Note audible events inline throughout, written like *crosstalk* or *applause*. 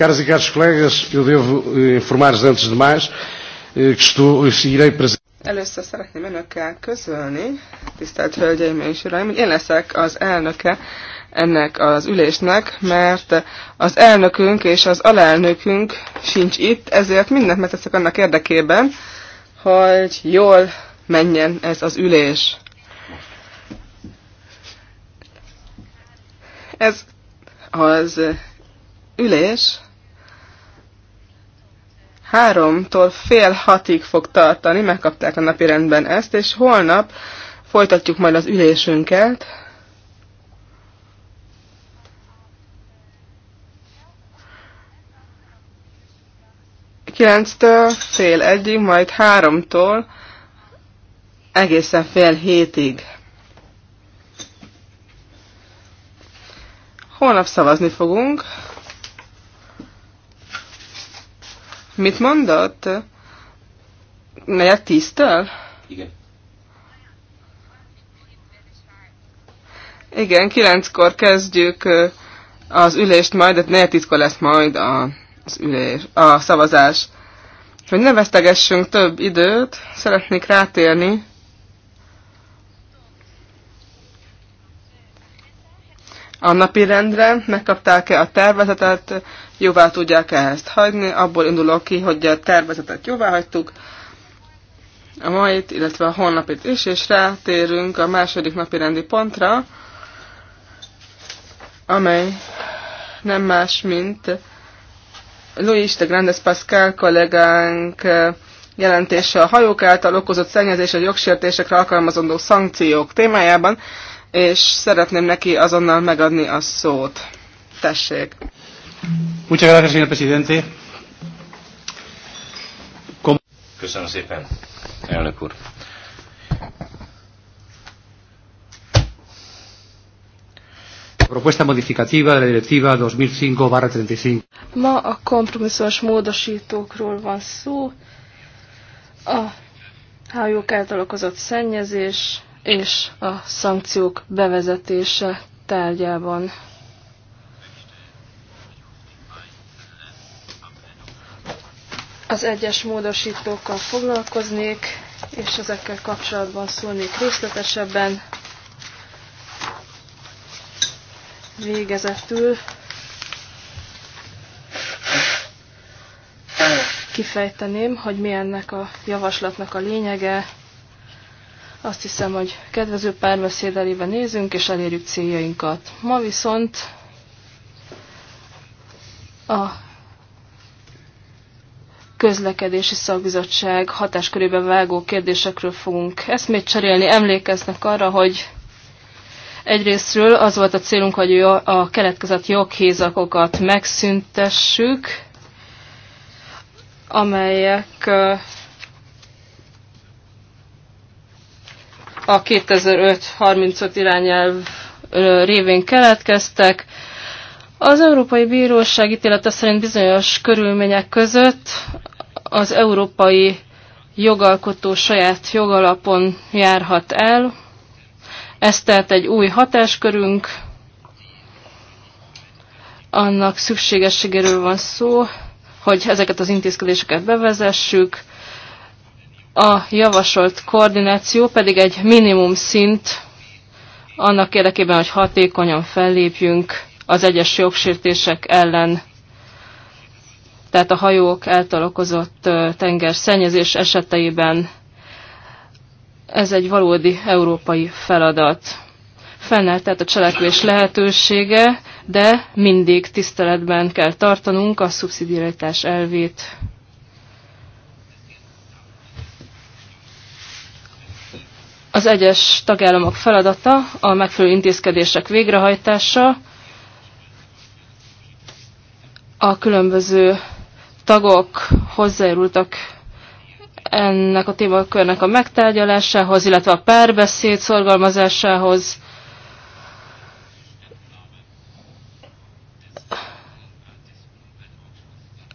Caras e caros colegas, eu devo eh, informar-vos antes de mais eh, que estou, e seguirei presente. Először szeretném önökkel közölni, tisztelt Hölgyeim és Uraim, hogy én leszek az elnöke ennek az ülésnek, mert az elnökünk és az alelnökünk sincs itt, ezért mindent megteszek annak érdekében, hogy jól menjen ez az ülés. Ez az ülés háromtól fél hatig fog tartani, megkapták a napi rendben ezt, és holnap folytatjuk majd az ülésünket. Kilenctől fél egyig, majd háromtól egészen fél hétig. Holnap szavazni fogunk. Mit mondott? Negyed tíztől? Igen. Igen, kilenckor kezdjük az ülést majd, de hát negyed tízkor lesz majd az ülés, a szavazás. Hogy ne vesztegessünk több időt, szeretnék rátérni a napi rendre, megkapták-e a tervezetet, jóvá tudják-e ezt hagyni, abból indulok ki, hogy a tervezetet jóvá hagytuk, a mait, illetve a holnapit is, és rátérünk a második napi rendi pontra, amely nem más, mint Louis de Grandes Pascal kollégánk jelentése a hajók által okozott szennyezés a jogsértésekre alkalmazandó szankciók témájában és szeretném neki azonnal megadni a szót. Tessék! Muchas gracias, señor presidente. Köszönöm szépen, elnök úr. Propuesta modificativa de la directiva 2005-35. Ma a kompromisszós módosítókról van szó. A hájók által szennyezés, és a szankciók bevezetése tárgyában. Az egyes módosítókkal foglalkoznék, és ezekkel kapcsolatban szólnék részletesebben. Végezetül kifejteném, hogy mi ennek a javaslatnak a lényege, azt hiszem, hogy kedvező párbeszéd elébe nézünk, és elérjük céljainkat. Ma viszont a közlekedési szakbizottság hatáskörébe vágó kérdésekről fogunk eszmét cserélni. Emlékeznek arra, hogy egyrésztről az volt a célunk, hogy a keletkezett joghézakokat megszüntessük, amelyek a 2005-35 irányelv révén keletkeztek. Az Európai Bíróság ítélete szerint bizonyos körülmények között az európai jogalkotó saját jogalapon járhat el. Ez tehát egy új hatáskörünk, annak szükségességéről van szó, hogy ezeket az intézkedéseket bevezessük, a javasolt koordináció pedig egy minimum szint annak érdekében, hogy hatékonyan fellépjünk az egyes jogsértések ellen, tehát a hajók által okozott tenger szennyezés eseteiben ez egy valódi európai feladat. Fennáll tehát a cselekvés lehetősége, de mindig tiszteletben kell tartanunk a szubszidiaritás elvét. Az egyes tagállamok feladata a megfelelő intézkedések végrehajtása, a különböző tagok hozzájárultak ennek a témakörnek a megtárgyalásához, illetve a párbeszéd szorgalmazásához.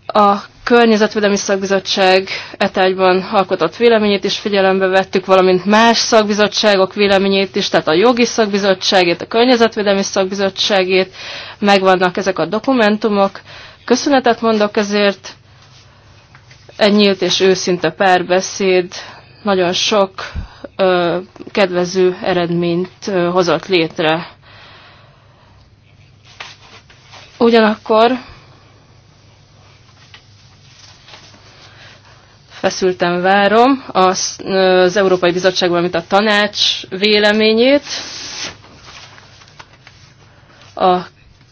A Környezetvédelmi Szakbizottság etágyban alkotott véleményét is figyelembe vettük, valamint más szakbizottságok véleményét is, tehát a jogi szakbizottságét, a környezetvédelmi szakbizottságét, megvannak ezek a dokumentumok. Köszönetet mondok ezért, egy nyílt és őszinte párbeszéd nagyon sok ö, kedvező eredményt ö, hozott létre. Ugyanakkor feszülten várom az, az Európai Bizottságban, mint a tanács véleményét. A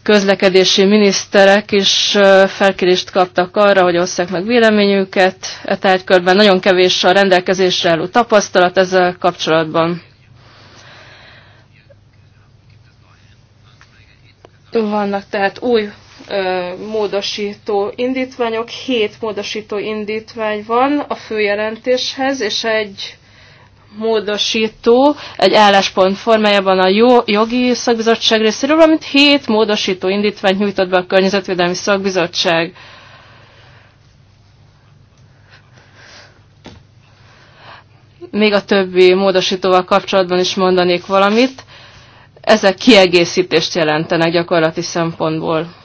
közlekedési miniszterek is felkérést kaptak arra, hogy osszák meg véleményüket. E tárgykörben nagyon kevés a rendelkezésre álló tapasztalat ezzel kapcsolatban. Vannak tehát új módosító indítványok, hét módosító indítvány van a főjelentéshez, és egy módosító egy álláspont formájában a jó, jogi szakbizottság részéről, valamint hét módosító indítványt nyújtott be a környezetvédelmi szakbizottság. Még a többi módosítóval kapcsolatban is mondanék valamit. Ezek kiegészítést jelentenek gyakorlati szempontból.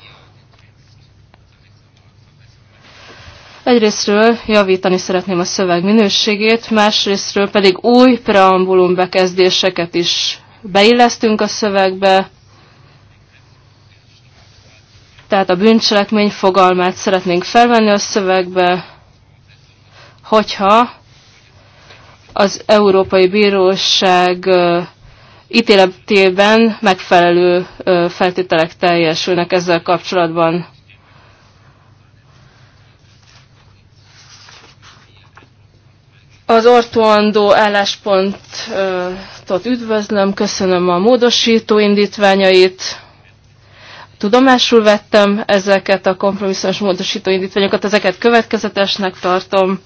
Egyrésztről javítani szeretném a szöveg minőségét, másrésztről pedig új preambulum bekezdéseket is beillesztünk a szövegbe, tehát a bűncselekmény fogalmát szeretnénk felvenni a szövegbe, hogyha az Európai Bíróság ítéletében megfelelő feltételek teljesülnek ezzel kapcsolatban. Az ortoandó álláspontot üdvözlöm, köszönöm a módosító indítványait. Tudomásul vettem ezeket a kompromisszumos módosító indítványokat, ezeket következetesnek tartom.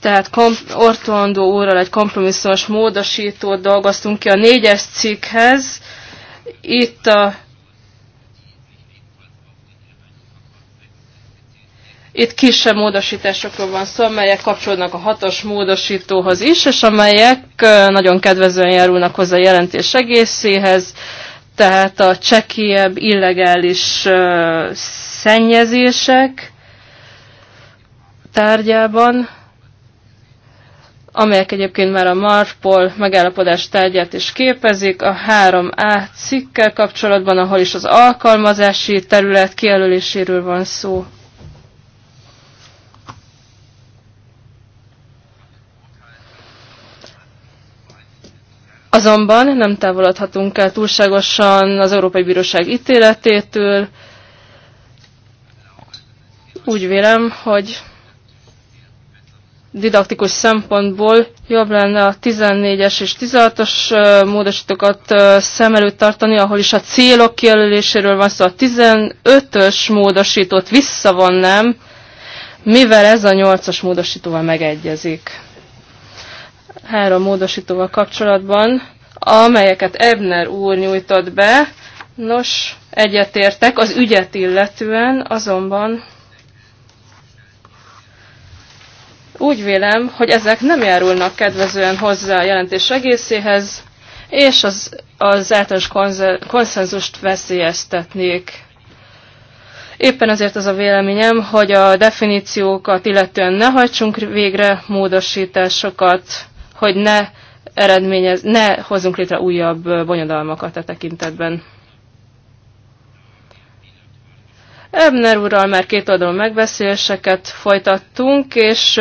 tehát Ortoandó úrral egy kompromisszumos módosítót dolgoztunk ki a négyes cikkhez. Itt a Itt kisebb módosításokról van szó, amelyek kapcsolódnak a hatos módosítóhoz is, és amelyek nagyon kedvezően járulnak hozzá a jelentés egészéhez, tehát a csekélyebb, illegális szennyezések tárgyában, amelyek egyébként már a Marpol megállapodás tárgyát is képezik, a 3A cikkkel kapcsolatban, ahol is az alkalmazási terület kijelöléséről van szó. Azonban nem távolodhatunk el túlságosan az Európai Bíróság ítéletétől. Úgy vélem, hogy didaktikus szempontból jobb lenne a 14-es és 16-os módosítókat szem előtt tartani, ahol is a célok kijelöléséről van szó. A 15-ös módosítót visszavonnám, mivel ez a 8-as módosítóval megegyezik három módosítóval kapcsolatban, amelyeket Ebner úr nyújtott be. Nos, egyetértek az ügyet illetően, azonban úgy vélem, hogy ezek nem járulnak kedvezően hozzá a jelentés egészéhez, és az, az általános konszenzust veszélyeztetnék. Éppen ezért az a véleményem, hogy a definíciókat illetően ne hajtsunk végre módosításokat, hogy ne eredményez, ne hozzunk létre újabb bonyodalmakat a e tekintetben. Ebner úrral már két oldalon megbeszéléseket folytattunk, és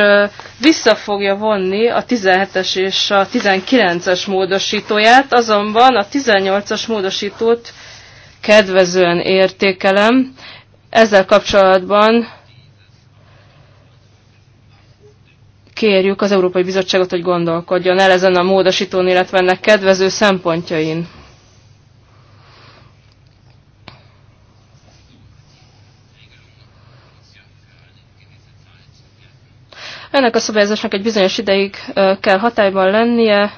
vissza fogja vonni a 17-es és a 19-es módosítóját, azonban a 18-as módosítót kedvezően értékelem. Ezzel kapcsolatban kérjük az Európai Bizottságot, hogy gondolkodjon el ezen a módosítón, illetve ennek kedvező szempontjain. Ennek a szabályozásnak egy bizonyos ideig kell hatályban lennie.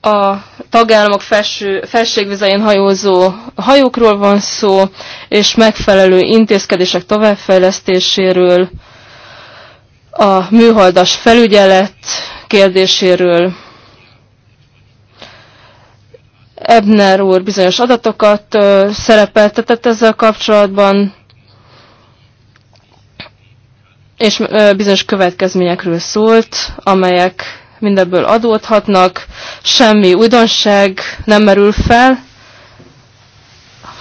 A tagállamok felső, felségvizein hajózó hajókról van szó, és megfelelő intézkedések továbbfejlesztéséről, a műholdas felügyelet kérdéséről. Ebner úr bizonyos adatokat szerepeltetett ezzel kapcsolatban, és bizonyos következményekről szólt, amelyek mindebből adódhatnak, semmi újdonság nem merül fel,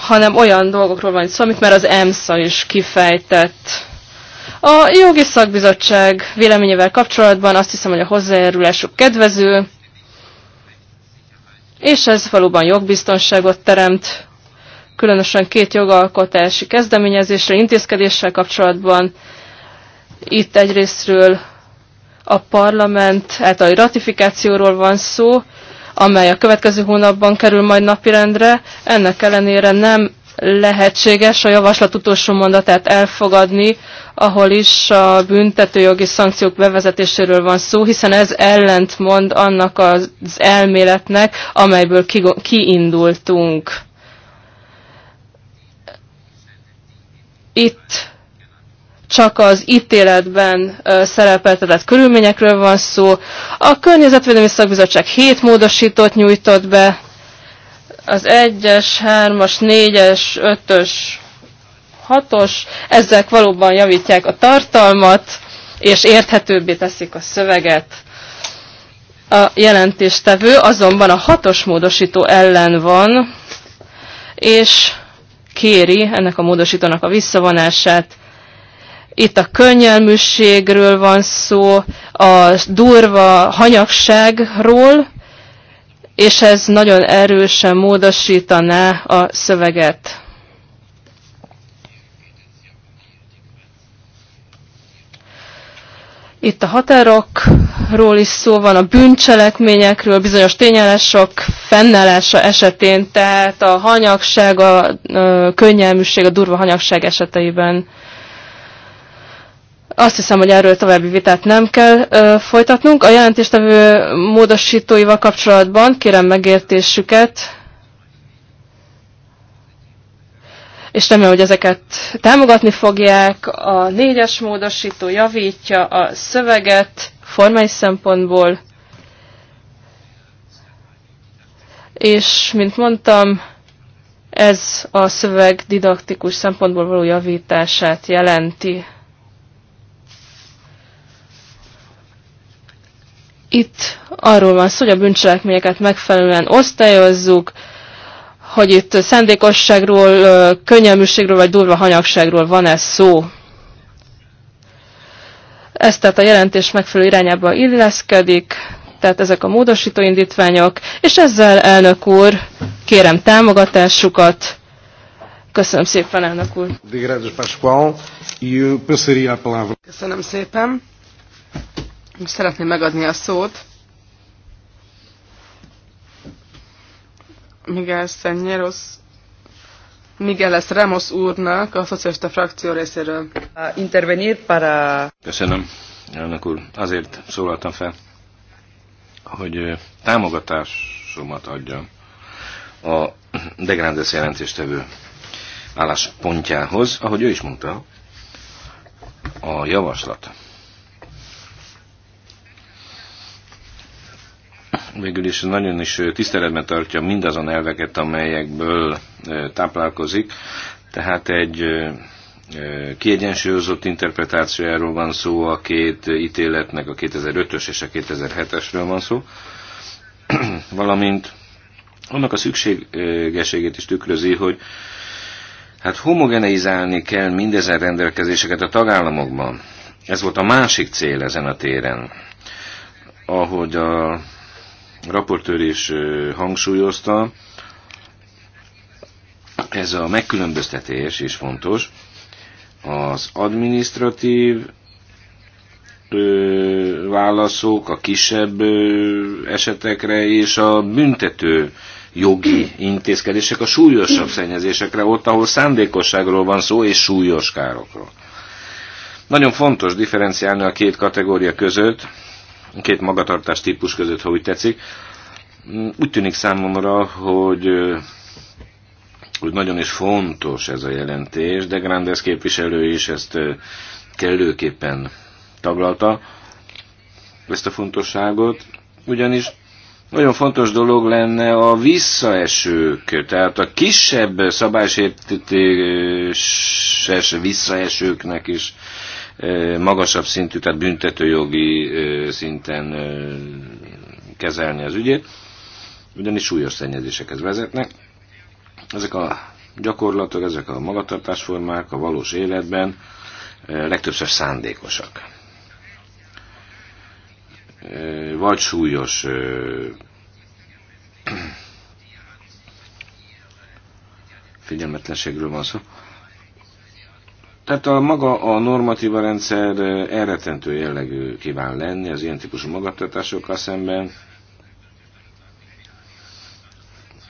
hanem olyan dolgokról van szó, amit már az EMSZA is kifejtett. A jogi szakbizottság véleményével kapcsolatban azt hiszem, hogy a hozzájárulásuk kedvező, és ez valóban jogbiztonságot teremt, különösen két jogalkotási kezdeményezésre, intézkedéssel kapcsolatban. Itt egyrésztről a parlament által ratifikációról van szó, amely a következő hónapban kerül majd napirendre. Ennek ellenére nem lehetséges a javaslat utolsó mondatát elfogadni, ahol is a büntetőjogi szankciók bevezetéséről van szó, hiszen ez ellentmond annak az elméletnek, amelyből kiindultunk. Itt csak az ítéletben szerepeltetett körülményekről van szó. A Környezetvédelmi Szakbizottság 7 módosítót nyújtott be, az 1-es, 3-as, 4-es, 5-ös, 6-os, ezek valóban javítják a tartalmat, és érthetőbbé teszik a szöveget. A jelentéstevő azonban a hatos módosító ellen van, és kéri ennek a módosítónak a visszavonását. Itt a könnyelműségről van szó, a durva hanyagságról, és ez nagyon erősen módosítaná a szöveget. Itt a határokról is szó van, a bűncselekményekről, bizonyos tényállások fennállása esetén, tehát a hanyagság, a, a könnyelműség, a durva hanyagság eseteiben. Azt hiszem, hogy erről további vitát nem kell ö, folytatnunk. A jelentéstevő módosítóival kapcsolatban kérem megértésüket, és remélem, hogy ezeket támogatni fogják. A négyes módosító javítja a szöveget formai szempontból, és mint mondtam, ez a szöveg didaktikus szempontból való javítását jelenti. Itt arról van szó, hogy a bűncselekményeket megfelelően osztályozzuk, hogy itt szendékosságról, könnyelműségről vagy durva hanyagságról van-e szó. Ez tehát a jelentés megfelelő irányába illeszkedik, tehát ezek a módosító indítványok, és ezzel elnök úr, kérem támogatásukat. Köszönöm szépen, elnök úr. E Köszönöm szépen. Szeretném megadni a szót. Miguel Szenyeros, Miguel lesz Ramos úrnak a szocialista frakció részéről. Intervenir para... Köszönöm, elnök úr. Azért szólaltam fel, hogy támogatásomat adjam a De jelentéstevő álláspontjához, ahogy ő is mondta, a javaslat végül is nagyon is tiszteletben tartja mindazon elveket, amelyekből táplálkozik. Tehát egy kiegyensúlyozott interpretációjáról van szó, a két ítéletnek, a 2005-ös és a 2007-esről van szó, *clears throat* valamint annak a szükségességét is tükrözi, hogy hát homogeneizálni kell mindezen rendelkezéseket a tagállamokban. Ez volt a másik cél ezen a téren, ahogy a raportőr is hangsúlyozta, ez a megkülönböztetés is fontos. Az administratív ö, válaszok a kisebb ö, esetekre és a büntető jogi intézkedések a súlyosabb szennyezésekre, ott, ahol szándékosságról van szó és súlyos károkról. Nagyon fontos differenciálni a két kategória között, két magatartás típus között, ha úgy tetszik. Mm, úgy tűnik számomra, hogy hogy nagyon is fontos ez a jelentés, de Grandes képviselő is ezt kellőképpen taglalta, ezt a fontosságot, ugyanis nagyon fontos dolog lenne a visszaesők, tehát a kisebb szabálysértéses visszaesőknek is magasabb szintű, tehát büntetőjogi szinten kezelni az ügyét, ugyanis súlyos szennyezésekhez vezetnek. Ezek a gyakorlatok, ezek a magatartásformák a valós életben legtöbbször szándékosak. Vagy súlyos *clears throat* figyelmetlenségről van szó. Tehát a maga a normatíva rendszer elretentő jellegű kíván lenni az ilyen típusú magatartásokkal szemben.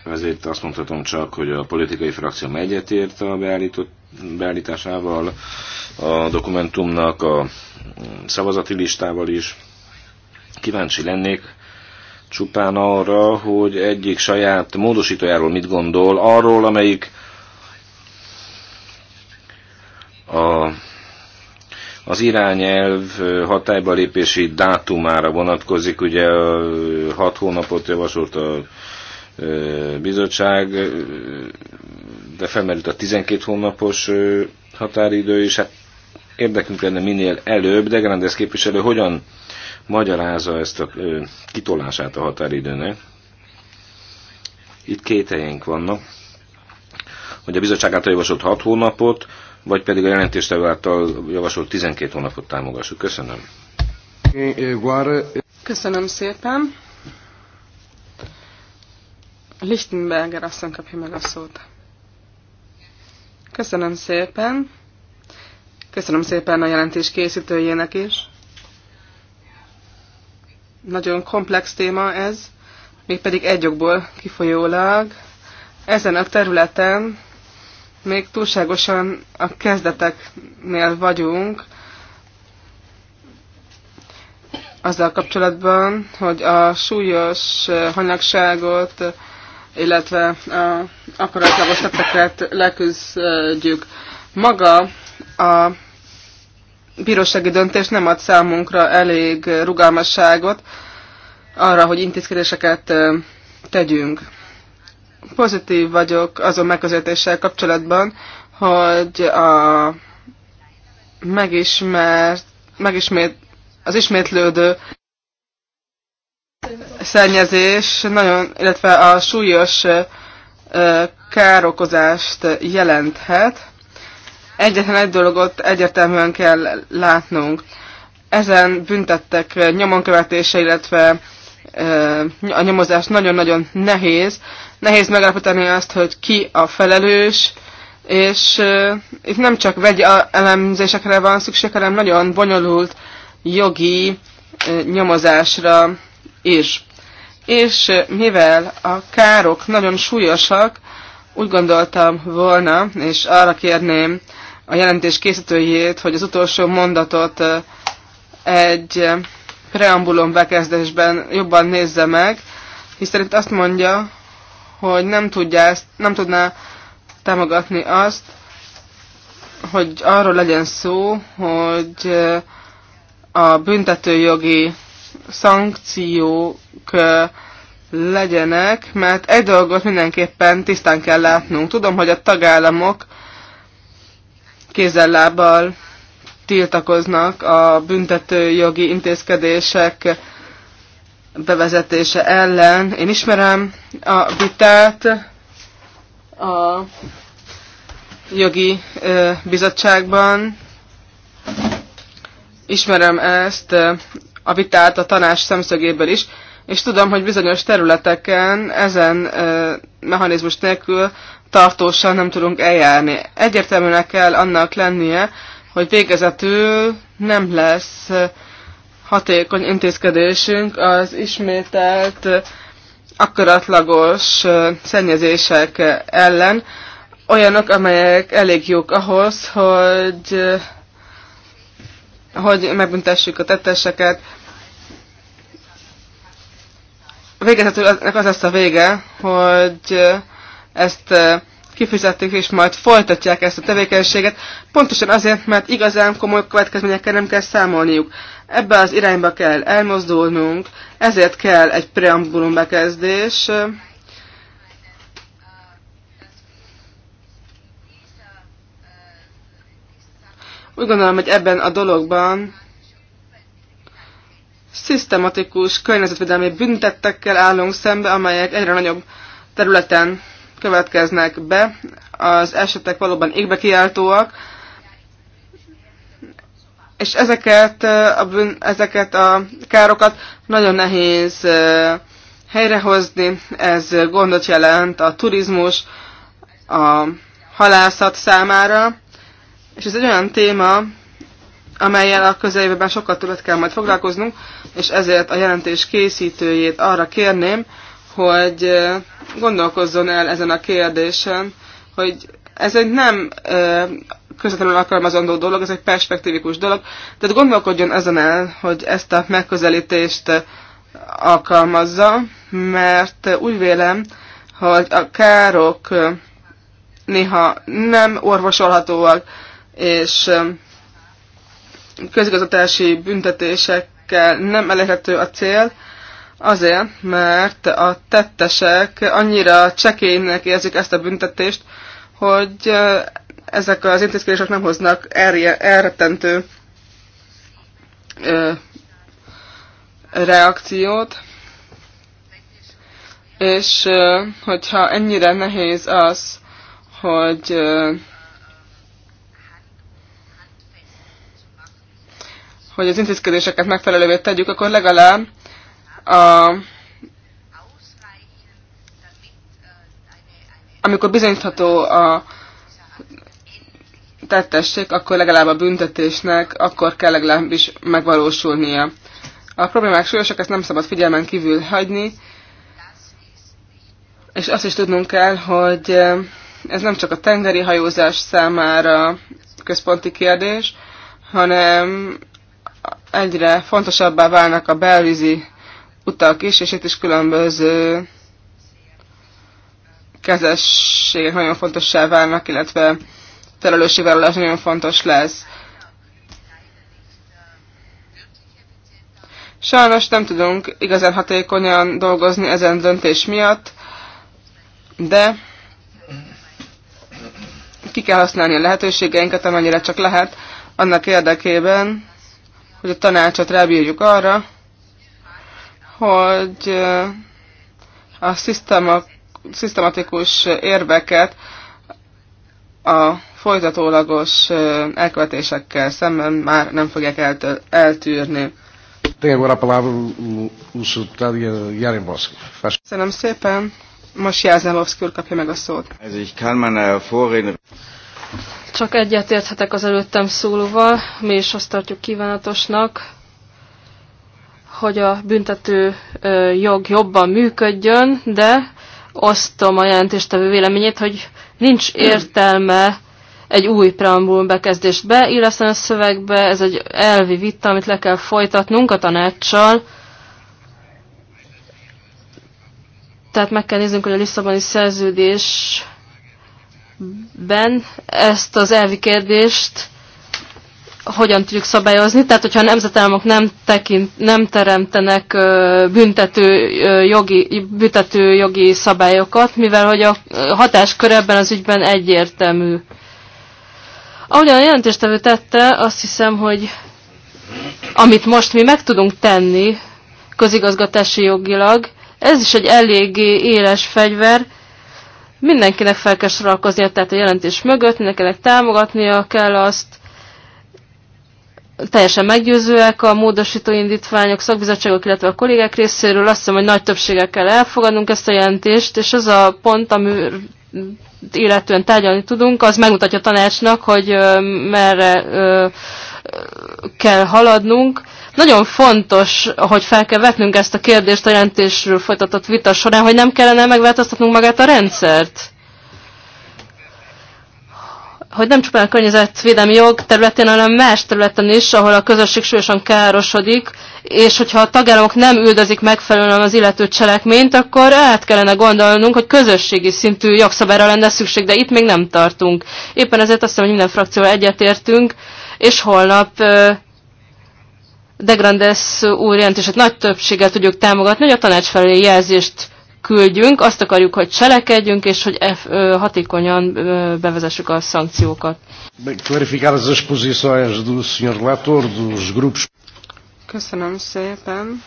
Ezért azt mondhatom csak, hogy a politikai frakció egyetért a beállított, beállításával, a dokumentumnak, a mm, szavazati listával is. Kíváncsi lennék csupán arra, hogy egyik saját módosítójáról mit gondol, arról, amelyik a, az irányelv hatályba lépési dátumára vonatkozik, ugye 6 hónapot javasolt a bizottság, de felmerült a 12 hónapos határidő is, hát érdekünk lenne minél előbb, de Grandes képviselő hogyan magyarázza ezt a kitolását a határidőnek? Itt két helyénk vannak, hogy a bizottság által javasolt 6 hónapot, vagy pedig a jelentéstevő által javasolt 12 hónapot támogassuk. Köszönöm. Köszönöm szépen. Lichtenberger asszony kapja meg a szót. Köszönöm szépen. Köszönöm szépen a jelentés készítőjének is. Nagyon komplex téma ez, mégpedig egy jogból kifolyólag. Ezen a területen még túlságosan a kezdeteknél vagyunk azzal kapcsolatban, hogy a súlyos hanyagságot, illetve a akaratlagos tetteket leküzdjük. Maga a bírósági döntés nem ad számunkra elég rugalmasságot arra, hogy intézkedéseket tegyünk pozitív vagyok azon megközelítéssel kapcsolatban, hogy a megismert, megismét, az ismétlődő szennyezés nagyon, illetve a súlyos károkozást jelenthet. Egyetlen egy dologot egyértelműen kell látnunk. Ezen büntettek nyomonkövetése, illetve a nyomozás nagyon-nagyon nehéz, nehéz megállapítani azt, hogy ki a felelős, és uh, itt nem csak vegy elemzésekre van szükség, hanem nagyon bonyolult jogi uh, nyomozásra is. És uh, mivel a károk nagyon súlyosak, úgy gondoltam volna, és arra kérném a jelentés készítőjét, hogy az utolsó mondatot uh, egy uh, preambulum bekezdésben jobban nézze meg, hiszen itt azt mondja, hogy nem, tudja ezt, nem tudná támogatni azt, hogy arról legyen szó, hogy a büntetőjogi szankciók legyenek, mert egy dolgot mindenképpen tisztán kell látnunk. Tudom, hogy a tagállamok kézzel-lábbal tiltakoznak a büntetőjogi intézkedések bevezetése ellen. Én ismerem a vitát a jogi bizottságban, ismerem ezt a vitát a tanás szemszögéből is, és tudom, hogy bizonyos területeken ezen mechanizmus nélkül tartósan nem tudunk eljárni. Egyértelműnek kell annak lennie, hogy végezetül nem lesz hatékony intézkedésünk az ismételt akaratlagos szennyezések ellen, olyanok, amelyek elég jók ahhoz, hogy, hogy megbüntessük a tetteseket. Végezetül az lesz a vége, hogy ezt kifizetik, és majd folytatják ezt a tevékenységet, pontosan azért, mert igazán komoly következményekkel nem kell számolniuk. Ebbe az irányba kell elmozdulnunk, ezért kell egy preambulum bekezdés, úgy gondolom, hogy ebben a dologban szisztematikus környezetvédelmi büntettekkel állunk szembe, amelyek egyre nagyobb területen következnek be. Az esetek valóban égbe kiáltóak, és ezeket a, bűn, ezeket a károkat nagyon nehéz helyrehozni. Ez gondot jelent a turizmus, a halászat számára, és ez egy olyan téma, amelyel a közeljövőben sokkal többet kell majd foglalkoznunk, és ezért a jelentés készítőjét arra kérném, hogy gondolkozzon el ezen a kérdésen, hogy ez egy nem közvetlenül alkalmazandó dolog, ez egy perspektívikus dolog, tehát gondolkodjon ezen el, hogy ezt a megközelítést alkalmazza, mert úgy vélem, hogy a károk néha nem orvosolhatóak, és közigazgatási büntetésekkel nem elérhető a cél, Azért, mert a tettesek annyira csekénynek érzik ezt a büntetést, hogy ezek az intézkedések nem hoznak elrettentő reakciót, és hogyha ennyire nehéz az, hogy hogy az intézkedéseket megfelelővé tegyük, akkor legalább a amikor bizonyítható a tettesség, akkor legalább a büntetésnek, akkor kell legalábbis megvalósulnia. A problémák súlyosak, ezt nem szabad figyelmen kívül hagyni, és azt is tudnunk kell, hogy ez nem csak a tengeri hajózás számára központi kérdés, hanem egyre fontosabbá válnak a belvízi utak is, és itt is különböző kezességek nagyon fontossá válnak, illetve felelősségvállalás nagyon fontos lesz. Sajnos nem tudunk igazán hatékonyan dolgozni ezen döntés miatt, de ki kell használni a lehetőségeinket, amennyire csak lehet, annak érdekében, hogy a tanácsot rábírjuk arra, hogy a szisztematikus érveket a folytatólagos elkövetésekkel szemben már nem fogják eltűrni. a palavra Köszönöm szépen. Most Jászlávovszki úr kapja meg a szót. Eh, Csak egyetérthetek az előttem szólóval, mi is azt tartjuk kívánatosnak, hogy a büntető jog jobban működjön, de osztom a jelentéstevő véleményét, hogy nincs értelme egy új preambulum bekezdést beilleszteni a szövegbe, ez egy elvi vita, amit le kell folytatnunk a tanácssal. Tehát meg kell néznünk, hogy a Lisszaboni szerződésben ezt az elvi kérdést hogyan tudjuk szabályozni. Tehát, hogyha a nemzetállamok nem, tekint, nem teremtenek büntető jogi, büntető jogi szabályokat, mivel hogy a hatáskör ebben az ügyben egyértelmű. Ahogyan a jelentéstevő tette, azt hiszem, hogy amit most mi meg tudunk tenni közigazgatási jogilag, ez is egy eléggé éles fegyver, mindenkinek fel kell sorolkoznia, tehát a jelentés mögött, mindenkinek támogatnia kell azt, teljesen meggyőzőek a módosító indítványok, szakbizottságok, illetve a kollégák részéről. Azt hiszem, hogy nagy többséggel kell elfogadnunk ezt a jelentést, és az a pont, ami illetően tárgyalni tudunk, az megmutatja a tanácsnak, hogy merre kell haladnunk. Nagyon fontos, hogy fel kell vetnünk ezt a kérdést a jelentésről folytatott vita során, hogy nem kellene megváltoztatnunk magát a rendszert hogy nem csupán a környezetvédelmi jog területén, hanem más területen is, ahol a közösség súlyosan károsodik, és hogyha a tagállamok nem üldözik megfelelően az illető cselekményt, akkor át kellene gondolnunk, hogy közösségi szintű jogszabályra lenne szükség, de itt még nem tartunk. Éppen ezért azt hiszem, hogy minden frakcióval egyetértünk, és holnap De Grandes úr jelentését nagy többséggel tudjuk támogatni, hogy a tanács felé jelzést küldjünk, azt akarjuk, hogy cselekedjünk, és hogy F, ö, hatékonyan ö, bevezessük a szankciókat. Clarificadas as posições do Sr. Relator, dos grupos. Köszönöm szépen.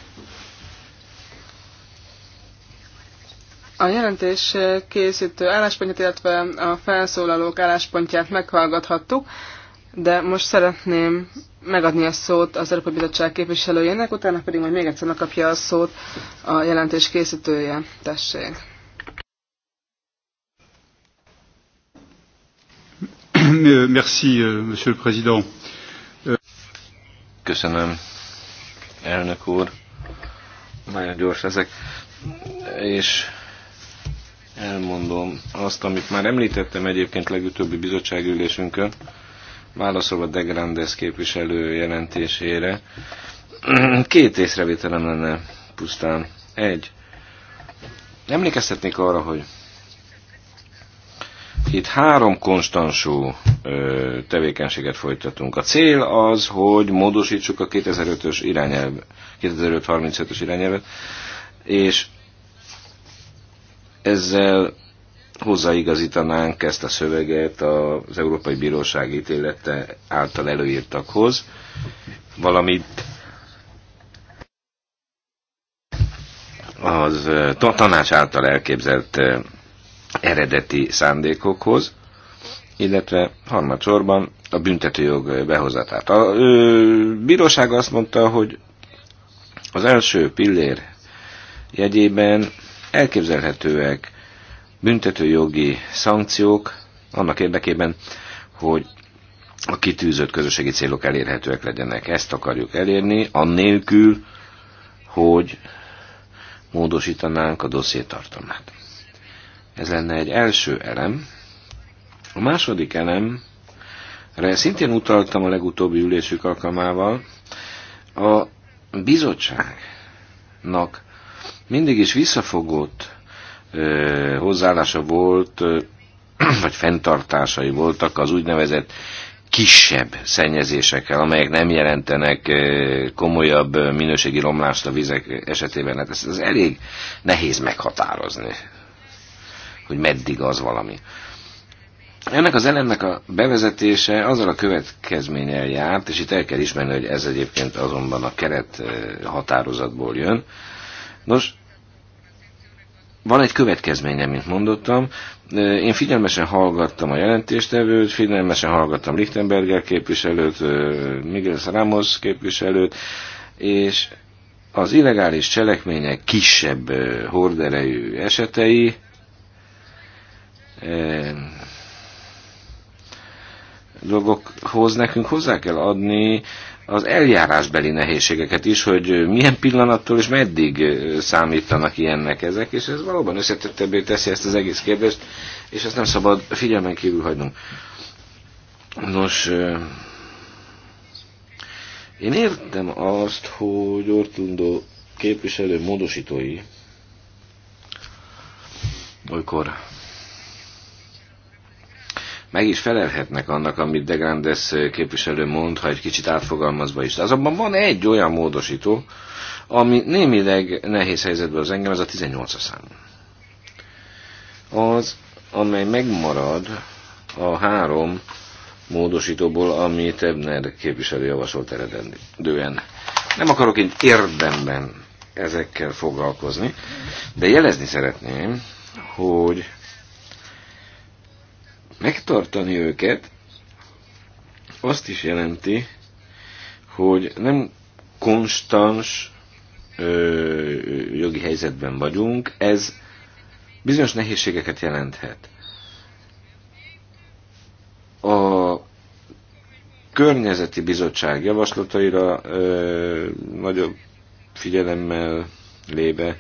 A jelentés készítő álláspontját, illetve a felszólalók álláspontját meghallgathattuk, de most szeretném megadni a szót az Európai Bizottság képviselőjének, utána pedig majd még egyszer megkapja a szót a jelentés készítője. Tessék. Merci, euh, Monsieur le Président. Köszönöm, elnök úr. Nagyon gyors ezek. És elmondom azt, amit már említettem egyébként legutóbbi bizottságülésünkön, válaszolva De Grandes képviselő jelentésére. *clears throat* Két észrevételem lenne pusztán. Egy. Emlékeztetnék arra, hogy itt három konstansú ö, tevékenységet folytatunk. A cél az, hogy módosítsuk a 2005-ös irányelv, 2035-ös irányelvet, és ezzel hozzáigazítanánk ezt a szöveget az Európai Bíróság ítélete által előírtakhoz, valamint az tanács által elképzelt eredeti szándékokhoz, illetve harmadsorban a büntetőjog behozatát. A ö, bíróság azt mondta, hogy az első pillér jegyében elképzelhetőek büntetőjogi szankciók annak érdekében, hogy a kitűzött közösségi célok elérhetőek legyenek. Ezt akarjuk elérni, annélkül, hogy módosítanánk a dosszié tartalmát. Ez lenne egy első elem. A második erre szintén utaltam a legutóbbi ülésük alkalmával. A bizottságnak mindig is visszafogott hozzáállása volt, *clears throat* vagy fenntartásai voltak az úgynevezett kisebb szennyezésekkel, amelyek nem jelentenek komolyabb minőségi romlást a vizek esetében. Hát ez, ez elég nehéz meghatározni, hogy meddig az valami. Ennek az elemnek a bevezetése azzal a következménnyel járt, és itt el kell ismerni, hogy ez egyébként azonban a keret határozatból jön. Nos, van egy következménye, mint mondottam. Én figyelmesen hallgattam a jelentéstevőt, figyelmesen hallgattam Lichtenberger képviselőt, Miguel Ramos képviselőt, és az illegális cselekmények kisebb horderejű esetei dolgokhoz nekünk hozzá kell adni az eljárásbeli nehézségeket is, hogy milyen pillanattól és meddig számítanak ilyennek ezek, és ez valóban összetettebbé teszi ezt az egész kérdést, és ezt nem szabad figyelmen kívül hagynunk. Nos, én értem azt, hogy Ortundó képviselő módosítói, olykor meg is felelhetnek annak, amit De Grandes képviselő mond, ha egy kicsit átfogalmazva is. De azonban van egy olyan módosító, ami némileg nehéz helyzetben az engem, ez a 18 szám. Az, amely megmarad a három módosítóból, amit Ebner képviselő javasolt eredendően. Nem akarok én érdemben ezekkel foglalkozni, de jelezni szeretném, hogy Megtartani őket azt is jelenti, hogy nem konstans ö, jogi helyzetben vagyunk, ez bizonyos nehézségeket jelenthet. A környezeti bizottság javaslataira ö, nagyobb figyelemmel lébe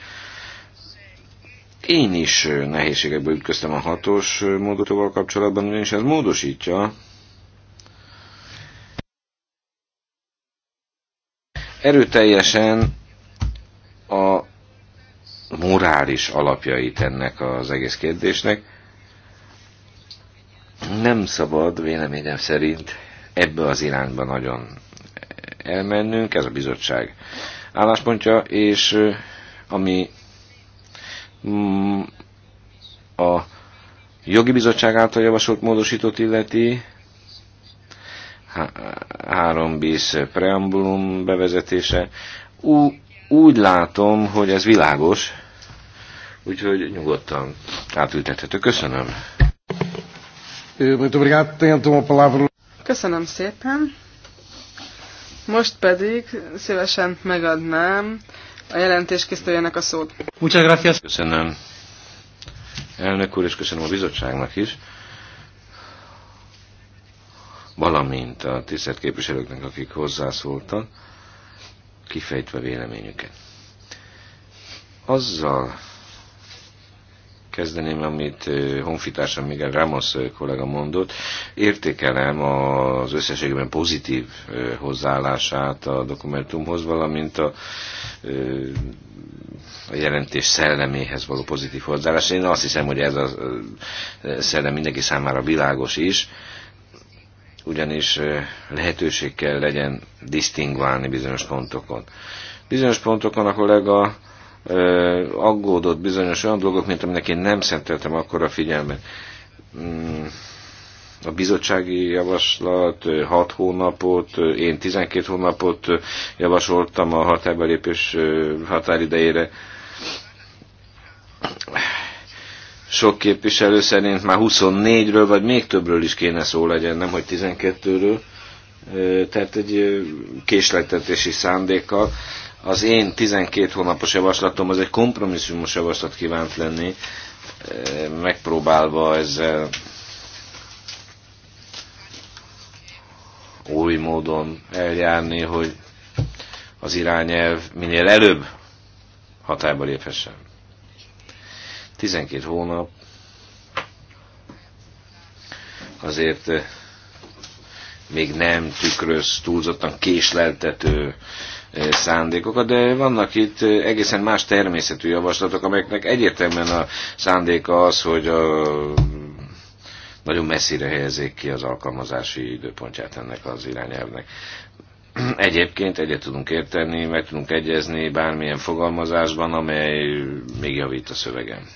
én is nehézségekbe ütköztem a hatos módosítóval kapcsolatban, ugyanis ez módosítja erőteljesen a morális alapjait ennek az egész kérdésnek. Nem szabad véleményem szerint ebbe az irányba nagyon elmennünk, ez a bizottság álláspontja, és ami Mm, a jogi bizottság által javasolt módosított illeti, három bis preambulum bevezetése. Ú, úgy látom, hogy ez világos, úgyhogy nyugodtan átültethető. Köszönöm. Eh, Köszönöm szépen. Most pedig szívesen megadnám a jelentés készítőjének a szót. Muchas gracias. Köszönöm. Elnök úr, és köszönöm a bizottságnak is, valamint a tisztelt képviselőknek, akik hozzászóltak, kifejtve véleményüket. Azzal kezdeném, amit honfitársam Miguel Ramos kollega mondott. Értékelem az összességében pozitív hozzáállását a dokumentumhoz, valamint a, a jelentés szelleméhez való pozitív hozzáállás. Én azt hiszem, hogy ez a szellem mindenki számára világos is, ugyanis lehetőség kell legyen disztingválni bizonyos pontokon. Bizonyos pontokon a kollega aggódott bizonyos olyan dolgok, mint aminek én nem szenteltem akkor a figyelmet. Mm, a bizottsági javaslat 6 hónapot, én 12 hónapot javasoltam a határbelépés határidejére. Sok képviselő szerint már 24-ről, vagy még többről is kéne szó legyen, nem hogy 12-ről tehát egy késleltetési szándékkal az én 12 hónapos javaslatom az egy kompromisszumos javaslat kívánt lenni, e, megpróbálva ezzel új módon eljárni, hogy az irányelv minél előbb hatályba léphessen. 12 hónap azért e, még nem tükröz túlzottan késleltető szándékokat, de vannak itt egészen más természetű javaslatok, amelyeknek egyértelműen a szándéka az, hogy a nagyon messzire helyezzék ki az alkalmazási időpontját ennek az irányelvnek. *clears throat* Egyébként egyet tudunk érteni, meg tudunk egyezni bármilyen fogalmazásban, amely még javít a szövegen.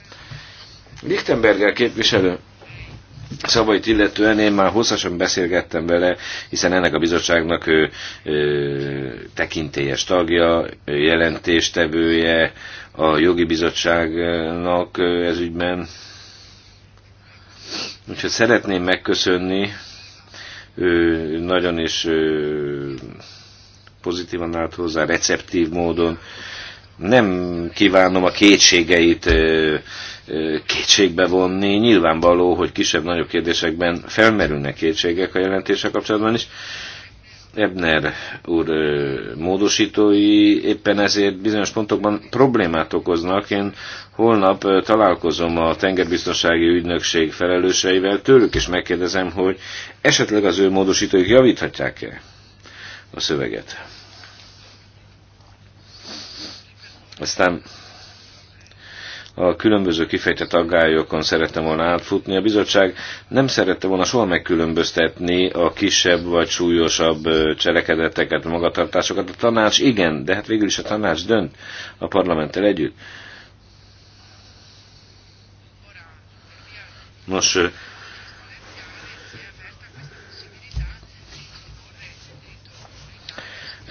Lichtenberger képviselő szavait illetően én már hosszasan beszélgettem vele, hiszen ennek a bizottságnak ő, ő tekintélyes tagja, jelentéstevője a jogi bizottságnak ez ügyben. Úgyhogy szeretném megköszönni, ő nagyon is ő, pozitívan állt hozzá, receptív módon. Nem kívánom a kétségeit kétségbe vonni. Nyilvánvaló, hogy kisebb-nagyobb kérdésekben felmerülnek kétségek a jelentése kapcsolatban is. Ebner úr módosítói éppen ezért bizonyos pontokban problémát okoznak. Én holnap találkozom a tengerbiztonsági ügynökség felelőseivel, tőlük is megkérdezem, hogy esetleg az ő módosítóik javíthatják-e a szöveget. Aztán a különböző kifejtett aggályokon szerettem volna átfutni. A bizottság nem szerette volna soha megkülönböztetni a kisebb vagy súlyosabb cselekedeteket, magatartásokat. A tanács igen, de hát végül is a tanács dönt a parlamenttel együtt. Nos,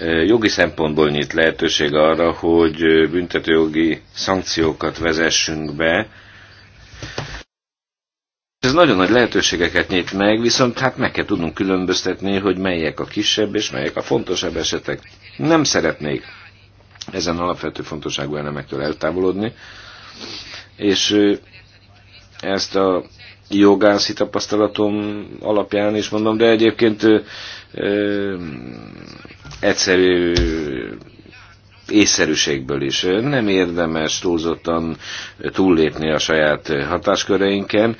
jogi szempontból nyit lehetőség arra, hogy büntetőjogi szankciókat vezessünk be. Ez nagyon nagy lehetőségeket nyit meg, viszont hát meg kell tudnunk különböztetni, hogy melyek a kisebb és melyek a fontosabb esetek. Nem szeretnék ezen alapvető fontosságú elemektől eltávolodni, és ezt a jogászi tapasztalatom alapján is mondom, de egyébként egyszerű észszerűségből is. Nem érdemes túlzottan túllépni a saját hatásköreinken.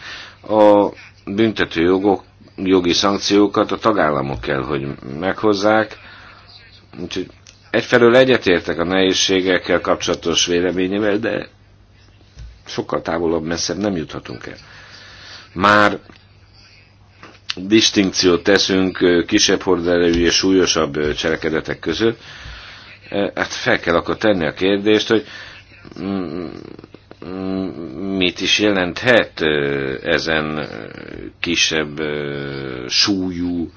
A büntető jogok, jogi szankciókat a tagállamok kell, hogy meghozzák. Úgyhogy egyfelől egyetértek a nehézségekkel kapcsolatos véleményével, de sokkal távolabb, messzebb nem juthatunk el. Már distinkciót teszünk kisebb horderejű és súlyosabb cselekedetek között, hát fel kell akkor tenni a kérdést, hogy mm, mm, mit is jelenthet ezen kisebb súlyú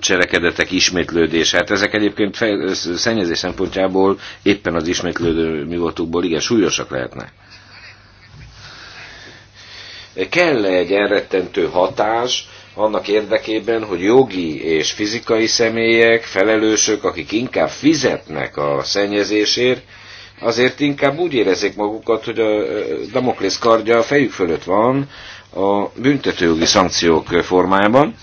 cselekedetek ismétlődés. Hát ezek egyébként fej, szennyezés szempontjából éppen az ismétlődő mi voltukból igen súlyosak lehetnek kell -e egy elrettentő hatás, annak érdekében, hogy jogi és fizikai személyek, felelősök, akik inkább fizetnek a szennyezésért, azért inkább úgy érezzék magukat, hogy a Damoklész kardja a fejük fölött van a büntetőjogi szankciók formájában,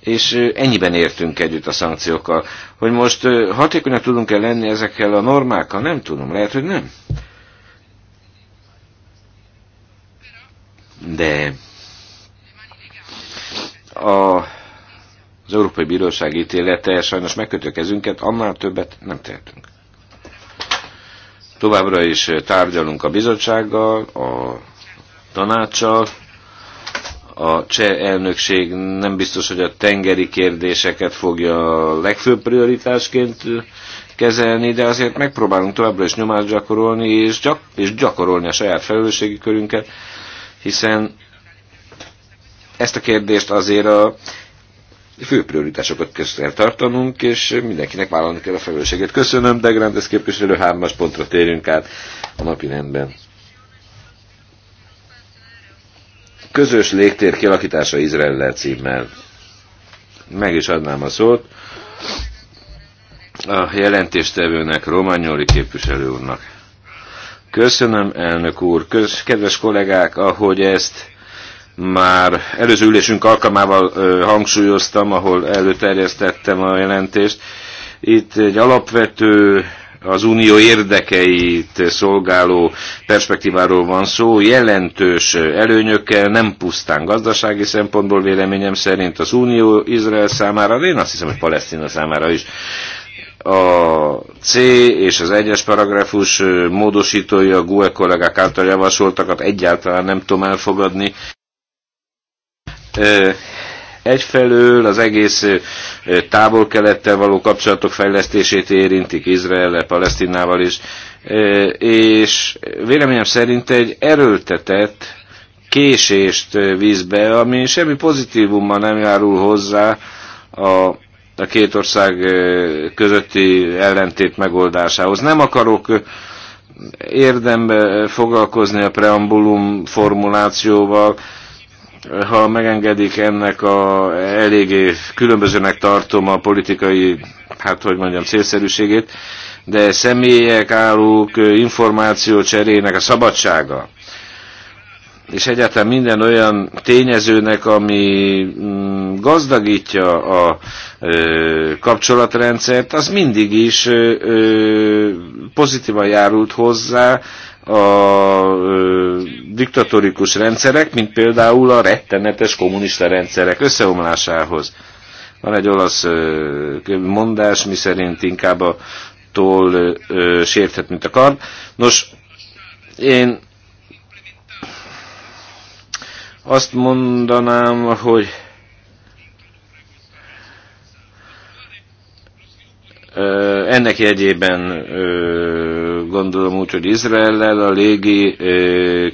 és ennyiben értünk együtt a szankciókkal. Hogy most hatékonyak tudunk-e lenni ezekkel a normákkal, nem tudom, lehet, hogy nem. de a, az Európai Bíróság ítélete sajnos megkötő kezünket, annál többet nem tehetünk. Továbbra is tárgyalunk a bizottsággal, a tanácssal, a cseh elnökség nem biztos, hogy a tengeri kérdéseket fogja a legfőbb prioritásként kezelni, de azért megpróbálunk továbbra is nyomást gyakorolni, és, gyak- és gyakorolni a saját felelősségi körünket, hiszen ezt a kérdést azért a fő prioritásokat kell tartanunk, és mindenkinek vállalni kell a felelősséget. Köszönöm, de Grandes képviselő hármas pontra térjünk át a napi rendben. Közös légtér kialakítása Izrael címmel. Meg is adnám a szót a jelentéstevőnek, Romagnoli képviselő úrnak. Köszönöm, elnök úr. Kösz, kedves kollégák, ahogy ezt már előző ülésünk alkalmával ö, hangsúlyoztam, ahol előterjesztettem a jelentést. Itt egy alapvető az unió érdekeit szolgáló perspektíváról van szó, jelentős előnyökkel, nem pusztán gazdasági szempontból véleményem szerint az unió Izrael számára, de én azt hiszem, hogy Palesztina számára is a C és az egyes paragrafus módosítója a GUE kollégák által javasoltakat egyáltalán nem tudom elfogadni. Egyfelől az egész távol-kelettel való kapcsolatok fejlesztését érintik Izrael, Palesztinával is, és véleményem szerint egy erőltetett késést vízbe, ami semmi pozitívummal nem járul hozzá a a két ország közötti ellentét megoldásához. Nem akarok érdembe foglalkozni a preambulum formulációval, ha megengedik ennek a eléggé különbözőnek tartom a politikai, hát hogy mondjam, célszerűségét, de személyek, állók, információ cserének a szabadsága, és egyáltalán minden olyan tényezőnek, ami mm, gazdagítja a kapcsolatrendszert, az mindig is pozitívan járult hozzá a diktatórikus rendszerek, mint például a rettenetes kommunista rendszerek összeomlásához. Van egy olasz mondás, mondás, szerint inkább a tól sérthet, mint a kard. Nos, én azt mondanám, hogy ennek jegyében gondolom úgy, hogy Izraellel a légi,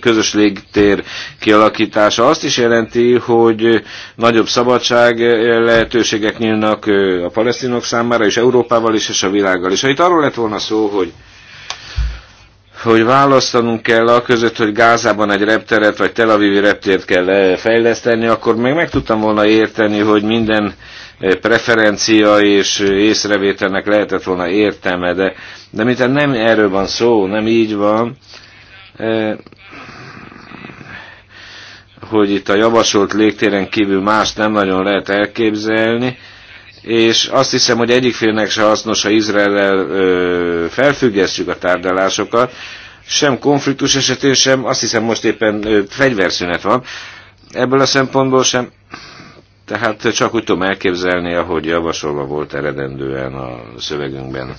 közös légtér kialakítása azt is jelenti, hogy nagyobb szabadság lehetőségek nyílnak a palesztinok számára, és Európával is, és a világgal is. Ha itt arról lett volna szó, hogy hogy választanunk kell a között, hogy Gázában egy repteret vagy Tel Avivi reptért kell eh, fejleszteni, akkor még meg tudtam volna érteni, hogy minden eh, preferencia és eh, észrevételnek lehetett volna értelme, de, de mint nem erről van szó, nem így van, hogy itt a javasolt légtéren kívül más nem nagyon lehet elképzelni, és azt hiszem, hogy egyik félnek se hasznos, ha Izrael felfüggesztjük a tárgyalásokat, sem konfliktus esetén sem, azt hiszem most éppen ö, fegyverszünet van, ebből a szempontból sem, tehát csak úgy tudom elképzelni, ahogy javasolva volt eredendően a szövegünkben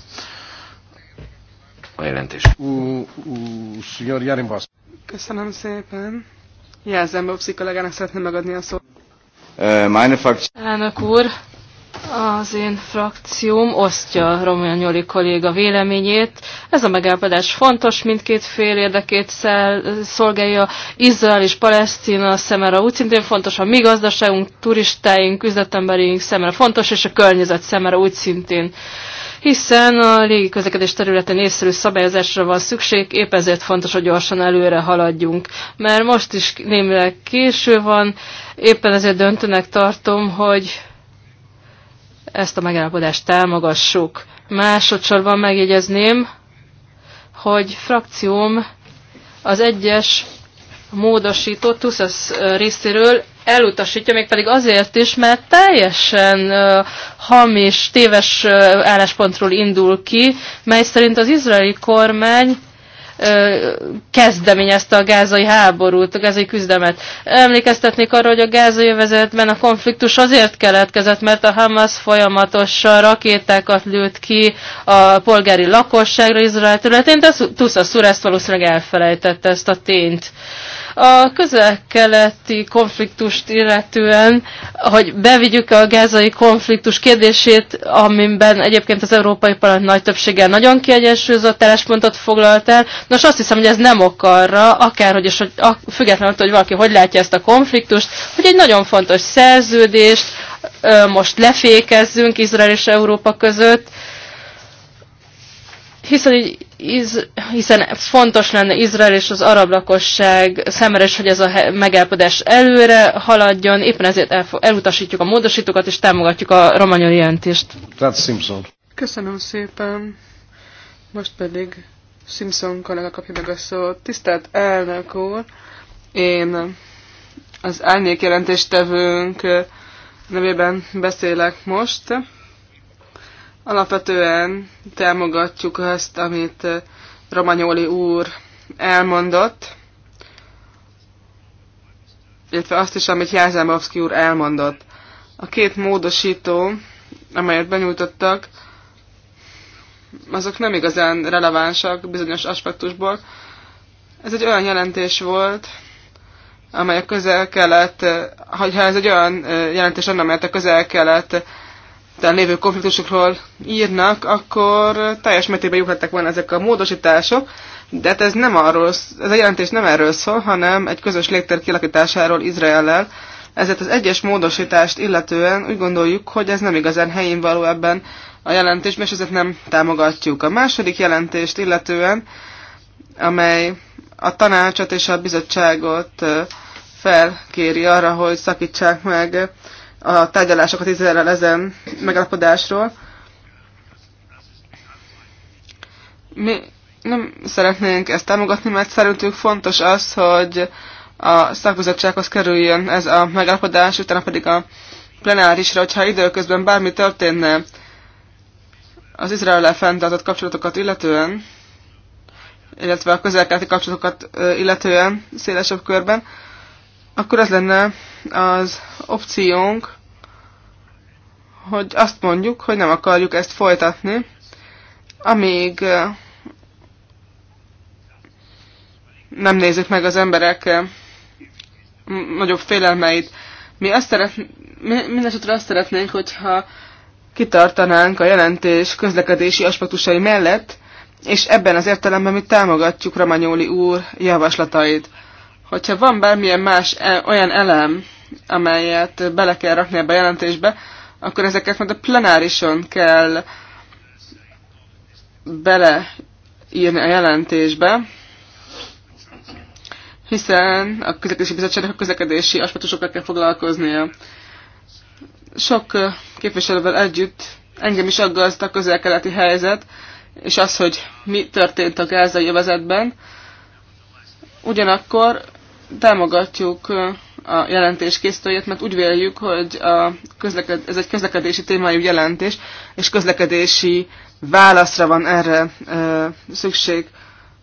a jelentés. Köszönöm szépen. Jelzem, Bobszi kollégának szeretném megadni a szót. Elnök úr, az én frakcióm osztja Román Nyoli kolléga véleményét. Ez a megállapodás fontos, mindkét fél érdekét szel, szolgálja. Izrael és Palesztina szemére úgy szintén fontos, a mi gazdaságunk, turistáink, üzletemberünk szemére fontos, és a környezet szemére úgy szintén hiszen a légi közlekedés területén észszerű szabályozásra van szükség, épp ezért fontos, hogy gyorsan előre haladjunk. Mert most is némileg késő van, éppen ezért döntőnek tartom, hogy ezt a megállapodást támogassuk. Másodszorban megjegyezném, hogy frakcióm az egyes módosító TUSZESZ részéről elutasítja, mégpedig azért is, mert teljesen uh, hamis, téves uh, álláspontról indul ki, mely szerint az izraeli kormány kezdeményezte a gázai háborút, a gázai küzdemet. Emlékeztetnék arra, hogy a gázai övezetben a konfliktus azért keletkezett, mert a Hamas folyamatosan rakétákat lőtt ki a polgári lakosságra Izrael területén, de Tusza Szúr ezt valószínűleg elfelejtette ezt a tényt. A közel-keleti konfliktust illetően, hogy bevigyük a gázai konfliktus kérdését, amiben egyébként az Európai Parlament nagy többséggel nagyon kiegyensúlyozott álláspontot foglalt el. Nos, azt hiszem, hogy ez nem ok arra, akárhogy is, hogy, függetlenül, hogy valaki hogy látja ezt a konfliktust, hogy egy nagyon fontos szerződést most lefékezzünk Izrael és Európa között, hiszen így Iz, hiszen fontos lenne Izrael és az arab lakosság szemre is, hogy ez a megállapodás előre haladjon, éppen ezért el, elutasítjuk a módosítókat és támogatjuk a romanyol jelentést. That's Simpson. Köszönöm szépen. Most pedig Simpson kollega kapja meg a szót. Tisztelt elnök úr, én az árnyék jelentéstevőnk nevében beszélek most Alapvetően támogatjuk azt, amit Romanyoli úr elmondott, illetve azt is, amit Jászámovszki úr elmondott. A két módosító, amelyet benyújtottak, azok nem igazán relevánsak bizonyos aspektusból. Ez egy olyan jelentés volt, amely a közel-kelet, ha ez egy olyan jelentés lenne, amelyet a közel-kelet lévő konfliktusokról írnak, akkor teljes mértékben juthattak volna ezek a módosítások, de hát ez nem arról, ez a jelentés nem erről szól, hanem egy közös légtér kialakításáról Izraellel. Ezért az egyes módosítást illetően úgy gondoljuk, hogy ez nem igazán helyén való ebben a jelentésben, és ezért nem támogatjuk. A második jelentést illetően, amely a tanácsot és a bizottságot felkéri arra, hogy szakítsák meg a tárgyalásokat Izraelrel ezen megalapodásról. Mi nem szeretnénk ezt támogatni, mert szerintünk fontos az, hogy a szakbizottsághoz kerüljön ez a megállapodás, utána pedig a plenárisra, hogyha időközben bármi történne az izrael fenntartott kapcsolatokat illetően, illetve a közelkelti kapcsolatokat illetően szélesebb körben, akkor ez lenne az opciónk, hogy azt mondjuk, hogy nem akarjuk ezt folytatni, amíg nem nézzük meg az emberek nagyobb félelmeit. Mi azt szeretnénk, mindesetre azt szeretnénk, hogyha kitartanánk a jelentés közlekedési aspektusai mellett, és ebben az értelemben mi támogatjuk Ramanyóli úr javaslatait. Hogyha van bármilyen más e-, olyan elem, amelyet bele kell rakni ebbe a jelentésbe, akkor ezeket majd a plenárison kell beleírni a jelentésbe, hiszen a közlekedési bizottságnak a közlekedési aspektusokkal kell foglalkoznia. Sok képviselővel együtt engem is aggaszt a közel-keleti helyzet, és az, hogy mi történt a gázai övezetben. Ugyanakkor támogatjuk a jelentés készítőjét, mert úgy véljük, hogy a közleked, ez egy közlekedési témájú jelentés, és közlekedési válaszra van erre e, szükség.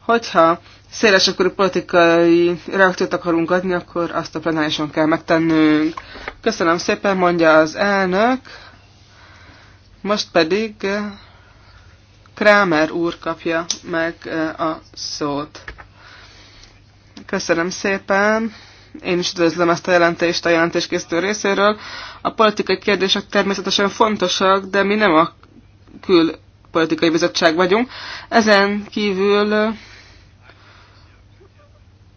Hogyha szélesekörű politikai reakciót akarunk adni, akkor azt a plenárison kell megtennünk. Köszönöm szépen, mondja az elnök. Most pedig Krámer úr kapja meg a szót. Köszönöm szépen. Én is üdvözlöm ezt a jelentést a jelentéskészítő részéről. A politikai kérdések természetesen fontosak, de mi nem a külpolitikai bizottság vagyunk. Ezen kívül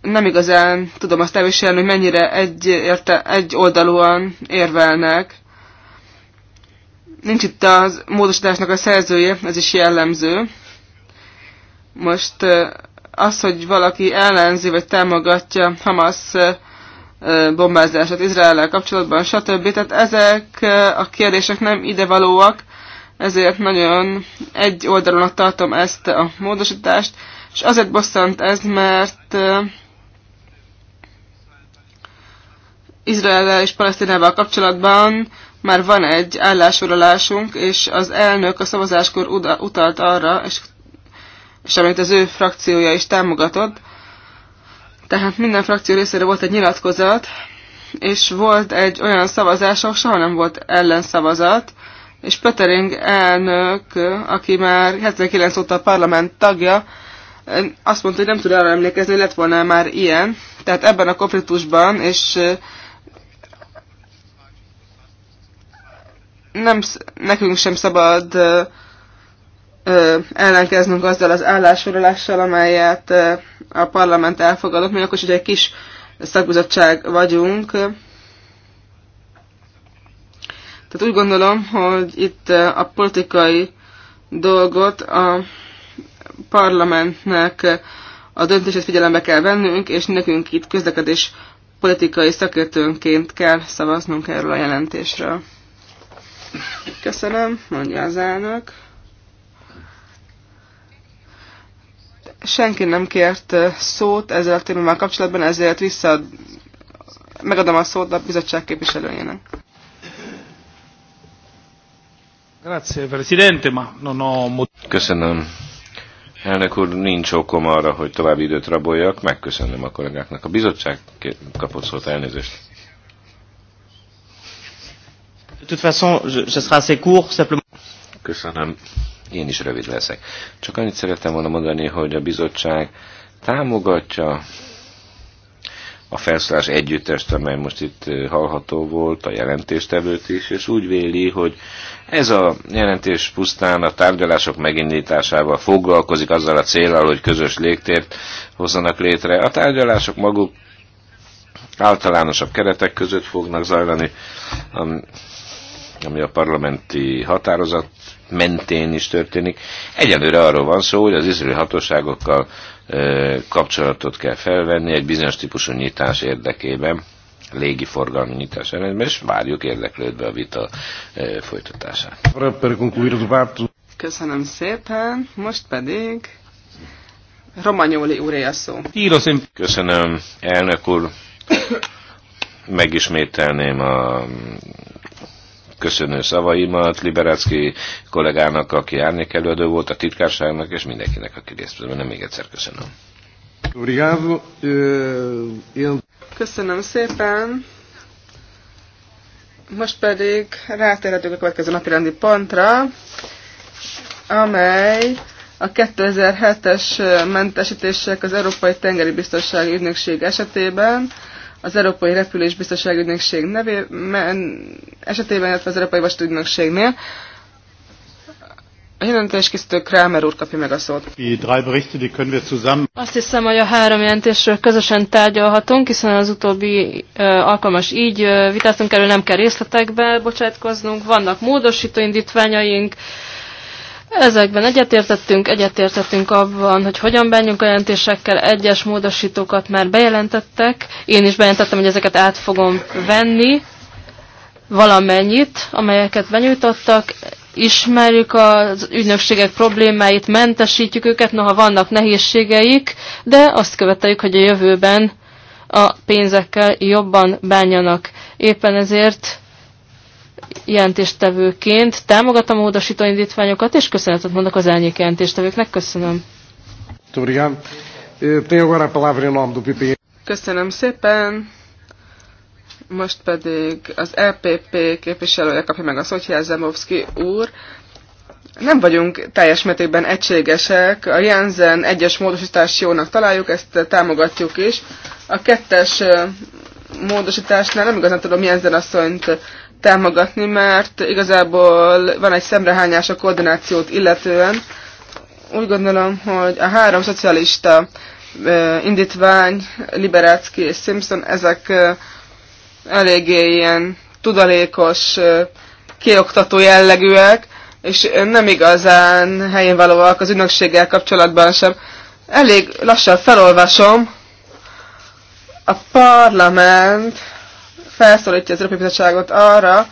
nem igazán tudom azt elviselni, hogy mennyire egy, érte, egy oldalúan érvelnek. Nincs itt a módosításnak a szerzője, ez is jellemző. Most az, hogy valaki ellenzi vagy támogatja Hamas bombázását Izrael-el kapcsolatban, stb. Tehát ezek a kérdések nem idevalóak, ezért nagyon egy oldalon tartom ezt a módosítást, és azért bosszant ez, mert Izrael és Palesztinával kapcsolatban már van egy állásuralásunk, és az elnök a szavazáskor utalt arra, és, és amit az ő frakciója is támogatott, tehát minden frakció részére volt egy nyilatkozat, és volt egy olyan szavazás, ahol soha nem volt ellenszavazat, és Petering elnök, aki már 79 óta a parlament tagja, azt mondta, hogy nem tud arra emlékezni, hogy lett volna már ilyen. Tehát ebben a konfliktusban, és nem, nekünk sem szabad ellenkeznünk azzal az állásorolással, amelyet a parlament elfogadott, még akkor is, hogy egy kis szakbizottság vagyunk. Tehát úgy gondolom, hogy itt a politikai dolgot a parlamentnek a döntését figyelembe kell vennünk, és nekünk itt közlekedés politikai szakértőnként kell szavaznunk erről a jelentésről. Köszönöm, mondja az elnök. senki nem kért szót ezzel a témával kapcsolatban, ezért vissza megadom a szót a bizottság képviselőjének. Köszönöm. Elnök úr, nincs okom arra, hogy további időt raboljak. Megköszönöm a kollégáknak. A bizottság kapott szót elnézést. De toute façon, je, je sera assez court, simplement. Köszönöm. Én is rövid leszek. Csak annyit szerettem volna mondani, hogy a bizottság támogatja a felszólás együttest, amely most itt hallható volt, a jelentéstevőt is, és úgy véli, hogy ez a jelentés pusztán a tárgyalások megindításával foglalkozik azzal a célral, hogy közös légtért hozzanak létre. A tárgyalások maguk általánosabb keretek között fognak zajlani, ami a parlamenti határozat mentén is történik. Egyelőre arról van szó, hogy az izraeli hatóságokkal kapcsolatot kell felvenni egy bizonyos típusú nyitás érdekében, légi forgalmi nyitás eredményben, és várjuk érdeklődve a vita folytatását. Köszönöm szépen, most pedig Romanyóli úré a szó. Köszönöm, elnök úr. Megismételném a köszönő szavaimat Liberácki kollégának, aki árnyék előadó volt, a titkárságnak, és mindenkinek, aki részt vett nem Még egyszer köszönöm. Eh, köszönöm szépen. Most pedig rátérhetünk a következő napi rendi pontra, amely a 2007-es mentesítések az Európai Tengeri Biztonsági Ügynökség esetében az Európai Repülés Biztonsági Ügynökség nevében, esetében, illetve az Európai Vasúti Ügynökségnél. A jelentéskészítő Krámer úr kapja meg a szót. Azt hiszem, hogy a három jelentésről közösen tárgyalhatunk, hiszen az utóbbi ö, alkalmas így ö, vitáztunk erről, nem kell részletekbe bocsátkoznunk. Vannak módosító indítványaink, Ezekben egyetértettünk, egyetértettünk abban, hogy hogyan bánjunk a jelentésekkel, egyes módosítókat már bejelentettek, én is bejelentettem, hogy ezeket át fogom venni, valamennyit, amelyeket benyújtottak, ismerjük az ügynökségek problémáit, mentesítjük őket, noha vannak nehézségeik, de azt követeljük, hogy a jövőben a pénzekkel jobban bánjanak. Éppen ezért jelentéstevőként támogatom a módosító indítványokat, és köszönetet mondok az elnyék jelentéstevőknek. Köszönöm. Eh, e. Köszönöm szépen. Most pedig az EPP képviselője kapja meg a Szotjál Zemovszki úr. Nem vagyunk teljes mértékben egységesek. A Jensen egyes módosítás jónak találjuk, ezt támogatjuk is. A kettes eh, módosításnál nem igazán tudom Jensen asszonyt támogatni, mert igazából van egy szemrehányás a koordinációt illetően. Úgy gondolom, hogy a három szocialista indítvány, Liberácki és Simpson, ezek eléggé ilyen tudalékos, kioktató jellegűek, és nem igazán helyén valóak az ügynökséggel kapcsolatban sem. Elég lassan felolvasom. A parlament felszólítja az Európai Bizottságot arra,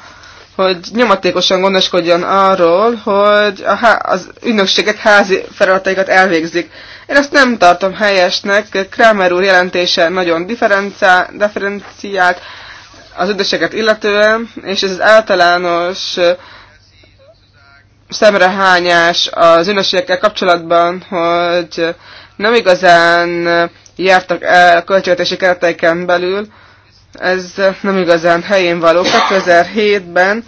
hogy nyomatékosan gondoskodjon arról, hogy a há- az ügynökségek házi feladataikat elvégzik. Én ezt nem tartom helyesnek, Kramer úr jelentése nagyon differenciált az ügynökséget illetően, és ez az általános szemrehányás az ügynökségekkel kapcsolatban, hogy nem igazán jártak el a költségvetési kereteiken belül, ez nem igazán helyén való. 2007-ben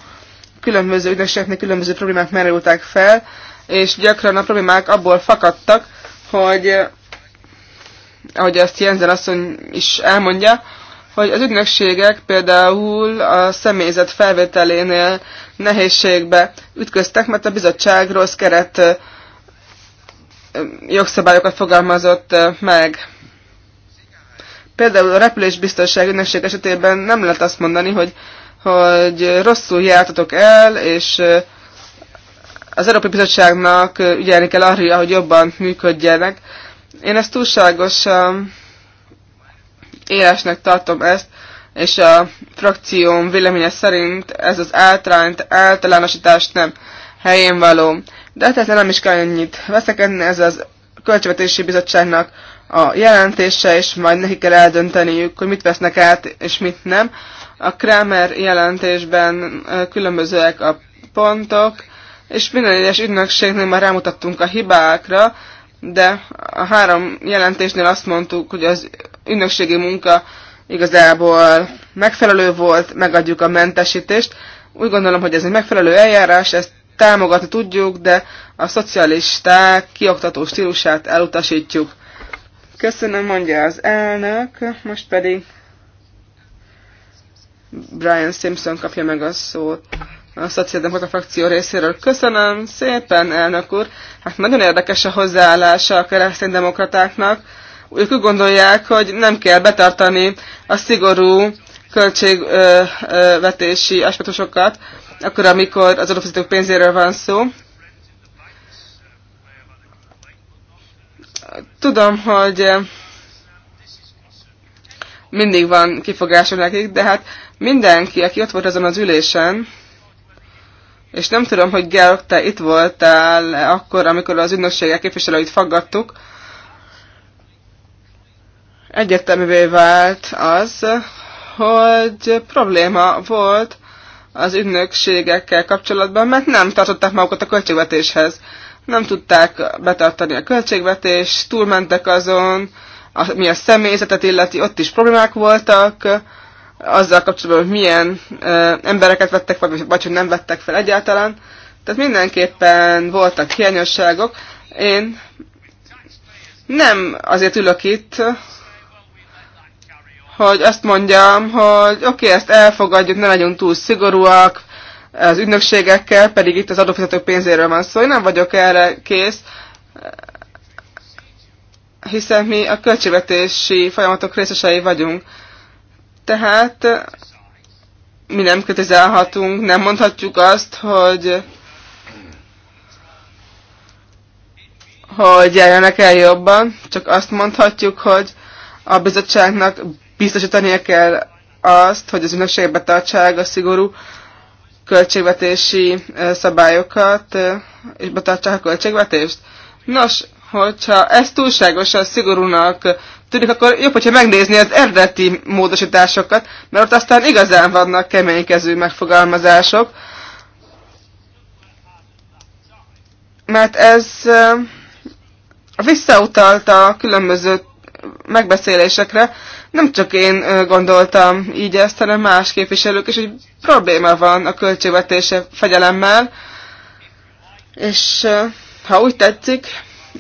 különböző ügynökségeknek különböző problémák merültek fel, és gyakran a problémák abból fakadtak, hogy ahogy azt Jensen asszony is elmondja, hogy az ügynökségek például a személyzet felvételénél nehézségbe ütköztek, mert a bizottság rossz keret jogszabályokat fogalmazott meg. Például a repülésbiztonság ünnepség esetében nem lehet azt mondani, hogy, hogy rosszul jártatok el, és az Európai Bizottságnak ügyelni kell arra, hogy jobban működjenek. Én ezt túlságosan élesnek tartom ezt, és a frakcióm véleménye szerint ez az általánosítás nem helyén való. De tehát nem is kell ennyit veszekedni, ez az Költségvetési Bizottságnak a jelentése, és majd neki kell eldönteniük, hogy mit vesznek át, és mit nem. A Kramer jelentésben különbözőek a pontok, és minden egyes ügynökségnél már rámutattunk a hibákra, de a három jelentésnél azt mondtuk, hogy az ügynökségi munka igazából megfelelő volt, megadjuk a mentesítést. Úgy gondolom, hogy ez egy megfelelő eljárás, ezt támogatni tudjuk, de a szocialisták kioktató stílusát elutasítjuk. Köszönöm, mondja az elnök, most pedig Brian Simpson kapja meg a szót a Szociáldemokrata frakció részéről. Köszönöm szépen, elnök úr. Hát nagyon érdekes a hozzáállása a kereszténydemokratáknak. Ők úgy gondolják, hogy nem kell betartani a szigorú költségvetési aspektusokat, akkor amikor az adófizetők pénzéről van szó. Tudom, hogy eh, mindig van kifogásom nekik, de hát mindenki, aki ott volt azon az ülésen, és nem tudom, hogy Georg, te itt voltál akkor, amikor az ügynökségek képviselőit faggattuk, egyértelművé vált az, hogy probléma volt az ügynökségekkel kapcsolatban, mert nem tartották magukat a költségvetéshez nem tudták betartani a költségvetés, túlmentek azon, ami a személyzetet illeti, ott is problémák voltak, azzal kapcsolatban, hogy milyen ö, embereket vettek fel, vagy, vagy hogy nem vettek fel egyáltalán. Tehát mindenképpen voltak hiányosságok. Én nem azért ülök itt, hogy azt mondjam, hogy oké, okay, ezt elfogadjuk, ne legyünk túl szigorúak, az ügynökségekkel, pedig itt az adófizetők pénzéről van szó. Én nem vagyok erre kész, hiszen mi a költségvetési folyamatok részesei vagyunk. Tehát mi nem kritizálhatunk, nem mondhatjuk azt, hogy hogy járjanak el jobban, csak azt mondhatjuk, hogy a bizottságnak biztosítania kell azt, hogy az ünnepségbe tartsák a szigorú költségvetési szabályokat, és betartsák a költségvetést. Nos, hogyha ez túlságosan szigorúnak tűnik, akkor jobb, hogyha megnézni az eredeti módosításokat, mert ott aztán igazán vannak keménykező megfogalmazások, mert ez visszautalta a különböző megbeszélésekre. Nem csak én gondoltam így ezt, hanem más képviselők is, hogy probléma van a költségvetése fegyelemmel, és ha úgy tetszik,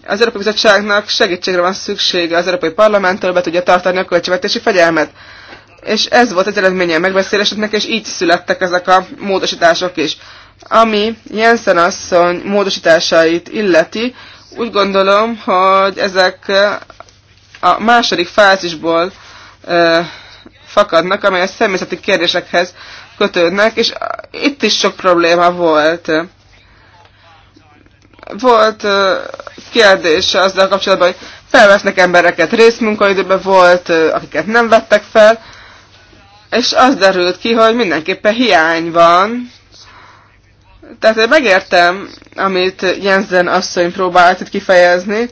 az Európai Bizottságnak segítségre van szüksége az Európai Parlamenttől, be tudja tartani a költségvetési fegyelmet. És ez volt az eredménye a megbeszéléseknek, és így születtek ezek a módosítások is. Ami Jensen asszony módosításait illeti, úgy gondolom, hogy ezek a második fázisból ö, fakadnak, amely a személyzeti kérdésekhez kötődnek, és itt is sok probléma volt. Volt ö, kérdés azzal kapcsolatban, hogy felvesznek embereket részmunkaidőben, volt, ö, akiket nem vettek fel, és az derült ki, hogy mindenképpen hiány van. Tehát én megértem, amit Jensen asszony próbált itt kifejezni,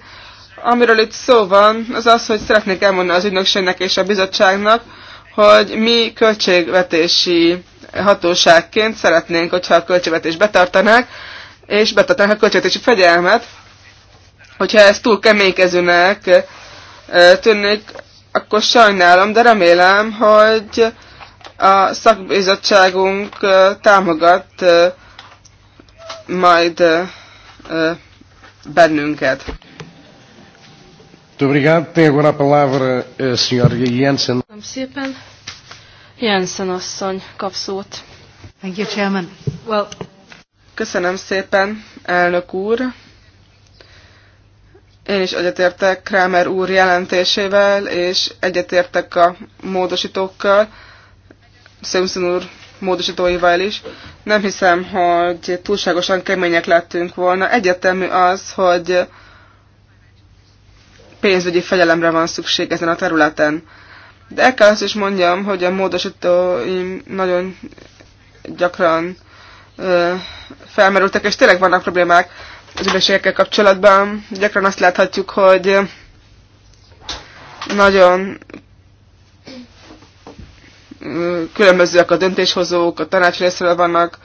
Amiről itt szó van, az az, hogy szeretnék elmondani az ügynökségnek és a bizottságnak, hogy mi költségvetési hatóságként szeretnénk, hogyha a költségvetés betartanák, és betartanák a költségvetési fegyelmet, hogyha ez túl keménykezőnek tűnik, akkor sajnálom, de remélem, hogy a szakbizottságunk támogat majd bennünket. Muito obrigado. Tem agora a palavra a senhora Jensen. Köszönöm szépen. Jensen asszony kap szót. Thank you, Chairman. Well, Köszönöm szépen, elnök úr. Én is egyetértek Kramer úr jelentésével, és egyetértek a módosítókkal, Simpson úr módosítóival is. Nem hiszem, hogy túlságosan kemények lettünk volna. Egyetemű az, hogy pénzügyi fegyelemre van szükség ezen a területen. De el kell azt is mondjam, hogy a módosítóim nagyon gyakran ö, felmerültek, és tényleg vannak problémák az ügynökségekkel kapcsolatban. Gyakran azt láthatjuk, hogy nagyon különbözőek a döntéshozók, a tanács részről vannak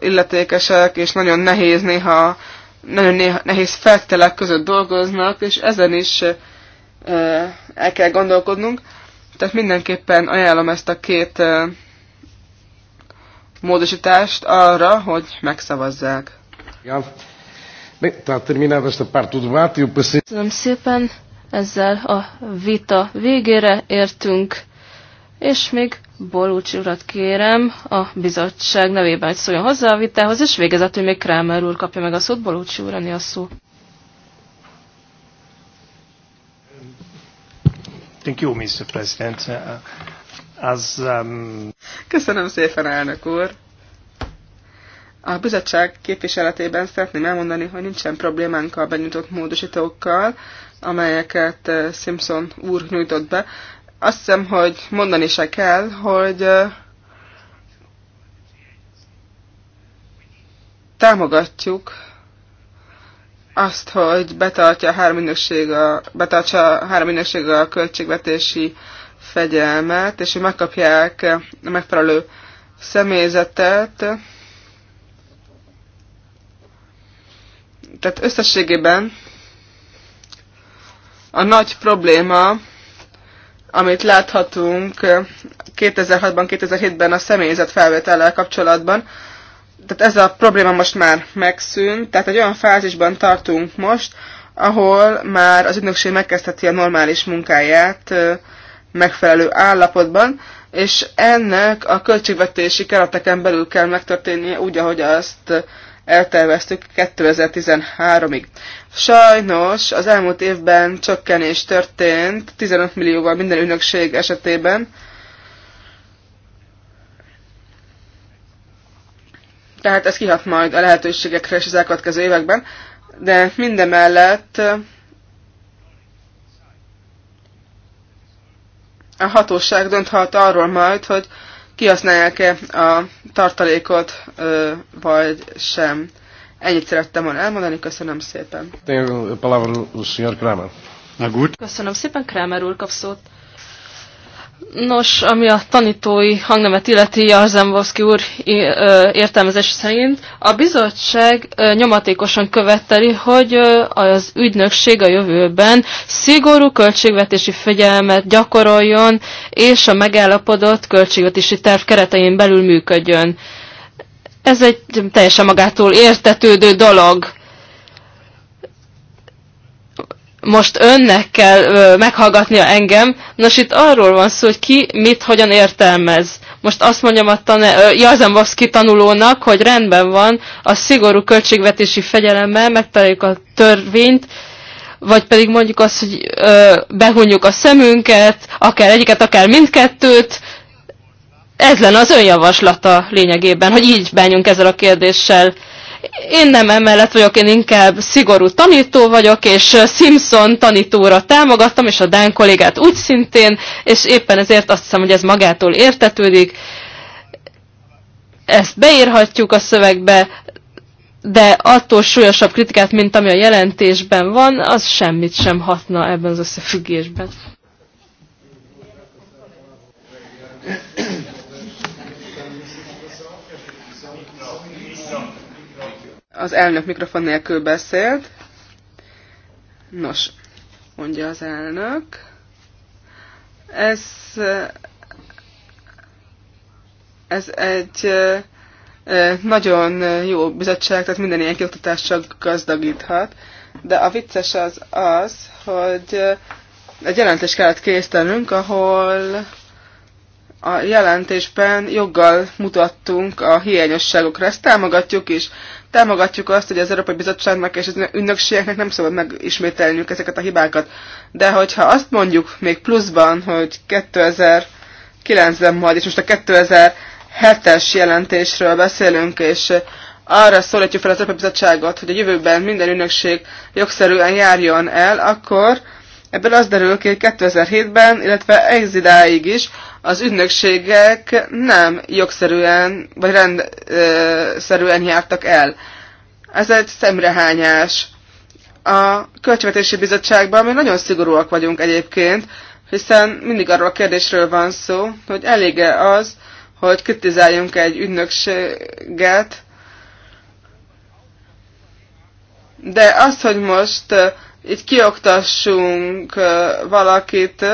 illetékesek, és nagyon nehéz néha nagyon nehéz feltételek között dolgoznak, és ezen is el kell gondolkodnunk. Tehát mindenképpen ajánlom ezt a két módosítást arra, hogy megszavazzák. Ja. Köszönöm szépen, ezzel a vita végére értünk, és még Bolúcsi urat kérem a bizottság nevében, hogy szóljon hozzá a vitához, és végezetül még Krámer úr kapja meg a szót. Bolúcsi úr, a szó. Thank you, Mr. President. Uh, as, um... Köszönöm szépen, elnök úr. A bizottság képviseletében szeretném elmondani, hogy nincsen problémánk a benyújtott módosítókkal, amelyeket uh, Simpson úr nyújtott be. Azt hiszem, hogy mondani se kell, hogy támogatjuk azt, hogy betartja a három a, betartsa a három ügynökség a költségvetési fegyelmet, és hogy megkapják a megfelelő személyzetet. Tehát összességében a nagy probléma amit láthatunk 2006-ban, eh, 2007-ben a személyzet felvétellel kapcsolatban. Tehát ez a probléma most már megszűnt, tehát egy olyan fázisban tartunk most, ahol már az ügynökség megkezdheti a normális munkáját eh, megfelelő állapotban, és ennek a költségvetési kereteken belül kell megtörténnie úgy, ahogy azt eh, elterveztük 2013-ig. Sajnos az elmúlt évben csökkenés történt, 15 millióval minden ügynökség esetében. Tehát ez kihat majd a lehetőségekre és az elkövetkező években, de mindemellett a hatóság dönthat arról majd, hogy kihasználják-e a tartalékot, vagy sem. Ennyit szerettem volna elmondani, köszönöm szépen. Köszönöm szépen, Kramer úr kap szót. Nos, ami a tanítói hangnemet illeti Jarzembowski úr értelmezés szerint, a bizottság nyomatékosan követeli, hogy az ügynökség a jövőben szigorú költségvetési fegyelmet gyakoroljon, és a megállapodott költségvetési terv keretein belül működjön. Ez egy teljesen magától értetődő dolog. Most önnek kell ö, meghallgatnia engem. Nos, itt arról van szó, hogy ki mit hogyan értelmez. Most azt mondjam a Jarzembowski tanulónak, hogy rendben van, a szigorú költségvetési fegyelemmel megtaláljuk a törvényt, vagy pedig mondjuk azt, hogy ö, behunjuk a szemünket, akár egyiket, akár mindkettőt, ez lenne az önjavaslata lényegében, hogy így bánjunk ezzel a kérdéssel. Én nem emellett vagyok, én inkább szigorú tanító vagyok, és Simpson tanítóra támogattam, és a Dán kollégát úgy szintén, és éppen ezért azt hiszem, hogy ez magától értetődik. Ezt beírhatjuk a szövegbe, de attól súlyosabb kritikát, mint ami a jelentésben van, az semmit sem hatna ebben az összefüggésben. Az elnök mikrofon nélkül beszélt. Nos, mondja az elnök. Ez, ez egy nagyon jó bizottság, tehát minden ilyen kioktatás csak gazdagíthat. De a vicces az az, hogy egy jelentést kellett készítenünk, ahol a jelentésben joggal mutattunk a hiányosságokra. Ezt támogatjuk is, Támogatjuk azt, hogy az Európai Bizottságnak és az ünnökségeknek nem szabad megismételniük ezeket a hibákat. De hogyha azt mondjuk még pluszban, hogy 2009-ben majd, és most a 2007-es jelentésről beszélünk, és arra szólítjuk fel az Európai Bizottságot, hogy a jövőben minden ünnökség jogszerűen járjon el, akkor ebből az derül ki, hogy 2007-ben, illetve egy idáig is az ügynökségek nem jogszerűen vagy rendszerűen jártak el. Ez egy szemrehányás. A Költségvetési Bizottságban mi nagyon szigorúak vagyunk egyébként, hiszen mindig arról a kérdésről van szó, hogy elége az, hogy kritizáljunk egy ügynökséget, de az, hogy most így kioktassunk valakit,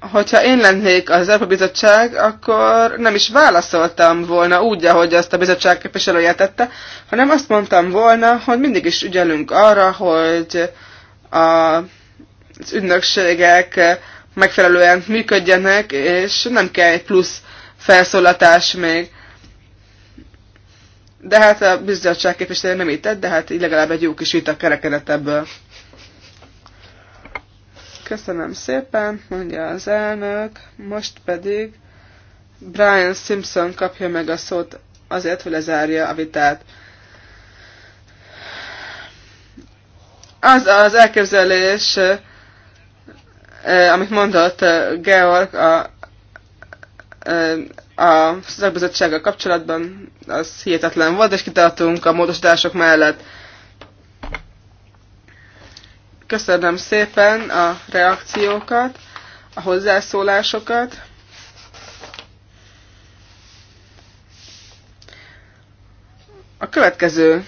hogyha én lennék az Európa Bizottság, akkor nem is válaszoltam volna úgy, ahogy azt a bizottság képviselője tette, hanem azt mondtam volna, hogy mindig is ügyelünk arra, hogy a, az ügynökségek megfelelően működjenek, és nem kell egy plusz felszólatás még. De hát a bizottság képviselő nem így tett, de hát így legalább egy jó kis vita kerekedett ebből. Köszönöm szépen, mondja az elnök. Most pedig Brian Simpson kapja meg a szót azért, hogy lezárja a vitát. Az az elképzelés, eh, eh, amit mondott eh, Georg a, a szakbizottsággal kapcsolatban, az hihetetlen volt, és kitartunk a módosítások mellett. Köszönöm szépen a reakciókat, a hozzászólásokat. A következő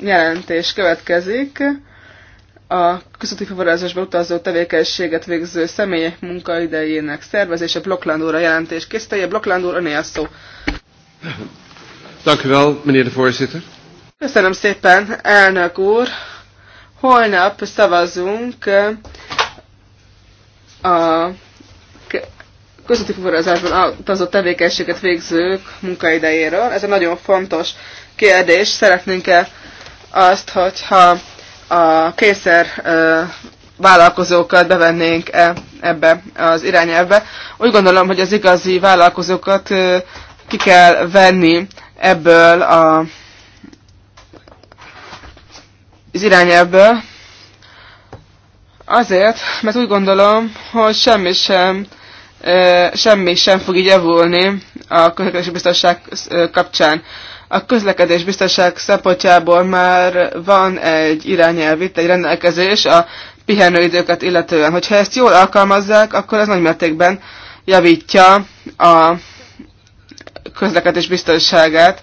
jelentés következik. A közúti fuvarozásba utazó tevékenységet végző személyek munkaidejének szervezése Blokklandóra jelentés készítője. Bloklandóra önél szó. Dank u wel, meneer de voorzitter. Köszönöm szépen, elnök úr. Holnap szavazunk a közötti fuvarozásban az a tevékenységet végzők munkaidejéről. Ez egy nagyon fontos kérdés. Szeretnénk-e azt, hogyha a kényszer vállalkozókat bevennénk -e ebbe az irányelbe. Úgy gondolom, hogy az igazi vállalkozókat ki kell venni ebből a az irányelvből, azért, mert úgy gondolom, hogy semmi sem, semmi sem fog így javulni a közlekedési biztonság kapcsán. A közlekedés biztonság szempontjából már van egy irányelv itt, egy rendelkezés a pihenőidőket illetően. Hogyha ezt jól alkalmazzák, akkor ez nagy mértékben javítja a közlekedés biztonságát.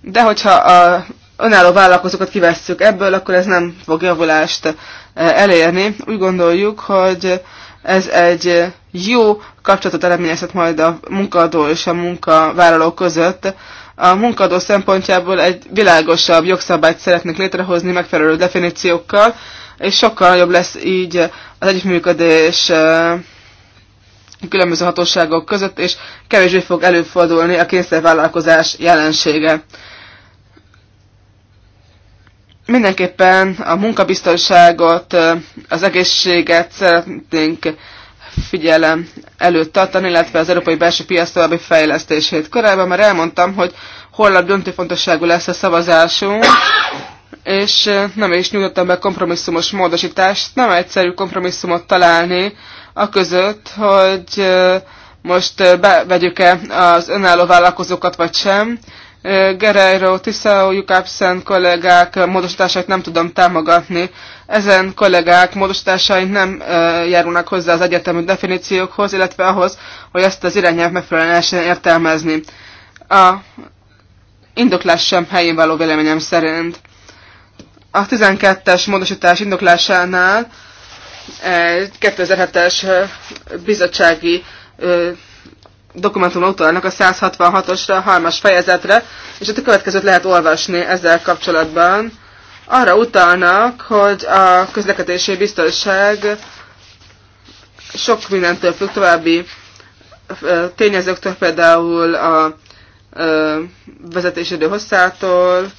De hogyha a önálló vállalkozókat kivesszük ebből, akkor ez nem fog javulást eh, elérni. Úgy gondoljuk, hogy ez egy jó kapcsolatot eredményezhet majd a munkadó és a munkavállaló között. A munkadó szempontjából egy világosabb jogszabályt szeretnék létrehozni megfelelő definíciókkal, és sokkal jobb lesz így az együttműködés eh, különböző hatóságok között, és kevésbé fog előfordulni a kényszervállalkozás jelensége. Mindenképpen a munkabiztonságot, az egészséget szeretnénk figyelem előtt tartani, illetve az európai belső piac további fejlesztését. Korábban már elmondtam, hogy holnap döntő fontosságú lesz a szavazásunk, és nem is nyújtottam be kompromisszumos módosítást. Nem egyszerű kompromisszumot találni a között, hogy most bevegyük-e az önálló vállalkozókat vagy sem. Guerreiro, Tisao, Jukapsen kollégák módosításait nem tudom támogatni. Ezen kollégák módosításai nem járulnak hozzá az egyetemű definíciókhoz, illetve ahhoz, hogy ezt az irányát megfelelően lehessen értelmezni. A indoklás sem helyén való véleményem szerint. A 12-es módosítás indoklásánál egy 2007-es bizottsági Dokumentum utalnak a 166-osra, a 3 fejezetre, és ott a következőt lehet olvasni ezzel kapcsolatban. Arra utalnak, hogy a közlekedési biztonság sok mindentől függ, további tényezőktől, például a vezetésidő hosszától,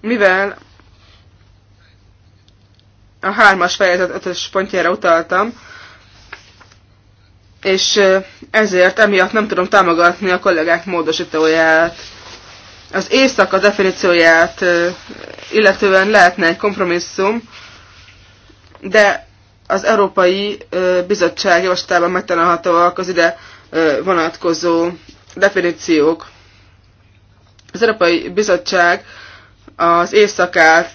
mivel a hármas fejezet ötös pontjára utaltam, és ezért emiatt nem tudom támogatni a kollégák módosítóját. Az éjszaka definícióját illetően lehetne egy kompromisszum, de az Európai Bizottság javaslatában megtalálhatóak az ide vonatkozó definíciók. Az Európai Bizottság az éjszakát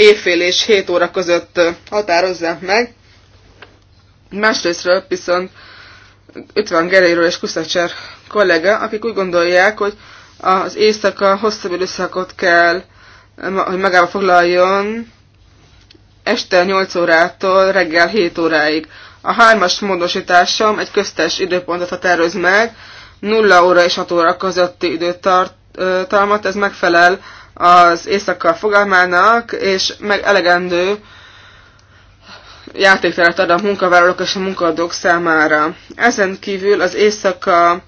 éjfél és 7 óra között határozzák meg. Másrésztről viszont itt van Geréről és Kuszacser kollega, akik úgy gondolják, hogy az éjszaka hosszabb időszakot kell, hogy magába foglaljon este 8 órától reggel 7 óráig. A hármas módosításom egy köztes időpontot határoz meg, 0 óra és 6 óra közötti időtartalmat, ez megfelel az éjszaka fogalmának, és meg elegendő játékteret ad a munkavállalók és a munkadók számára. Ezen kívül az éjszaka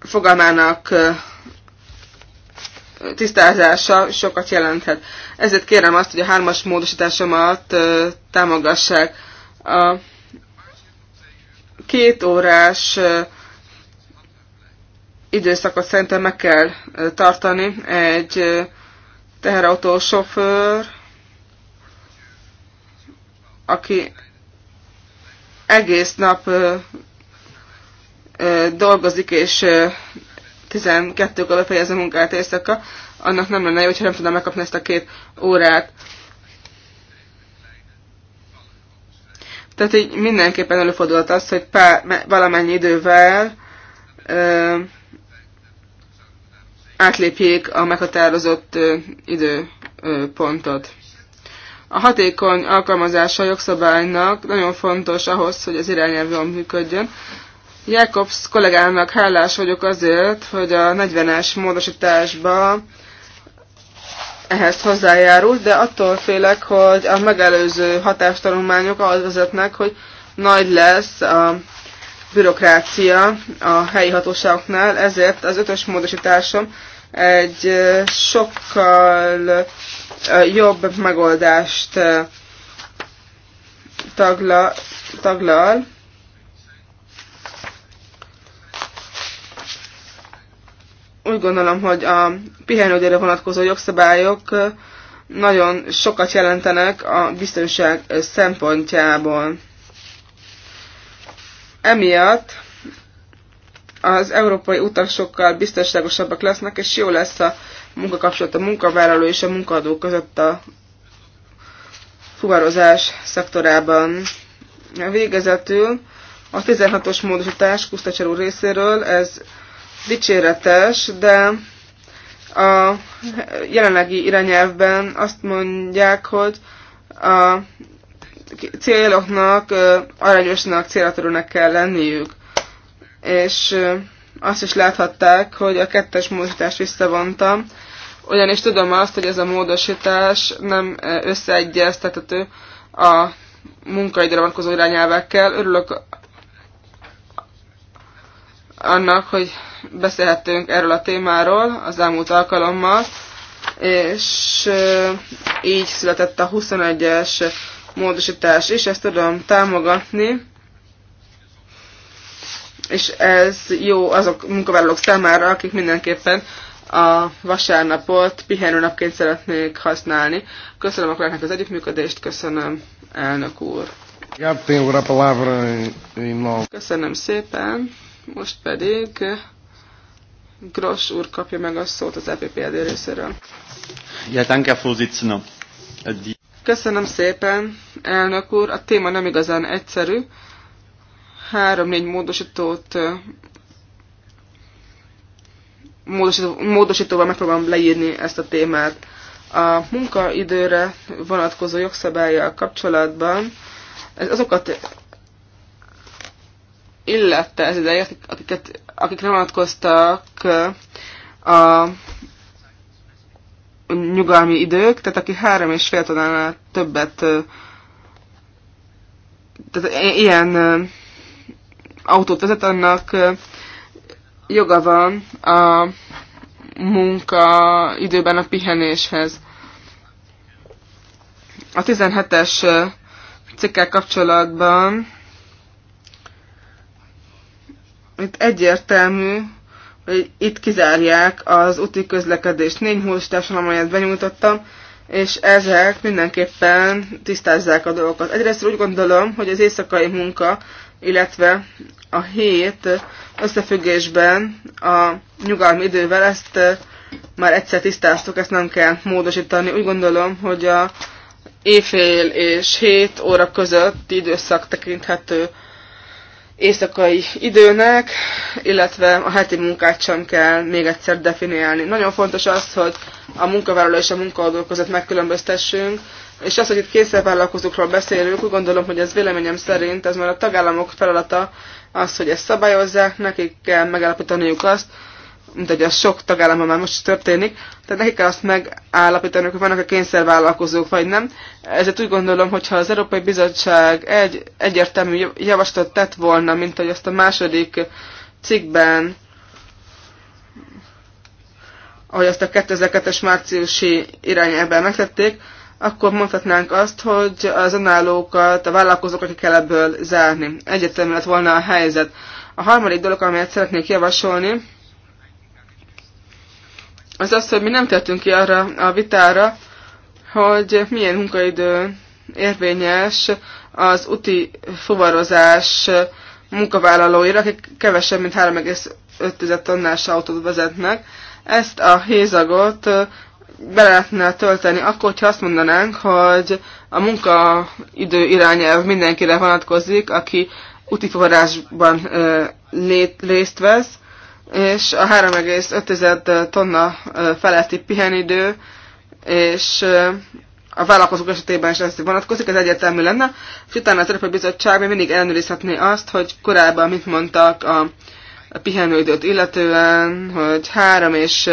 fogalmának tisztázása sokat jelenthet. Ezért kérem azt, hogy a hármas módosításomat támogassák. A két órás időszakot szerintem meg kell tartani egy teherautó sofőr, aki egész nap dolgozik, és 12-kor befejezi a munkát éjszaka, annak nem lenne jó, hogyha nem tudna megkapni ezt a két órát. Tehát így mindenképpen előfordulhat az, hogy pár, valamennyi idővel ö, átlépjék a meghatározott időpontot. A hatékony alkalmazása a jogszabálynak nagyon fontos ahhoz, hogy az irányelv jól működjön. Jakobs kollégának hálás vagyok azért, hogy a 40-es módosításba ehhez hozzájárult, de attól félek, hogy a megelőző hatástanulmányok ahhoz vezetnek, hogy nagy lesz a bürokrácia a helyi hatóságoknál, ezért az ötös módosításom egy sokkal jobb megoldást tagla, taglal. Úgy gondolom, hogy a pihenőgyere vonatkozó jogszabályok nagyon sokat jelentenek a biztonság szempontjából. Emiatt az európai utasokkal biztonságosabbak lesznek, és jó lesz a munkakapcsolat a munkavállaló és a munkadó között a fuvarozás szektorában. Végezetül a 16-os módosítás Kusztacser részéről, ez dicséretes, de a jelenlegi irányelvben azt mondják, hogy a céloknak arányosnak, célatörőnek kell lenniük. És azt is láthatták, hogy a kettes módosítást visszavontam, ugyanis tudom azt, hogy ez a módosítás nem összeegyeztethető a munkaidőre vonatkozó irányelvekkel. Örülök annak, hogy beszélhettünk erről a témáról az elmúlt alkalommal, és így született a 21-es módosítás is, ezt tudom támogatni, és ez jó azok munkavállalók számára, akik mindenképpen a vasárnapot pihenőnapként szeretnék használni. Köszönöm a kollégáknak az együttműködést, köszönöm elnök úr. Köszönöm szépen, most pedig Gross úr kapja meg a szót az EPPD részéről. Ja, danke, Köszönöm szépen, elnök úr. A téma nem igazán egyszerű. Három-négy módosítót módosító, módosítóval megpróbálom leírni ezt a témát. A munkaidőre vonatkozó jogszabályjal kapcsolatban ez azokat illette ez ideje, akiket, akikre vonatkoztak a nyugalmi idők, tehát aki három és fél tonnánál többet, tehát ilyen autót vezet, annak joga van a munka időben a pihenéshez. A 17-es cikkel kapcsolatban itt egyértelmű, itt kizárják az úti közlekedést. Négy módosításon, amelyet benyújtottam, és ezek mindenképpen tisztázzák a dolgokat. Egyrészt úgy gondolom, hogy az éjszakai munka, illetve a hét összefüggésben a nyugalmi idővel ezt eh, már egyszer tisztáztuk, ezt nem kell módosítani. Úgy gondolom, hogy a éjfél és 7 óra között időszak tekinthető éjszakai időnek, illetve a heti munkát sem kell még egyszer definiálni. Nagyon fontos az, hogy a munkavállaló és a munkaadó között megkülönböztessünk, és az, hogy itt kényszervállalkozókról beszélünk, úgy gondolom, hogy ez véleményem szerint ez már a tagállamok feladata az, hogy ezt szabályozzák, nekik kell megállapítaniuk azt, mint hogy a sok tagállamban már most történik, tehát nekik kell azt megállapítani, hogy vannak a kényszervállalkozók, vagy nem. Ezért úgy gondolom, hogyha az Európai Bizottság egy egyértelmű javaslatot tett volna, mint hogy azt a második cikkben, ahogy azt a 2002-es márciusi irányelben megtették, akkor mondhatnánk azt, hogy az önállókat, a vállalkozókat ki kell ebből zárni. Egyértelmű lett volna a helyzet. A harmadik dolog, amelyet szeretnék javasolni, az az, hogy mi nem tettünk ki arra a vitára, hogy milyen munkaidő érvényes az uti fuvarozás munkavállalóira, akik kevesebb, mint 3,5 tonnás autót vezetnek. Ezt a hézagot be lehetne tölteni, akkor, hogyha azt mondanánk, hogy a munkaidő irányelv mindenkire vonatkozik, aki utiforrásban részt vesz, és a 3,5 tonna feletti pihenidő, és a vállalkozók esetében is ez vonatkozik, ez egyértelmű lenne, és utána az Európai Bizottság még mindig ellenőrizhetné azt, hogy korábban mit mondtak a pihenőidőt illetően, hogy három és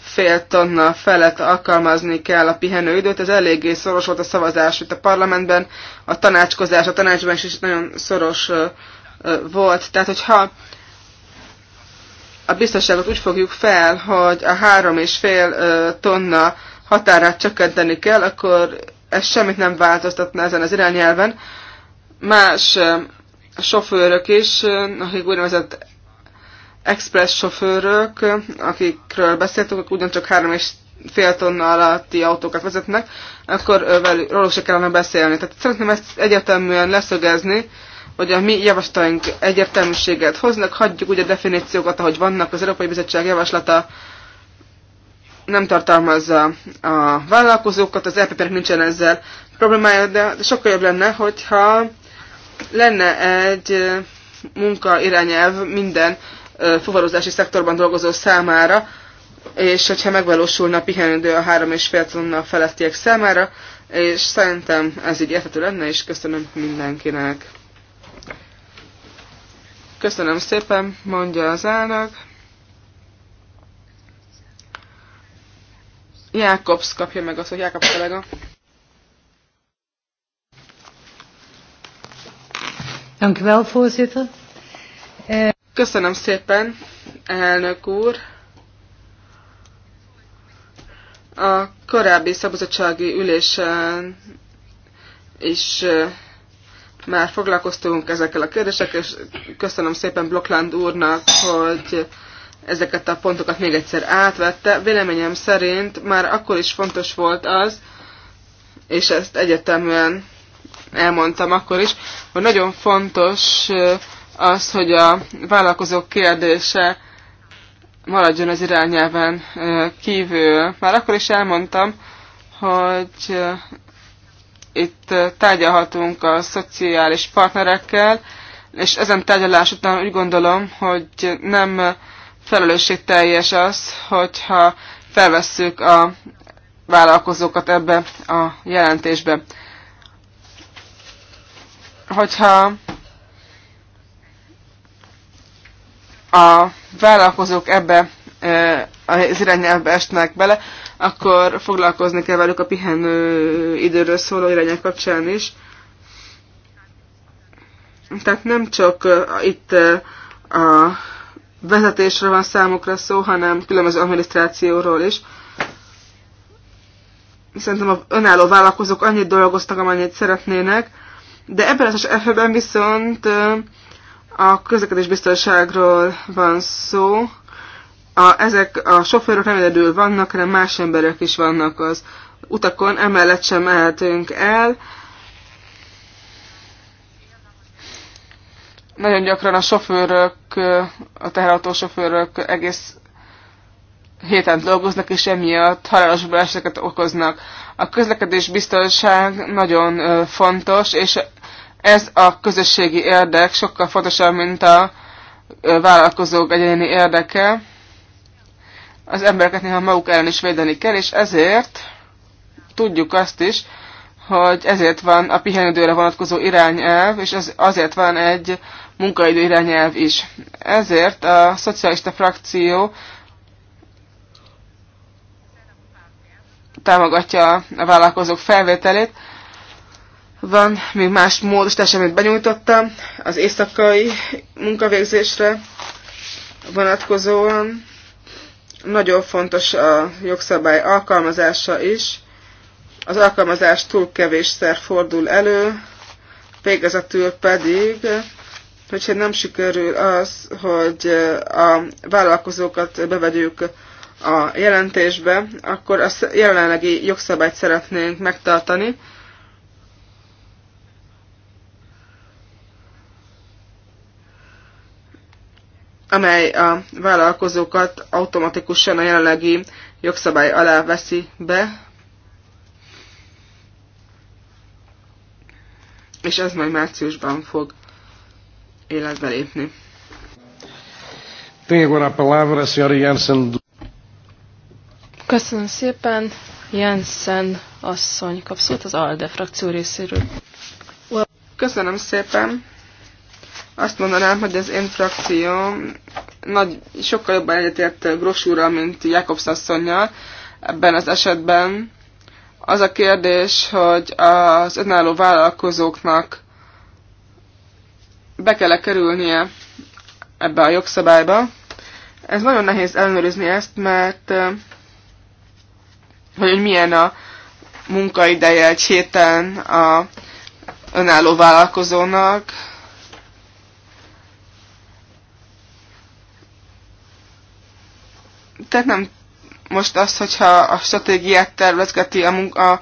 fél tonna felett alkalmazni kell a pihenőidőt. Ez eléggé szoros volt a szavazás itt a parlamentben, a tanácskozás a tanácsban is nagyon szoros volt. Tehát, hogyha a biztonságot úgy fogjuk fel, hogy a három és fél tonna határát csökkenteni kell, akkor ez semmit nem változtatna ezen az irányelven. Más sofőrök is, akik úgynevezett express sofőrök, akikről beszéltünk, akik ugyancsak három és fél tonna alatti autókat vezetnek, akkor velük, róluk se kellene beszélni. Tehát szeretném ezt egyeteműen leszögezni, hogy a mi javaslataink egyértelműséget hoznak, hagyjuk úgy a definíciókat, ahogy vannak. Az Európai Bizottság javaslata nem tartalmazza a vállalkozókat, az EPP-nek nincsen ezzel problémája, de sokkal jobb lenne, hogyha lenne egy munka irányelv minden fuvarozási szektorban dolgozó számára, és hogyha megvalósulna a pihenődő a három és fél tonna felettiek számára, és szerintem ez így érthető lenne, és köszönöm mindenkinek. Köszönöm szépen, mondja az elnök. Jákobsz kapja meg azt, hogy Jákobsz kollega. Eh, Köszönöm szépen, elnök úr. A korábbi szabadsági ülésen is eh, már foglalkoztunk ezekkel a kérdésekkel, és köszönöm szépen Blokland úrnak, hogy ezeket a pontokat még egyszer átvette. Véleményem szerint már akkor is fontos volt az, és ezt egyeteműen elmondtam akkor is, hogy nagyon fontos az, hogy a vállalkozók kérdése maradjon az irányelven kívül. Már akkor is elmondtam, hogy itt tárgyalhatunk a szociális partnerekkel, és ezen tárgyalás után úgy gondolom, hogy nem felelősségteljes az, hogyha felvesszük a vállalkozókat ebbe a jelentésbe. Hogyha a vállalkozók ebbe az irányelvbe esnek bele, akkor foglalkozni kell velük a pihenő időről szóló irányel kapcsán is. Tehát nem csak itt a vezetésről van számukra szó, hanem különböző adminisztrációról is. Szerintem az önálló vállalkozók annyit dolgoztak, amennyit szeretnének, de ebben az esetben viszont a biztonságról van szó, a, ezek a sofőrök nem egyedül vannak, hanem más emberek is vannak az utakon, emellett sem mehetünk el. Nagyon gyakran a sofőrök, a teherautó sofőrök egész héten dolgoznak, és emiatt halálos baleseteket okoznak. A közlekedés biztonság nagyon fontos, és ez a közösségi érdek sokkal fontosabb, mint a vállalkozók egyéni érdeke az embereket néha maguk ellen is védeni kell, és ezért tudjuk azt is, hogy ezért van a pihenőidőre vonatkozó irányelv, és ez azért van egy munkaidő irányelv is. Ezért a szocialista frakció támogatja a vállalkozók felvételét. Van még más módos, amit benyújtottam az éjszakai munkavégzésre vonatkozóan nagyon fontos a jogszabály alkalmazása is. Az alkalmazás túl kevésszer fordul elő, végezetül pedig, hogyha nem sikerül az, hogy a vállalkozókat bevegyük a jelentésbe, akkor a jelenlegi jogszabályt szeretnénk megtartani, amely a vállalkozókat automatikusan a jelenlegi jogszabály alá veszi be, és ez majd márciusban fog életbe lépni. a Köszönöm szépen. Jensen asszony kap szót az ALDE frakció részéről. Köszönöm szépen. Azt mondanám, hogy az én frakcióm nagy, sokkal jobban egyetért Grosúra, mint Jakobs asszonynal. Ebben az esetben az a kérdés, hogy az önálló vállalkozóknak be kell -e kerülnie ebbe a jogszabályba. Ez nagyon nehéz ellenőrizni ezt, mert eh, hogy milyen a munkaideje egy héten a önálló vállalkozónak, Tehát nem most az, hogyha a stratégiát tervezgeti a, munka, a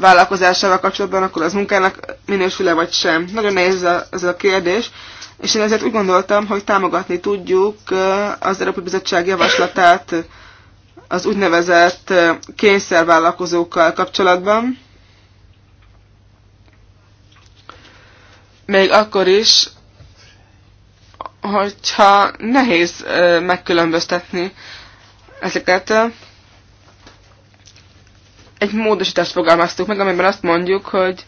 vállalkozásával kapcsolatban, akkor az munkának minősül-e vagy sem. Nagyon nehéz ez a, ez a kérdés, és én ezért úgy gondoltam, hogy támogatni tudjuk az Európai Bizottság javaslatát az úgynevezett kényszervállalkozókkal kapcsolatban. Még akkor is, hogyha nehéz megkülönböztetni ezeket egy módosítást fogalmaztuk meg, amiben azt mondjuk, hogy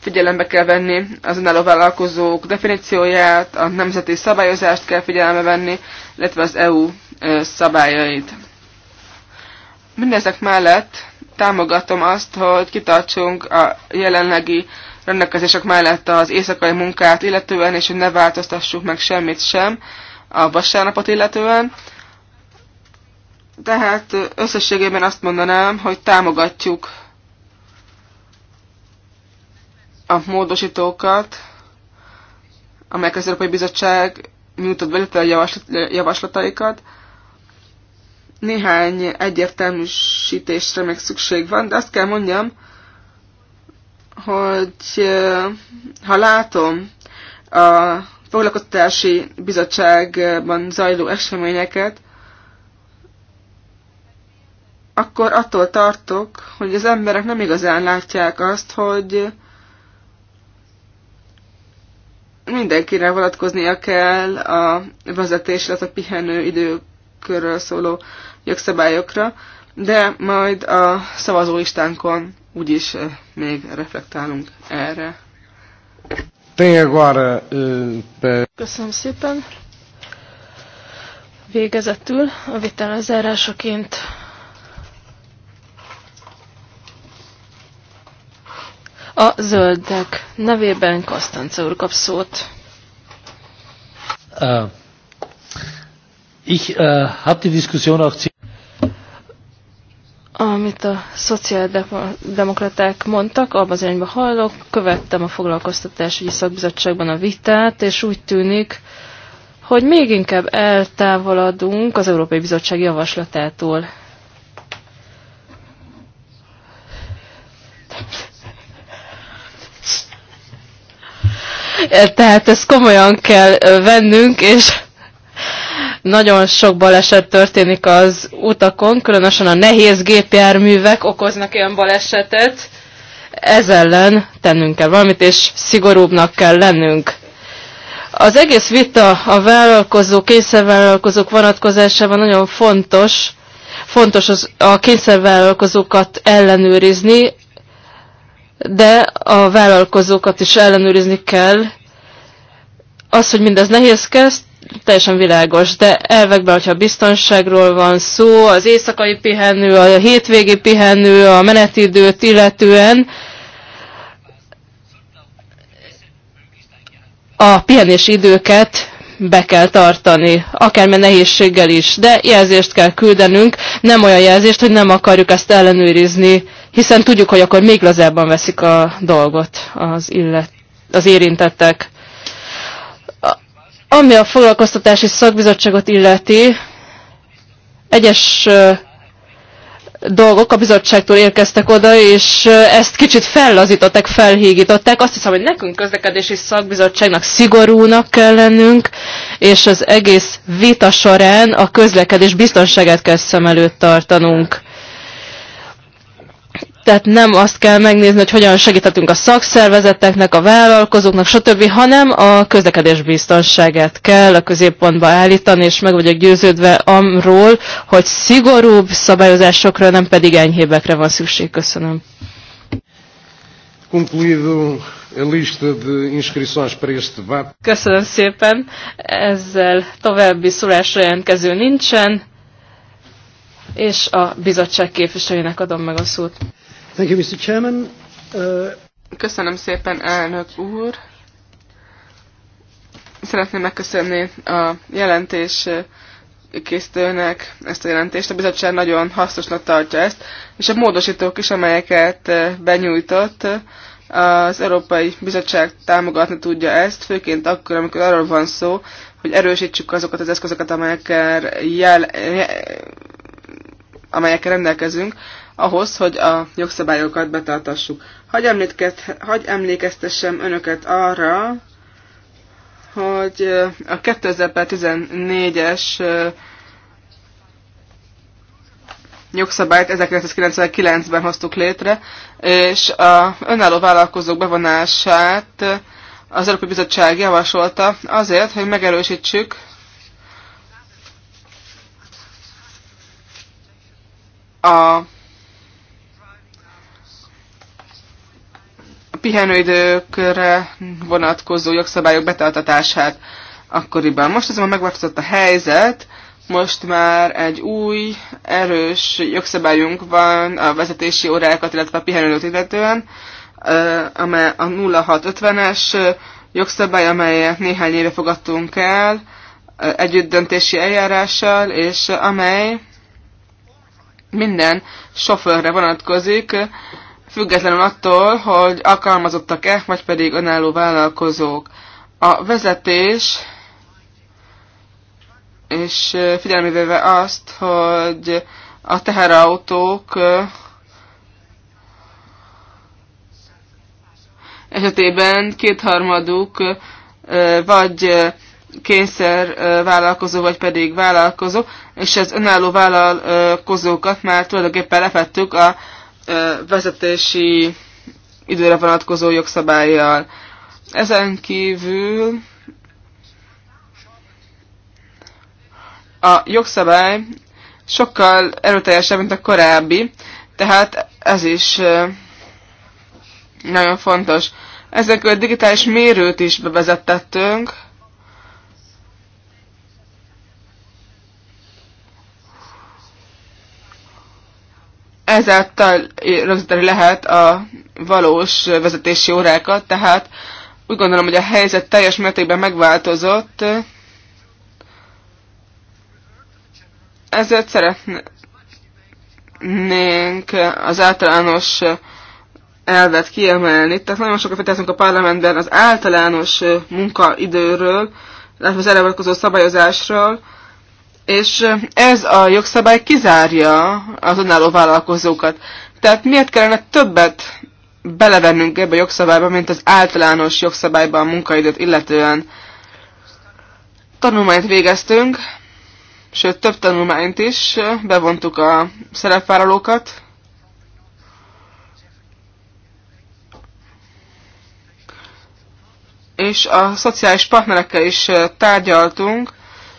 figyelembe kell venni az önálló vállalkozók definícióját, a nemzeti szabályozást kell figyelembe venni, illetve az EU szabályait. Mindezek mellett támogatom azt, hogy kitartsunk a jelenlegi rendelkezések mellett az éjszakai munkát illetően, és hogy ne változtassuk meg semmit sem a vasárnapot illetően. Tehát összességében azt mondanám, hogy támogatjuk a módosítókat, amelyek az Európai Bizottság nyújtott belőle a javaslataikat. Néhány egyértelműsítésre még szükség van, de azt kell mondjam, hogy eh, ha látom a foglalkoztatási bizottságban zajló eseményeket, akkor attól tartok, hogy az emberek nem igazán látják azt, hogy mindenkire vonatkoznia kell a vezetés, illetve a pihenő időkörről szóló jogszabályokra, de majd a szavazólistánkon úgyis eh, még reflektálunk erre. Eh, Köszönöm szépen! Végezetül a vitál A zöldek nevében Kasztance úr kap szót. Uh, ich uh, die Diskussion auch amit a szociáldemokraták mondtak, abban az irányban hallok, követtem a foglalkoztatásügyi szakbizottságban a vitát, és úgy tűnik, hogy még inkább eltávolodunk az Európai Bizottság javaslatától. Tehát ezt komolyan kell vennünk, és nagyon sok baleset történik az utakon, különösen a nehéz gépjárművek okoznak ilyen balesetet. Ez ellen tennünk kell valamit, és szigorúbbnak kell lennünk. Az egész vita a vállalkozó, kényszervállalkozók vonatkozásában nagyon fontos, fontos az, a kényszervállalkozókat ellenőrizni, de a vállalkozókat is ellenőrizni kell. Az, hogy mindez nehézkez, teljesen világos, de elvekben, hogyha biztonságról van szó, az éjszakai pihenő, a hétvégi pihenő, a menetidőt illetően, a pihenés időket be kell tartani, akármilyen nehézséggel is, de jelzést kell küldenünk, nem olyan jelzést, hogy nem akarjuk ezt ellenőrizni, hiszen tudjuk, hogy akkor még lazábban veszik a dolgot az, illet, az érintettek. Ami a foglalkoztatási szakbizottságot illeti, egyes dolgok a bizottságtól érkeztek oda, és ezt kicsit fellazították, felhígították. Azt hiszem, hogy nekünk közlekedési szakbizottságnak szigorúnak kell lennünk, és az egész vita során a közlekedés biztonságát kell szem előtt tartanunk. Tehát nem azt kell megnézni, hogy hogyan segíthetünk a szakszervezeteknek, a vállalkozóknak, stb., hanem a közlekedés biztonságát kell a középpontba állítani, és meg vagyok győződve amról, hogy szigorúbb szabályozásokra, nem pedig enyhébekre van szükség. Köszönöm. Köszönöm szépen. Ezzel további szólásra jelentkező nincsen, és a bizottság képviselőjének adom meg a szót. Thank you, Mr. Chairman. Uh... Köszönöm szépen, elnök úr. Szeretném megköszönni a jelentés készítőnek ezt a jelentést. A bizottság nagyon hasznosnak tartja ezt, és a módosítók is, amelyeket uh, benyújtott, az Európai Bizottság támogatni tudja ezt, főként akkor, amikor arról van szó, hogy erősítsük azokat az eszközöket, amelyekkel, jel, amelyekkel rendelkezünk ahhoz, hogy a jogszabályokat betartassuk. Hagy, hagy emlékeztessem önöket arra, hogy a 2014-es jogszabályt 1999-ben hoztuk létre, és a önálló vállalkozók bevonását az Európai Bizottság javasolta azért, hogy megerősítsük a pihenőidőkre vonatkozó jogszabályok betartatását akkoriban. Most azonban megváltozott a helyzet, most már egy új, erős jogszabályunk van a vezetési órákat, illetve a pihenőt illetően, amely a 0650-es jogszabály, amelyet néhány éve fogadtunk el együttdöntési eljárással, és amely minden sofőrre vonatkozik, függetlenül attól, hogy alkalmazottak-e, vagy pedig önálló vállalkozók. A vezetés, és figyelembe véve azt, hogy a teherautók esetében kétharmaduk vagy kényszer vállalkozó, vagy pedig vállalkozó, és az önálló vállalkozókat már tulajdonképpen lefettük a vezetési időre vonatkozó jogszabályjal. Ezen kívül a jogszabály sokkal erőteljesebb, mint a korábbi, tehát ez is nagyon fontos. Ezen a digitális mérőt is bevezettettünk, ezáltal rögzíteni lehet a valós vezetési órákat, tehát úgy gondolom, hogy a helyzet teljes mértékben megváltozott, ezért szeretnénk az általános elvet kiemelni. Tehát nagyon sokat vitázunk a parlamentben az általános munkaidőről, illetve az erre szabályozásról, és ez a jogszabály kizárja az önálló vállalkozókat. Tehát miért kellene többet belevennünk ebbe a jogszabályba, mint az általános jogszabályban a munkaidőt illetően? Tanulmányt végeztünk, sőt több tanulmányt is, bevontuk a szerepvállalókat. És a szociális partnerekkel is tárgyaltunk,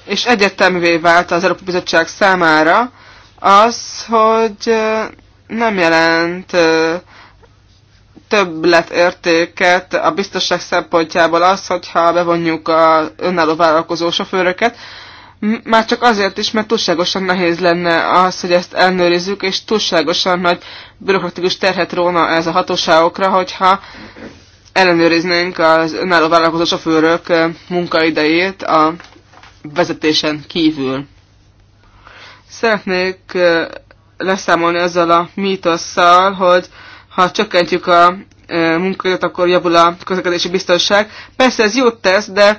és egyetemvé vált az Európai Bizottság számára az, hogy nem jelent többletértéket a biztonság szempontjából az, hogyha bevonjuk a önálló vállalkozó sofőröket, már csak azért is, mert túlságosan nehéz lenne az, hogy ezt ellenőrizzük, és túlságosan nagy bürokratikus terhet róna ez a hatóságokra, hogyha ellenőriznénk az önálló vállalkozó sofőrök munkaidejét a vezetésen kívül. Szeretnék leszámolni azzal a mítosszal, hogy ha csökkentjük a munkaidőt, akkor javul a közlekedési biztonság. Persze ez jót tesz, de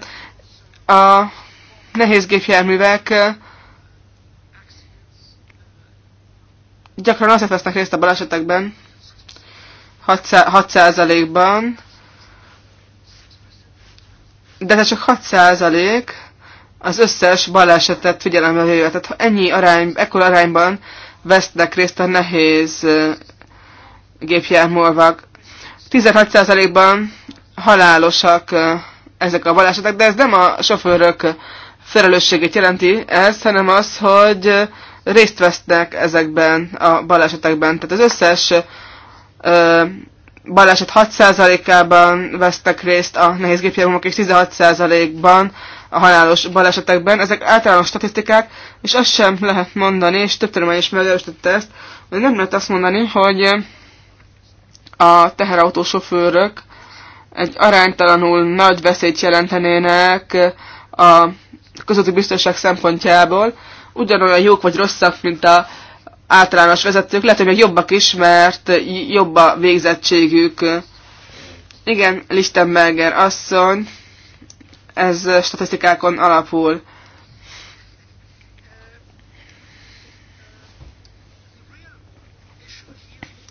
a nehéz gépjárművek gyakran azért vesznek részt a balesetekben, 6%-ban, de ez csak 6 az összes balesetet figyelembe véve. Tehát ha ennyi arány, ekkor arányban vesznek részt a nehéz gépjárművek, 16%-ban halálosak ezek a balesetek, de ez nem a sofőrök felelősségét jelenti ez, hanem az, hogy részt vesznek ezekben a balesetekben. Tehát az összes ö, baleset 6%-ában vesznek részt a nehéz gépjárművek és 16%-ban a halálos balesetekben. Ezek általános statisztikák, és azt sem lehet mondani, és több tudomány is megerősítette ezt, hogy nem lehet azt mondani, hogy a teherautósofőrök egy aránytalanul nagy veszélyt jelentenének a közötti biztonság szempontjából. Ugyanolyan jók vagy rosszak, mint a általános vezetők, lehet, hogy még jobbak is, mert jobb a végzettségük. Igen, Lichtenberger asszony, ez statisztikákon alapul.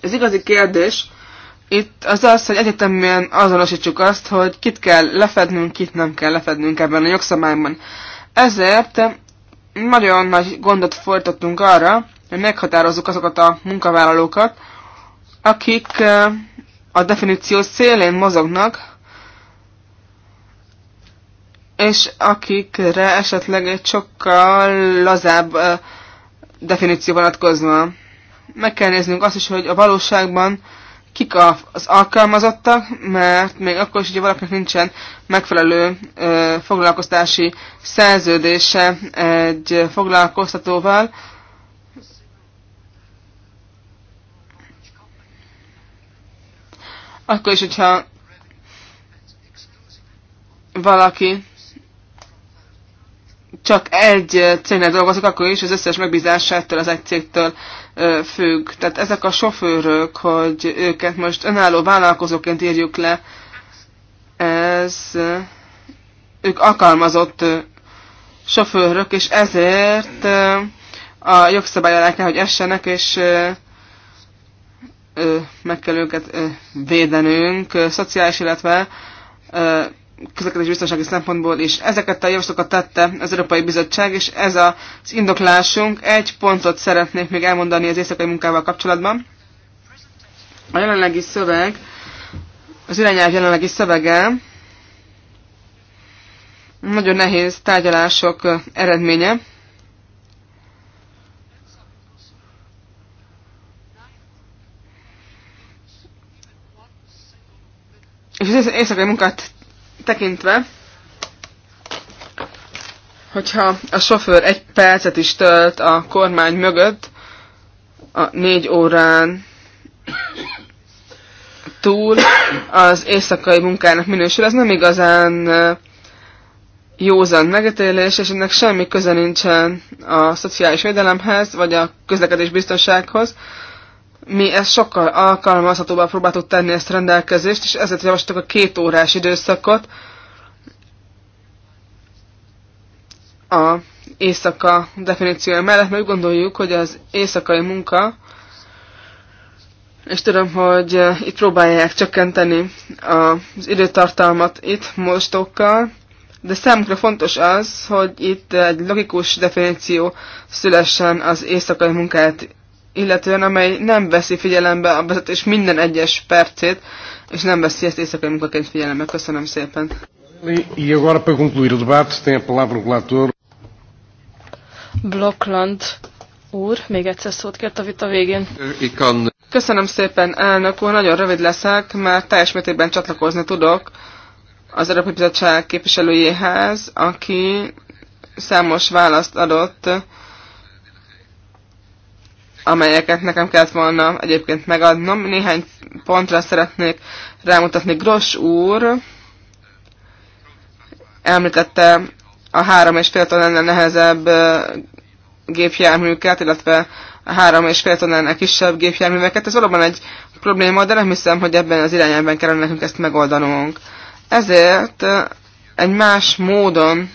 Az igazi kérdés itt az az, hogy egyetemben azonosítsuk azt, hogy kit kell lefednünk, kit nem kell lefednünk ebben a jogszabályban. Ezért nagyon nagy gondot folytattunk arra, hogy meghatározzuk azokat a munkavállalókat, akik eh, a definíció szélén mozognak, és akikre esetleg egy sokkal lazább definíció vonatkozna. Meg kell néznünk azt is, hogy a valóságban kik az alkalmazottak, mert még akkor is, hogy valakinek nincsen megfelelő ö, foglalkoztási szerződése egy foglalkoztatóval, akkor is, hogyha valaki csak egy cégnél dolgozik, akkor is az összes megbízásától az egy cégtől függ. Tehát ezek a sofőrök, hogy őket most önálló vállalkozóként írjuk le, ez ők alkalmazott sofőrök, és ezért a jogszabály alá kell, hogy essenek, és meg kell őket védenünk, szociális, illetve közlekedés biztonsági szempontból is. Ezeket a javaslatokat tette az Európai Bizottság, és ez az indoklásunk. Egy pontot szeretnék még elmondani az éjszakai munkával kapcsolatban. A jelenlegi szöveg, az irányelv jelenlegi szövege nagyon nehéz tárgyalások eredménye. És az éjszakai munkát tekintve, hogyha a sofőr egy percet is tölt a kormány mögött, a négy órán túl az éjszakai munkának minősül, ez nem igazán józan megítélés, és ennek semmi köze nincsen a szociális védelemhez, vagy a közlekedés biztonsághoz mi ezt sokkal alkalmazhatóbbá próbáltuk tenni ezt a rendelkezést, és ezért javasoltuk a két órás időszakot a éjszaka definíciója mellett, mert úgy gondoljuk, hogy az éjszakai munka, és tudom, hogy itt próbálják csökkenteni az időtartalmat itt mostokkal, de számunkra fontos az, hogy itt egy logikus definíció szülessen az éjszakai munkát illetően amely nem veszi figyelembe a vezetés minden egyes percét, és nem veszi ezt éjszakai munkaként figyelembe. Köszönöm szépen. E, e agora para concluir o debate tem a palavra o relator. Blokland úr, még egyszer szót kért a vita végén. Köszönöm szépen, elnök úr, nagyon rövid leszek, mert teljes mértékben csatlakozni tudok az Európai Bizottság képviselőjéhez, aki számos választ adott amelyeket nekem kellett volna egyébként megadnom. Néhány pontra szeretnék rámutatni. Gross úr említette a három és fél tonnán nehezebb gépjárműket, illetve a három és fél tonnán kisebb gépjárműveket. Ez valóban egy probléma, de nem hiszem, hogy ebben az irányában kellene nekünk ezt megoldanunk. Ezért egy más módon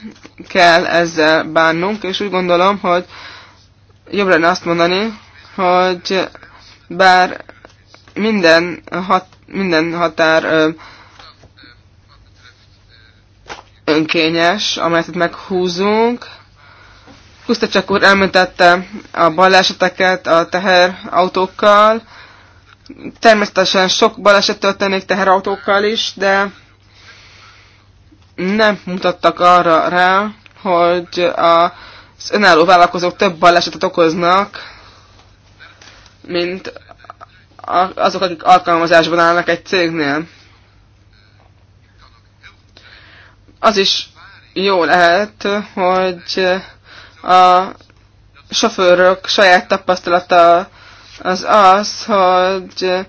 kell ezzel bánnunk, és úgy gondolom, hogy jobb lenne azt mondani, hogy bár minden, hat, minden határ ö, önkényes, amelyet itt meghúzunk. Pusztacsak úr elmentette a baleseteket a teherautókkal. Természetesen sok baleset történik teherautókkal is, de nem mutattak arra rá, hogy az önálló vállalkozók több balesetet okoznak, mint azok, akik alkalmazásban állnak egy cégnél. Az is jó lehet, hogy a sofőrök saját tapasztalata az az, hogy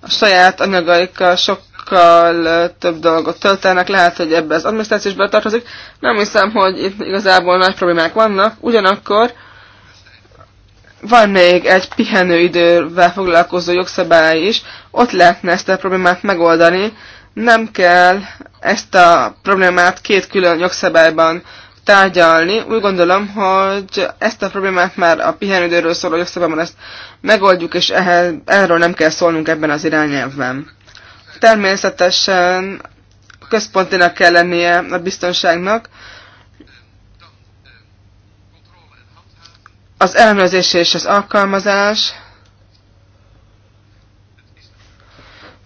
a saját anyagaikkal sokkal több dolgot töltenek, lehet, hogy ebbe az adminisztrációs tartozik. Nem hiszem, hogy itt igazából nagy problémák vannak, ugyanakkor van még egy pihenőidővel foglalkozó jogszabály is, ott lehetne ezt a problémát megoldani. Nem kell ezt a problémát két külön jogszabályban tárgyalni. Úgy gondolom, hogy ezt a problémát már a pihenőidőről szóló jogszabályban ezt megoldjuk, és ehhez, erről nem kell szólnunk ebben az irányelvben. Természetesen központinak kell lennie a biztonságnak, az ellenőrzés és az alkalmazás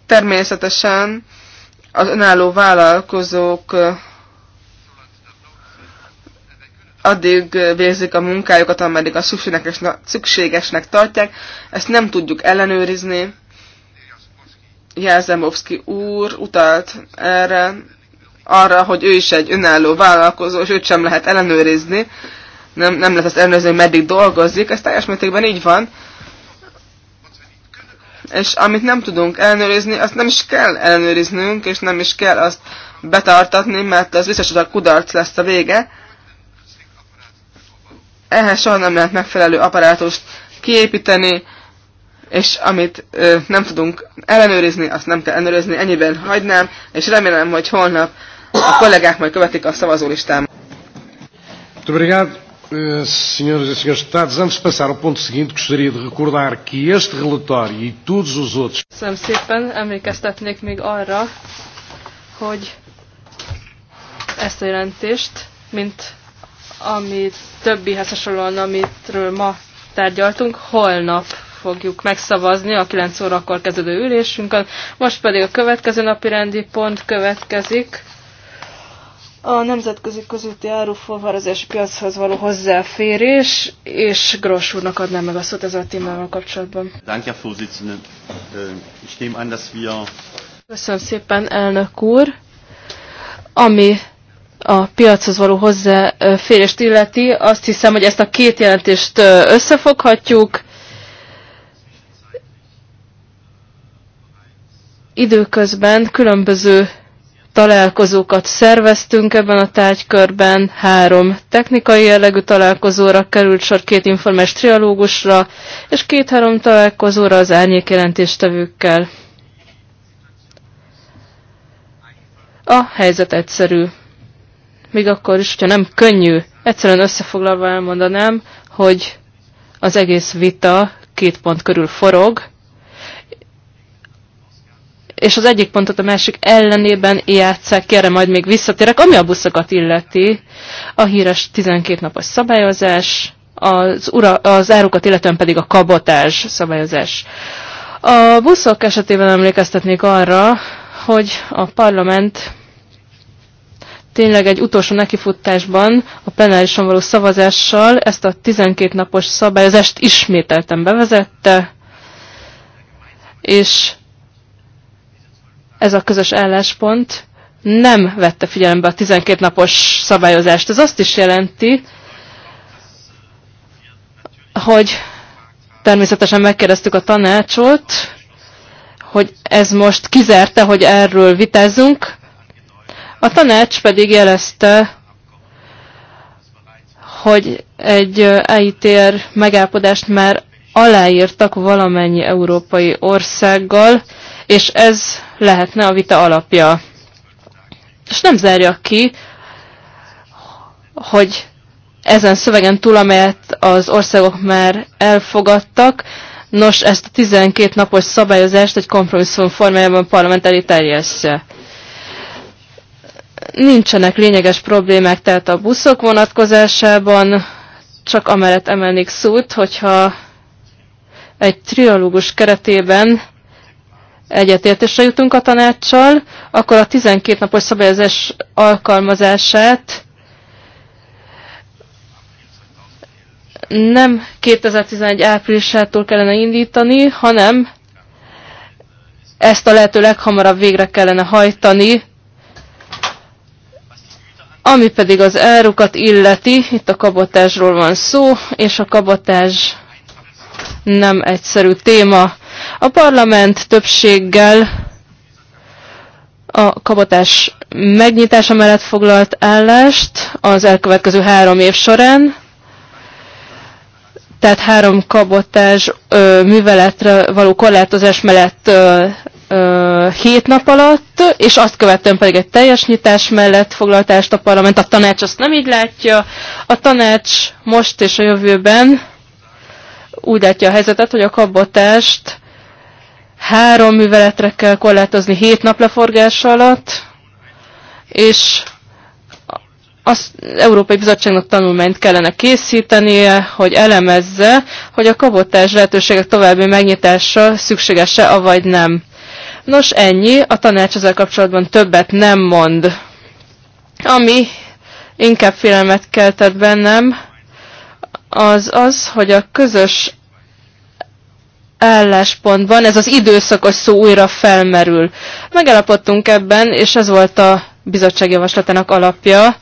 természetesen az önálló vállalkozók addig végzik a munkájukat, ameddig a szükségesnek tartják. Ezt nem tudjuk ellenőrizni. Jelzemovszki úr utalt erre, arra, hogy ő is egy önálló vállalkozó, és őt sem lehet ellenőrizni nem, nem lehet azt ellenőrizni, hogy meddig dolgozik, ez teljes mértékben így van. És amit nem tudunk ellenőrizni, azt nem is kell ellenőriznünk, és nem is kell azt betartatni, mert az biztos, hogy a kudarc lesz a vége. Ehhez soha nem lehet megfelelő apparátust kiépíteni, és amit ö, nem tudunk ellenőrizni, azt nem kell ellenőrizni, ennyiben hagynám, és remélem, hogy holnap a kollégák majd követik a szavazólistámat. Obrigado. Eh, senhoras e senhores deputados, antes de passar ao ponto seguinte, gostaria de recordar que este relatório e todos os outros. szépen, emlékeztetnék még arra, hogy ezt a jelentést, mint ami többihez hasonlóan, amitről ma tárgyaltunk, holnap fogjuk megszavazni a 9 órakor kezdődő ülésünkön. Most pedig a következő napi rendi pont következik a nemzetközi közötti áruforvarozási piachoz való hozzáférés, és Gross úrnak adnám meg a szót ezzel a témával kapcsolatban. Äh, Köszönöm szépen, elnök úr. Ami a piachoz való hozzáférést illeti, azt hiszem, hogy ezt a két jelentést összefoghatjuk. Időközben különböző találkozókat szerveztünk ebben a tárgykörben. Három technikai jellegű találkozóra került sor, két informális trialógusra, és két-három találkozóra az árnyékjelentéstevőkkel. A helyzet egyszerű. Még akkor is, hogyha nem könnyű. Egyszerűen összefoglalva elmondanám, hogy az egész vita két pont körül forog és az egyik pontot a másik ellenében játsszák, erre majd még visszatérek, ami a buszokat illeti, a híres 12 napos szabályozás, az, ura, az árukat illetően pedig a kabotás szabályozás. A buszok esetében emlékeztetnék arra, hogy a parlament tényleg egy utolsó nekifuttásban a plenárison való szavazással ezt a 12 napos szabályozást ismételten bevezette, és ez a közös álláspont nem vette figyelembe a 12 napos szabályozást. Ez azt is jelenti, hogy természetesen megkérdeztük a tanácsot, hogy ez most kizerte, hogy erről vitázunk. A tanács pedig jelezte, hogy egy EITR megállapodást már aláírtak valamennyi európai országgal, és ez lehetne a vita alapja. És nem zárja ki, hogy ezen szövegen túl, amelyet az országok már elfogadtak, nos, ezt a 12 napos szabályozást egy kompromisszum formájában parlament elé terjesztje nincsenek lényeges problémák, tehát a buszok vonatkozásában csak amellett emelnék szót, hogyha egy triológus keretében egyetértésre jutunk a tanácssal, akkor a 12 napos szabályozás alkalmazását nem 2011 áprilisától kellene indítani, hanem ezt a lehető leghamarabb végre kellene hajtani, ami pedig az árukat illeti, itt a kabotásról van szó, és a kabotás nem egyszerű téma. A parlament többséggel a kabotás megnyitása mellett foglalt állást az elkövetkező három év során, tehát három kabotás ö, műveletre való korlátozás mellett ö, ö, hét nap alatt, és azt követően pedig egy teljes nyitás mellett foglaltást a parlament. A tanács azt nem így látja. A tanács most és a jövőben úgy látja a helyzetet, hogy a kabotást három műveletre kell korlátozni hét nap leforgása alatt, és az Európai Bizottságnak tanulmányt kellene készítenie, hogy elemezze, hogy a kabotás lehetőségek további megnyitása szükséges-e, avagy nem. Nos, ennyi, a tanács ezzel kapcsolatban többet nem mond. Ami inkább félelmet keltett bennem, az az, hogy a közös álláspontban ez az időszakos szó újra felmerül. Megállapodtunk ebben, és ez volt a bizottság javaslatának alapja,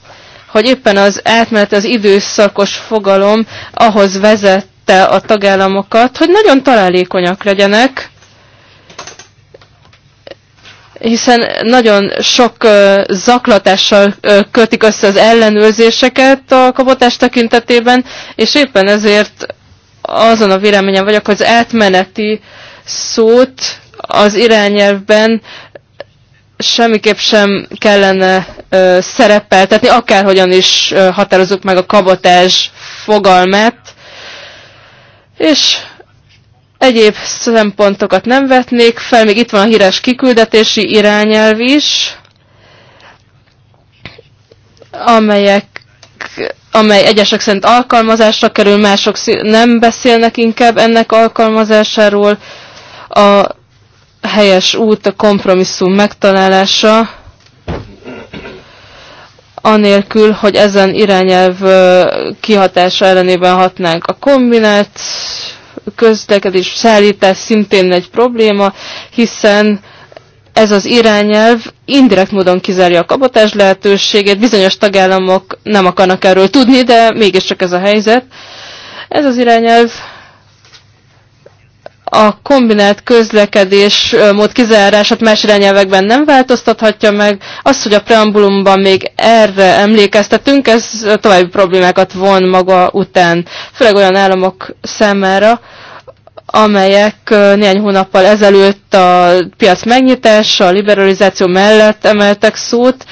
hogy éppen az átmenet az időszakos fogalom ahhoz vezette a tagállamokat, hogy nagyon találékonyak legyenek, hiszen nagyon sok zaklatással kötik össze az ellenőrzéseket a kabotás tekintetében, és éppen ezért azon a véleményen vagyok, hogy az átmeneti szót az irányelvben semmiképp sem kellene ö, szerepeltetni, akárhogyan is ö, határozzuk meg a kabotás fogalmát, és Egyéb szempontokat nem vetnék fel, még itt van a híres kiküldetési irányelv is, amelyek amely egyesek szerint alkalmazásra kerül, mások nem beszélnek inkább ennek alkalmazásáról. A helyes út a kompromisszum megtalálása, anélkül, hogy ezen irányelv kihatása ellenében hatnánk a kombinált közlekedés szállítás szintén egy probléma, hiszen ez az irányelv indirekt módon kizárja a kabotás lehetőségét, bizonyos tagállamok nem akarnak erről tudni, de mégiscsak ez a helyzet. Ez az irányelv a kombinált közlekedés mód kizárását más irányelvekben nem változtathatja meg. Az, hogy a preambulumban még erre emlékeztetünk, ez további problémákat von maga után, főleg olyan államok számára, amelyek néhány hónappal ezelőtt a piac megnyitása, a liberalizáció mellett emeltek szót,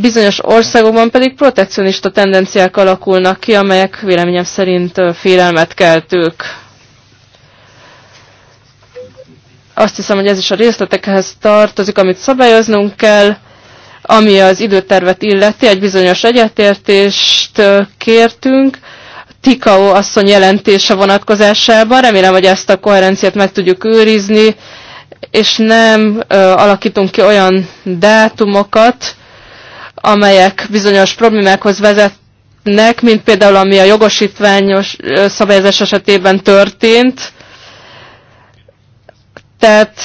Bizonyos országokban pedig protekcionista tendenciák alakulnak ki, amelyek véleményem szerint félelmet keltők. Azt hiszem, hogy ez is a részletekhez tartozik, amit szabályoznunk kell ami az időtervet illeti, egy bizonyos egyetértést kértünk. Tikao asszony jelentése vonatkozásában, remélem, hogy ezt a koherenciát meg tudjuk őrizni, és nem ö, alakítunk ki olyan dátumokat, amelyek bizonyos problémákhoz vezetnek, mint például ami a jogosítványos szabályozás esetében történt. Tehát,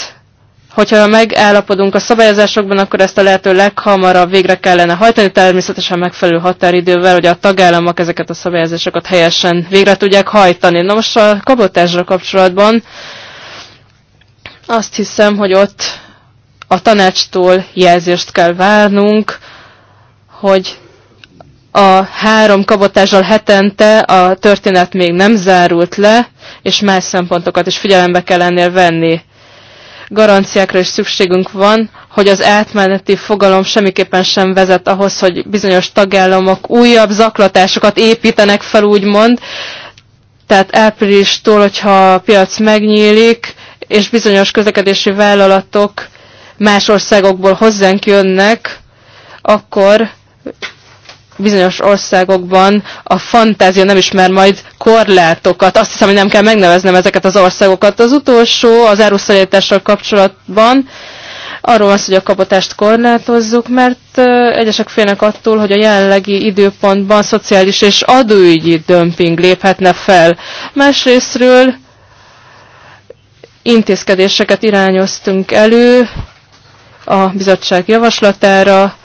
hogyha megállapodunk a szabályozásokban, akkor ezt a lehető leghamarabb végre kellene hajtani, természetesen megfelelő határidővel, hogy a tagállamok ezeket a szabályozásokat helyesen végre tudják hajtani. Na most a kabotásra kapcsolatban azt hiszem, hogy ott a tanácstól jelzést kell várnunk, hogy a három kabotással hetente a történet még nem zárult le, és más szempontokat is figyelembe kell ennél venni. Garanciákra is szükségünk van, hogy az átmeneti fogalom semmiképpen sem vezet ahhoz, hogy bizonyos tagállamok újabb zaklatásokat építenek fel, úgymond. Tehát áprilistól, hogyha a piac megnyílik, és bizonyos közlekedési vállalatok más országokból hozzánk jönnek, akkor bizonyos országokban a fantázia nem ismer majd korlátokat. Azt hiszem, hogy nem kell megneveznem ezeket az országokat. Az utolsó, az áruszállítással kapcsolatban arról van hogy a kapatást korlátozzuk, mert egyesek félnek attól, hogy a jelenlegi időpontban szociális és adóügyi dömping léphetne fel. Másrésztről intézkedéseket irányoztunk elő a bizottság javaslatára,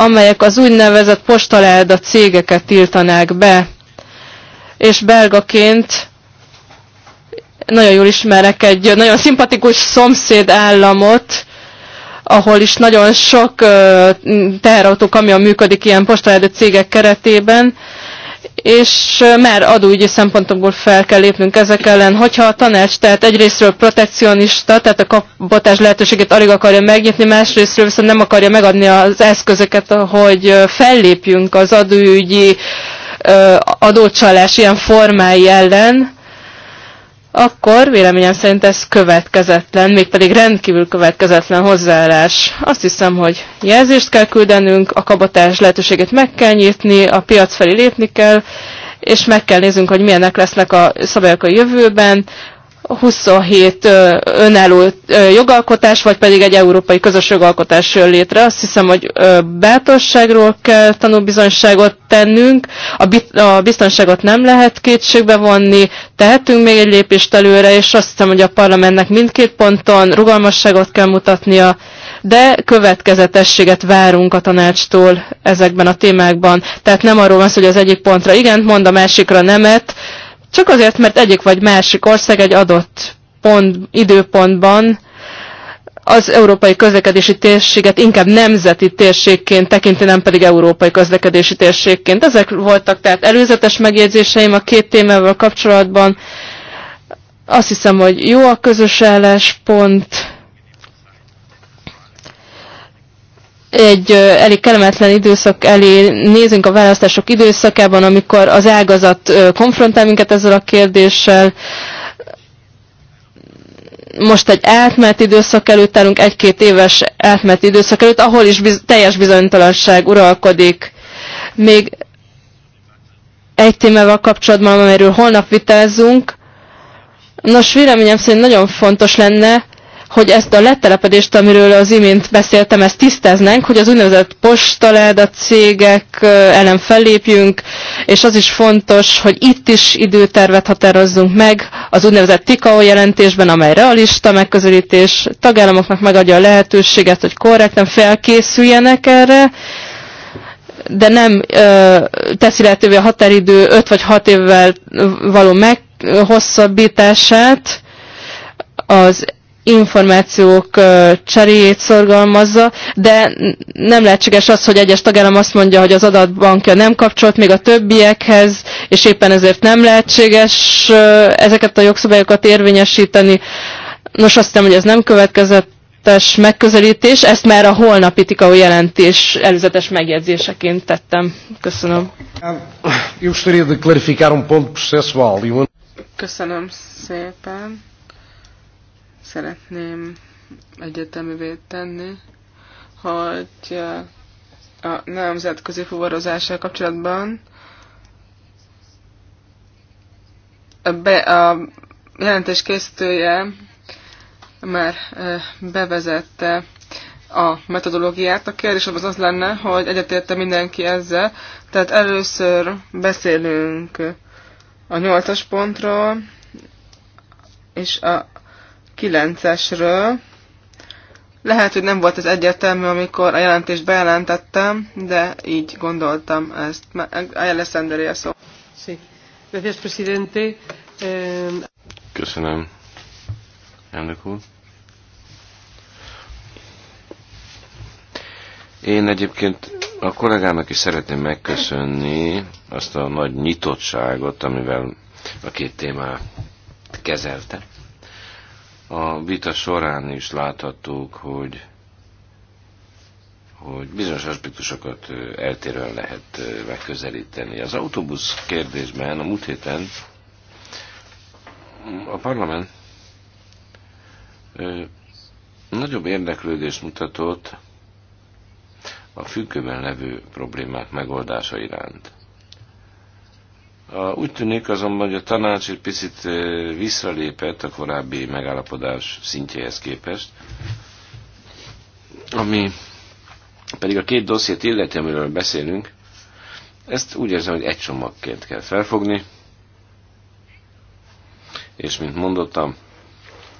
amelyek az úgynevezett postaláda cégeket tiltanák be. És belgaként nagyon jól ismerek egy nagyon szimpatikus szomszéd államot, ahol is nagyon sok teherautó kamion működik ilyen postaláda cégek keretében, és már adóügyi szempontokból fel kell lépnünk ezek ellen. Hogyha a tanács tehát egyrésztről protekcionista, tehát a kapotás lehetőségét alig akarja megnyitni, másrésztről viszont nem akarja megadni az eszközöket, hogy fellépjünk az adóügyi adócsalás ilyen formái ellen, akkor véleményem szerint ez következetlen, mégpedig rendkívül következetlen hozzáállás. Azt hiszem, hogy jelzést kell küldenünk, a kabotás lehetőségét meg kell nyitni, a piac felé lépni kell, és meg kell néznünk, hogy milyenek lesznek a szabályok a jövőben, 27 önálló jogalkotás, vagy pedig egy európai közös jogalkotás jön létre. Azt hiszem, hogy bátorságról kell tanúbizonyságot tennünk, a biztonságot nem lehet kétségbe vonni, tehetünk még egy lépést előre, és azt hiszem, hogy a parlamentnek mindkét ponton rugalmasságot kell mutatnia, de következetességet várunk a tanácstól ezekben a témákban. Tehát nem arról van szó, hogy az egyik pontra igent mond, a másikra nemet, csak azért, mert egyik vagy másik ország egy adott pont, időpontban az európai közlekedési térséget inkább nemzeti térségként tekinti, nem pedig európai közlekedési térségként. Ezek voltak tehát előzetes megjegyzéseim a két témával kapcsolatban. Azt hiszem, hogy jó a közös álláspont. egy elég kellemetlen időszak elé nézünk a választások időszakában, amikor az ágazat konfrontál minket ezzel a kérdéssel. Most egy átmert időszak előtt állunk, egy-két éves átmert időszak előtt, ahol is biz teljes bizonytalanság uralkodik. Még egy témával kapcsolatban, amelyről holnap vitázunk. Nos, véleményem szerint nagyon fontos lenne, hogy ezt a lettelepedést, amiről az imént beszéltem, ezt tisztáznánk, hogy az úgynevezett postaláda cégek ellen fellépjünk, és az is fontos, hogy itt is időtervet határozzunk meg az úgynevezett TIKAO jelentésben, amely realista megközelítés tagállamoknak megadja a lehetőséget, hogy korrektan felkészüljenek erre, de nem ö, teszi lehetővé a határidő 5 vagy 6 évvel való meghosszabbítását az információk cseréjét szorgalmazza, de nem lehetséges az, hogy egyes tagállam azt mondja, hogy az adatbankja nem kapcsolt még a többiekhez, és éppen ezért nem lehetséges ezeket a jogszabályokat érvényesíteni. Nos, azt hiszem, hogy ez nem következetes megközelítés, ezt már a holnapi TIKAO jelentés előzetes megjegyzéseként tettem. Köszönöm. Um, um Köszönöm szépen szeretném egyetemivé tenni, hogy a nemzetközi fuvarozással kapcsolatban a, be, a jelentés készítője már bevezette a metodológiát. A kérdésem az az lenne, hogy egyetérte mindenki ezzel. Tehát először beszélünk a nyolcas pontról, és a 9-esről. Lehet, hogy nem volt ez egyértelmű, amikor a jelentést bejelentettem, de így gondoltam ezt. Alessandro a szó. Sí. Gracias, presidente. Köszönöm, elnök úr. Én egyébként a kollégának is szeretném megköszönni azt a nagy nyitottságot, amivel a két témát kezelte. A vita során is láthattuk, hogy hogy bizonyos aspektusokat eltérően lehet megközelíteni. Az autóbusz kérdésben a múlt héten a parlament nagyobb érdeklődést mutatott a függőben levő problémák megoldása iránt. Úgy tűnik azonban, hogy a tanács egy picit visszalépett a korábbi megállapodás szintjéhez képest, ami pedig a két dossziét illeti, amiről beszélünk, ezt úgy érzem, hogy egy csomagként kell felfogni, és mint mondottam,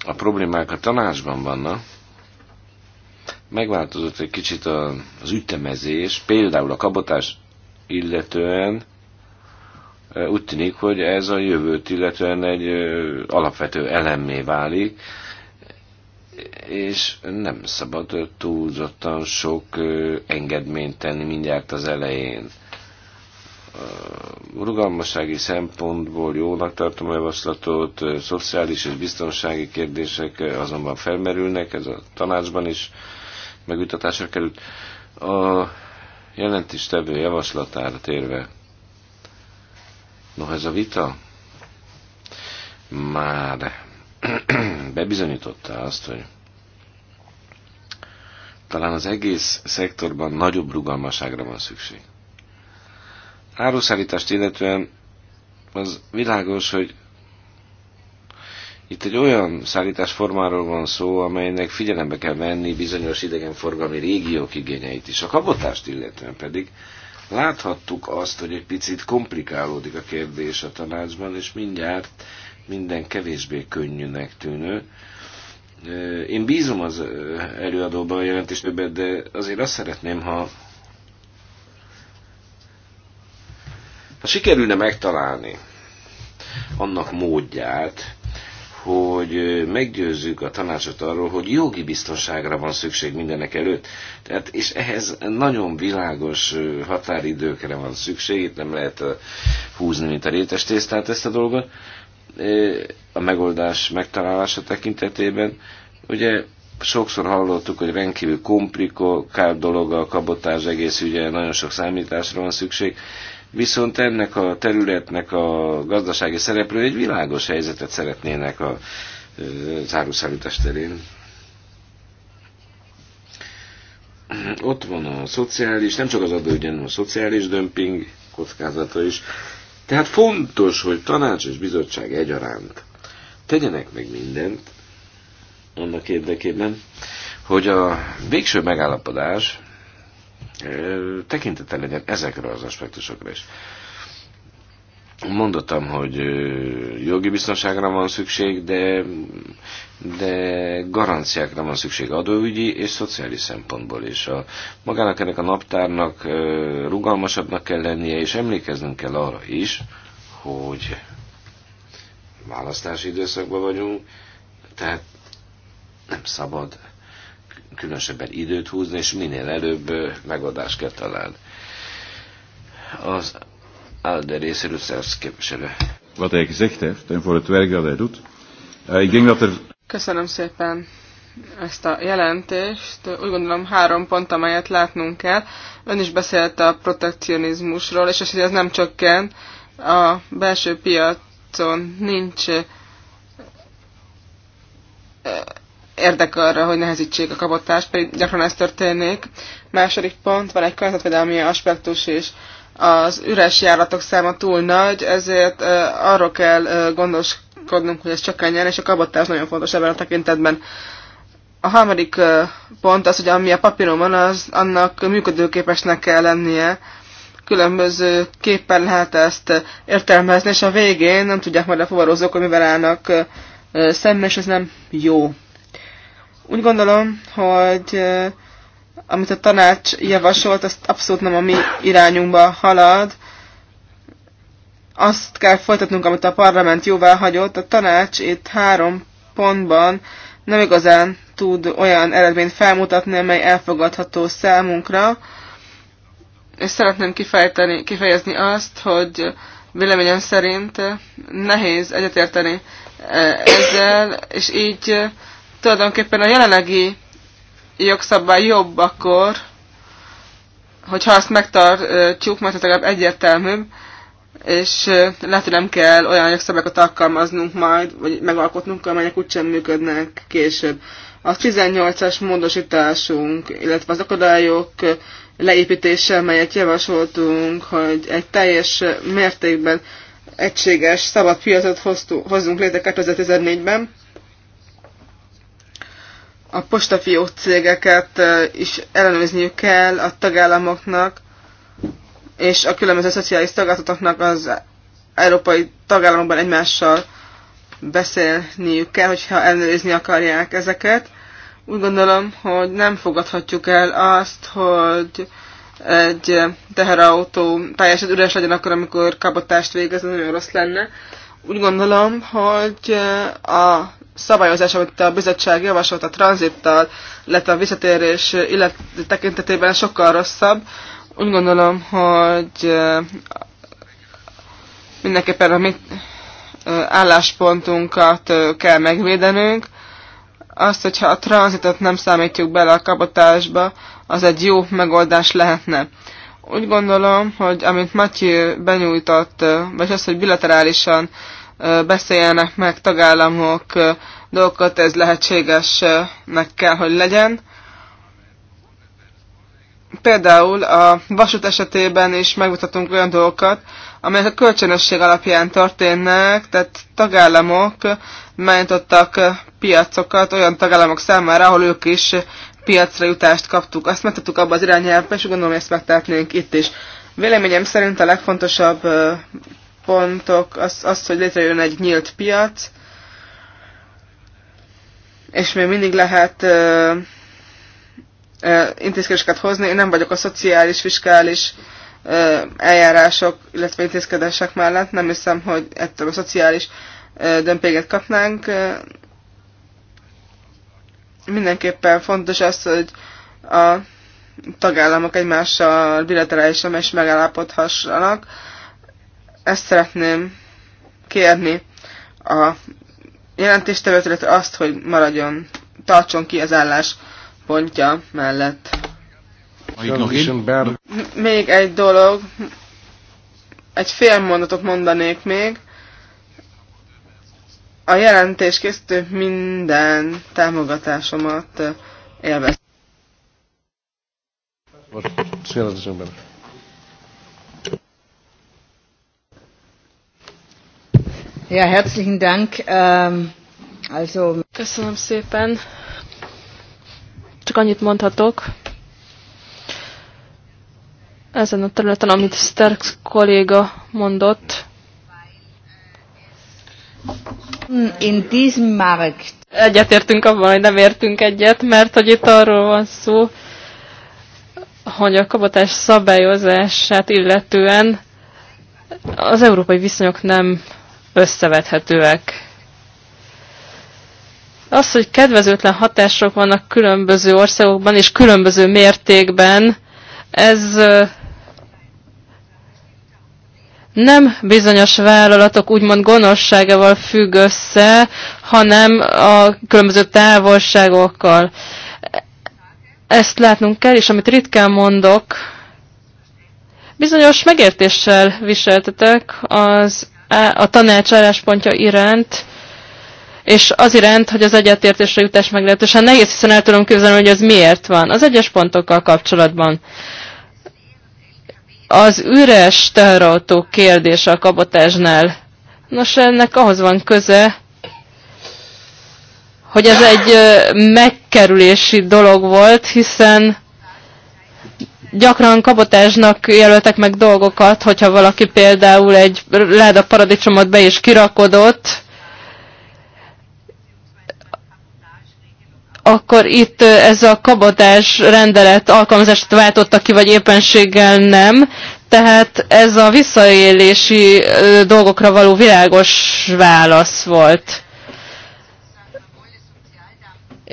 a problémák a tanácsban vannak, megváltozott egy kicsit az ütemezés, például a kabotás illetően úgy tűnik, hogy ez a jövőt illetően egy alapvető elemmé válik, és nem szabad túlzottan sok engedményt tenni mindjárt az elején. A rugalmassági szempontból jónak tartom a javaslatot, szociális és biztonsági kérdések azonban felmerülnek, ez a tanácsban is megütatásra került. A jelentéstevő javaslatára térve Noha ez a vita már *clears throat* bebizonyította azt, hogy talán az egész szektorban nagyobb rugalmaságra van szükség. Áruszállítást illetően az világos, hogy itt egy olyan szállításformáról van szó, amelynek figyelembe kell venni bizonyos idegenforgalmi régiók igényeit is. A kabotást illetően pedig Láthattuk azt, hogy egy picit komplikálódik a kérdés a tanácsban, és mindjárt minden kevésbé könnyűnek tűnő. Én bízom az előadóban a jelentést többet, de azért azt szeretném, ha, ha sikerülne megtalálni annak módját, hogy meggyőzzük a tanácsot arról, hogy jogi biztonságra van szükség mindenek előtt. Tehát, és ehhez nagyon világos határidőkre van szükség, itt nem lehet húzni, mint a rétes tésztát ezt a dolgot. A megoldás megtalálása tekintetében, ugye sokszor hallottuk, hogy rendkívül kár dolog a kabotás egész ügye, nagyon sok számításra van szükség viszont ennek a területnek a gazdasági szereplő egy világos helyzetet szeretnének a záruszállítás terén. Ott van a szociális, nem csak az adóügyen, a szociális dömping kockázata is. Tehát fontos, hogy tanács és bizottság egyaránt tegyenek meg mindent annak érdekében, hogy a végső megállapodás tekintete legyen ezekre az aspektusokra is. Mondottam, hogy jogi biztonságra van szükség, de, de garanciákra van szükség adóügyi és szociális szempontból is. A, magának ennek a naptárnak rugalmasabbnak kell lennie, és emlékeznünk kell arra is, hogy választási időszakban vagyunk, tehát nem szabad különösebben időt húzni, és minél előbb megoldást kell találni. Az Alde részéről szersz képviselő. Wat hij gezegd heeft, en voor het werk dat hij doet. Uh, ik denk dat er... Köszönöm szépen ezt a jelentést. Úgy gondolom három pont, amelyet látnunk kell. Ön is beszélt a protekcionizmusról, és az, hogy ez nem csökken. A belső piacon nincs eh, érdek arra, hogy nehezítsék a kabotást, pedig gyakran ez történik. Második pont, van egy környezetvédelmi aspektus is. Az üres járatok száma túl nagy, ezért arról kell gondoskodnunk, hogy ez csökkenjen, és a kabotás nagyon fontos ebben a tekintetben. A harmadik pont az, hogy ami a papíron van, az annak működőképesnek kell lennie. Különböző képpen lehet ezt értelmezni, és a végén nem tudják majd a fuvarozók, hogy mivel állnak szemben, és ez nem jó. Úgy gondolom, hogy amit a tanács javasolt, azt abszolút nem a mi irányunkba halad. Azt kell folytatnunk, amit a parlament jóvá hagyott. A tanács itt három pontban nem igazán tud olyan eredményt felmutatni, amely elfogadható számunkra. És szeretném kifejteni, kifejezni azt, hogy véleményem szerint nehéz egyetérteni ezzel, és így tulajdonképpen a jelenlegi jogszabály jobb akkor, hogyha azt megtartjuk, mert ez legalább egyértelműbb, és lehet, hogy nem kell olyan jogszabályokat alkalmaznunk majd, vagy megalkotnunk, amelyek úgysem működnek később. A 18-as módosításunk, illetve az akadályok leépítése, melyet javasoltunk, hogy egy teljes mértékben egységes szabad piacot hoztunk létre 2014-ben, a postafió cégeket is ellenőrizniük kell a tagállamoknak, és a különböző szociális szolgáltatóknak az európai tagállamokban egymással beszélniük kell, hogyha ellenőrizni akarják ezeket. Úgy gondolom, hogy nem fogadhatjuk el azt, hogy egy teherautó teljesen üres legyen akkor, amikor kabotást végez, nagyon rossz lenne. Úgy gondolom, hogy a szabályozás, amit a bizottság javasolt a tranzittal, illetve a visszatérés illet tekintetében sokkal rosszabb. Úgy gondolom, hogy mindenképpen a mi álláspontunkat kell megvédenünk. Azt, hogyha a tranzitot nem számítjuk bele a kabotásba, az egy jó megoldás lehetne. Úgy gondolom, hogy amit Matyi benyújtott, vagy az, hogy bilaterálisan beszéljenek meg tagállamok dolgokat, ez lehetségesnek kell, hogy legyen. Például a vasút esetében is megmutatunk olyan dolgokat, amelyek a kölcsönösség alapján történnek, tehát tagállamok megnyitottak piacokat olyan tagállamok számára, ahol ők is piacra jutást kaptuk. Azt megtettük abba az irányába, és gondolom, hogy ezt megtehetnénk itt is. Véleményem szerint a legfontosabb Pontok, az, az, hogy létrejön egy nyílt piac, és még mindig lehet ö, ö, intézkedéseket hozni. Én nem vagyok a szociális, fiskális ö, eljárások, illetve intézkedések mellett. Nem hiszem, hogy ettől a szociális ö, dömpéget kapnánk. Mindenképpen fontos az, hogy a tagállamok egymással bilaterálisan is megállapodhassanak ezt szeretném kérni a jelentéstevőtől, azt, hogy maradjon, tartson ki az állás pontja mellett. Még egy dolog, egy fél mondatot mondanék még. A jelentés készítő minden támogatásomat élvez. Szépen Ja, herzlichen Dank. Um, also... Köszönöm szépen. Csak annyit mondhatok. Ezen a területen, amit Sterks kolléga mondott. In diesem Markt. Egyetértünk abban, hogy nem értünk egyet, mert hogy itt arról van szó, hogy a kabotás szabályozását illetően az európai viszonyok nem összevethetőek. Az, hogy kedvezőtlen hatások vannak különböző országokban és különböző mértékben, ez nem bizonyos vállalatok úgymond gonoszságával függ össze, hanem a különböző távolságokkal. Ezt látnunk kell, és amit ritkán mondok, bizonyos megértéssel viseltetek az E, a tanács álláspontja iránt, és az iránt, hogy az egyetértésre jutás meglehetősen nehéz, hiszen el tudom képzelni, hogy ez miért van. Az egyes pontokkal kapcsolatban. Az üres teherautó kérdése a kabotásnál. Nos, ennek ahhoz van köze, hogy ez egy megkerülési dolog volt, hiszen gyakran kabotásnak jelöltek meg dolgokat, hogyha valaki például egy láda paradicsomot be is kirakodott, akkor itt ez a kabotás rendelet alkalmazást váltotta ki, vagy éppenséggel nem. Tehát ez a visszaélési dolgokra való világos válasz volt.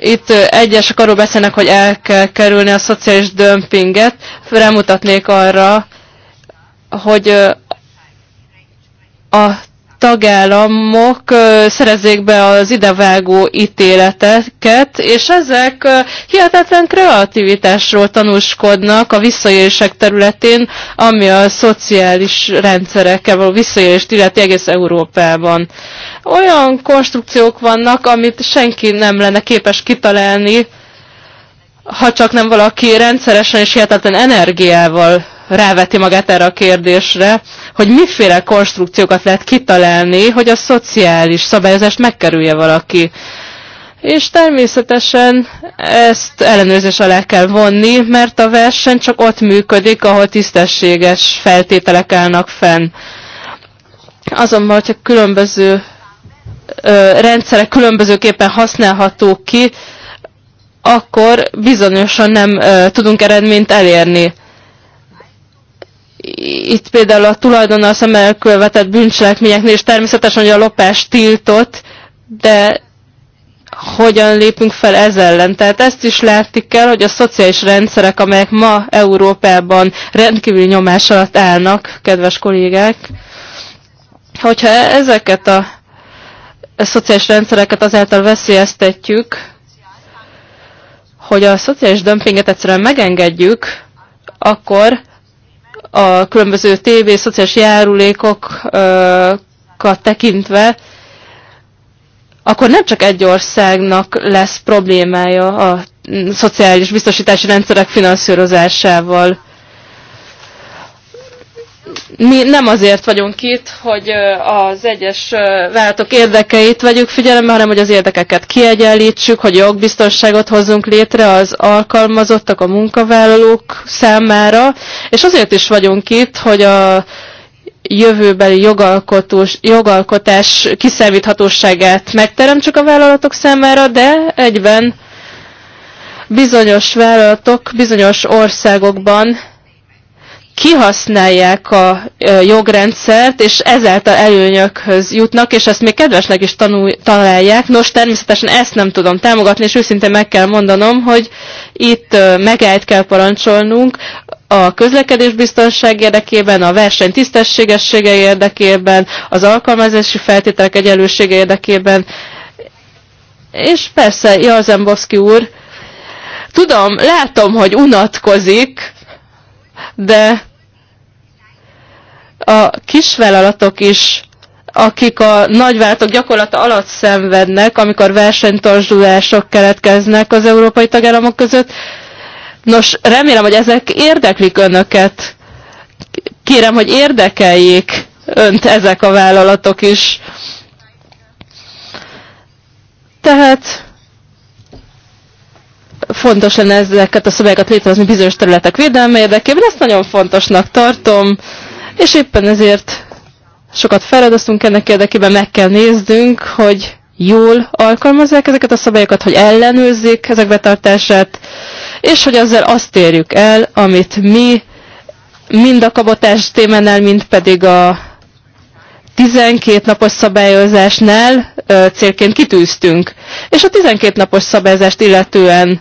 Itt egyesek arról beszélnek, hogy el kell kerülni a szociális dömpinget. Remutatnék arra, hogy a tagállamok szerezzék be az idevágó ítéleteket, és ezek hihetetlen kreativitásról tanúskodnak a visszaélések területén, ami a szociális rendszerekkel való visszaélést illeti egész Európában. Olyan konstrukciók vannak, amit senki nem lenne képes kitalálni, ha csak nem valaki rendszeresen és hihetetlen energiával ráveti magát erre a kérdésre, hogy miféle konstrukciókat lehet kitalálni, hogy a szociális szabályozást megkerülje valaki. És természetesen ezt ellenőrzés alá kell vonni, mert a verseny csak ott működik, ahol tisztességes feltételek állnak fenn. Azonban, hogyha különböző ö, rendszerek különbözőképpen használhatók ki, akkor bizonyosan nem ö, tudunk eredményt elérni itt például a tulajdonnal szemben elkövetett bűncselekményeknél, és természetesen, hogy a lopás tiltott, de hogyan lépünk fel ez ellen. Tehát ezt is látni kell, hogy a szociális rendszerek, amelyek ma Európában rendkívül nyomás alatt állnak, kedves kollégák, hogyha ezeket a, a szociális rendszereket azáltal veszélyeztetjük, hogy a szociális dömpinget egyszerűen megengedjük, akkor a különböző tévé szociális járulékokat tekintve, akkor nem csak egy országnak lesz problémája a szociális biztosítási rendszerek finanszírozásával mi nem azért vagyunk itt, hogy az egyes váltok érdekeit vegyük figyelembe, hanem hogy az érdekeket kiegyenlítsük, hogy jogbiztonságot hozzunk létre az alkalmazottak, a munkavállalók számára, és azért is vagyunk itt, hogy a jövőbeli jogalkotós, jogalkotás kiszámíthatóságát megteremtsük a vállalatok számára, de egyben bizonyos vállalatok bizonyos országokban kihasználják a jogrendszert, és ezáltal előnyökhöz jutnak, és ezt még kedvesnek is tanul, találják. Nos, természetesen ezt nem tudom támogatni, és őszintén meg kell mondanom, hogy itt megállt kell parancsolnunk a biztonság érdekében, a verseny tisztességessége érdekében, az alkalmazási feltételek egyenlősége érdekében, és persze Jalzembowski úr, tudom, látom, hogy unatkozik, de a kisvállalatok is akik a nagyváltok gyakorlata alatt szenvednek, amikor versenytorzsulások keletkeznek az európai tagállamok között. Nos, remélem, hogy ezek érdeklik önöket. Kérem, hogy érdekeljék önt ezek a vállalatok is. Tehát fontos lenne ezeket a szövegeket létrehozni bizonyos területek védelme érdekében, ezt nagyon fontosnak tartom és éppen ezért sokat feladoztunk ennek érdekében, meg kell néznünk, hogy jól alkalmazzák ezeket a szabályokat, hogy ellenőrzzék ezek betartását, és hogy ezzel azt érjük el, amit mi mind a kabotás témánál, mind pedig a 12 napos szabályozásnál ö, célként kitűztünk. És a 12 napos szabályozást illetően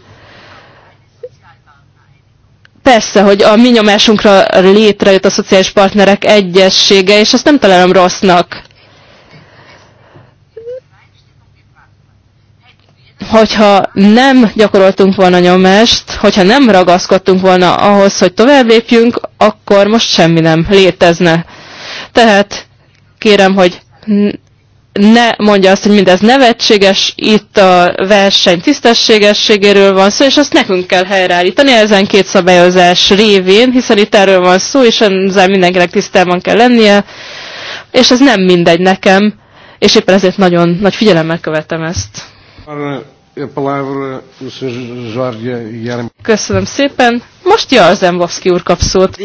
Persze, hogy a mi nyomásunkra létrejött a szociális partnerek egyessége, és ezt nem találom rossznak. Hogyha nem gyakoroltunk volna nyomást, hogyha nem ragaszkodtunk volna ahhoz, hogy tovább lépjünk, akkor most semmi nem létezne. Tehát kérem, hogy ne mondja azt, hogy mindez nevetséges, itt a verseny tisztességességéről van szó, és azt nekünk kell helyreállítani ezen két szabályozás révén, hiszen itt erről van szó, és ezzel mindenkinek tisztában kell lennie, és ez nem mindegy nekem, és éppen ezért nagyon nagy figyelemmel követem ezt. Köszönöm szépen. Most Jarzembowski úr kap szót.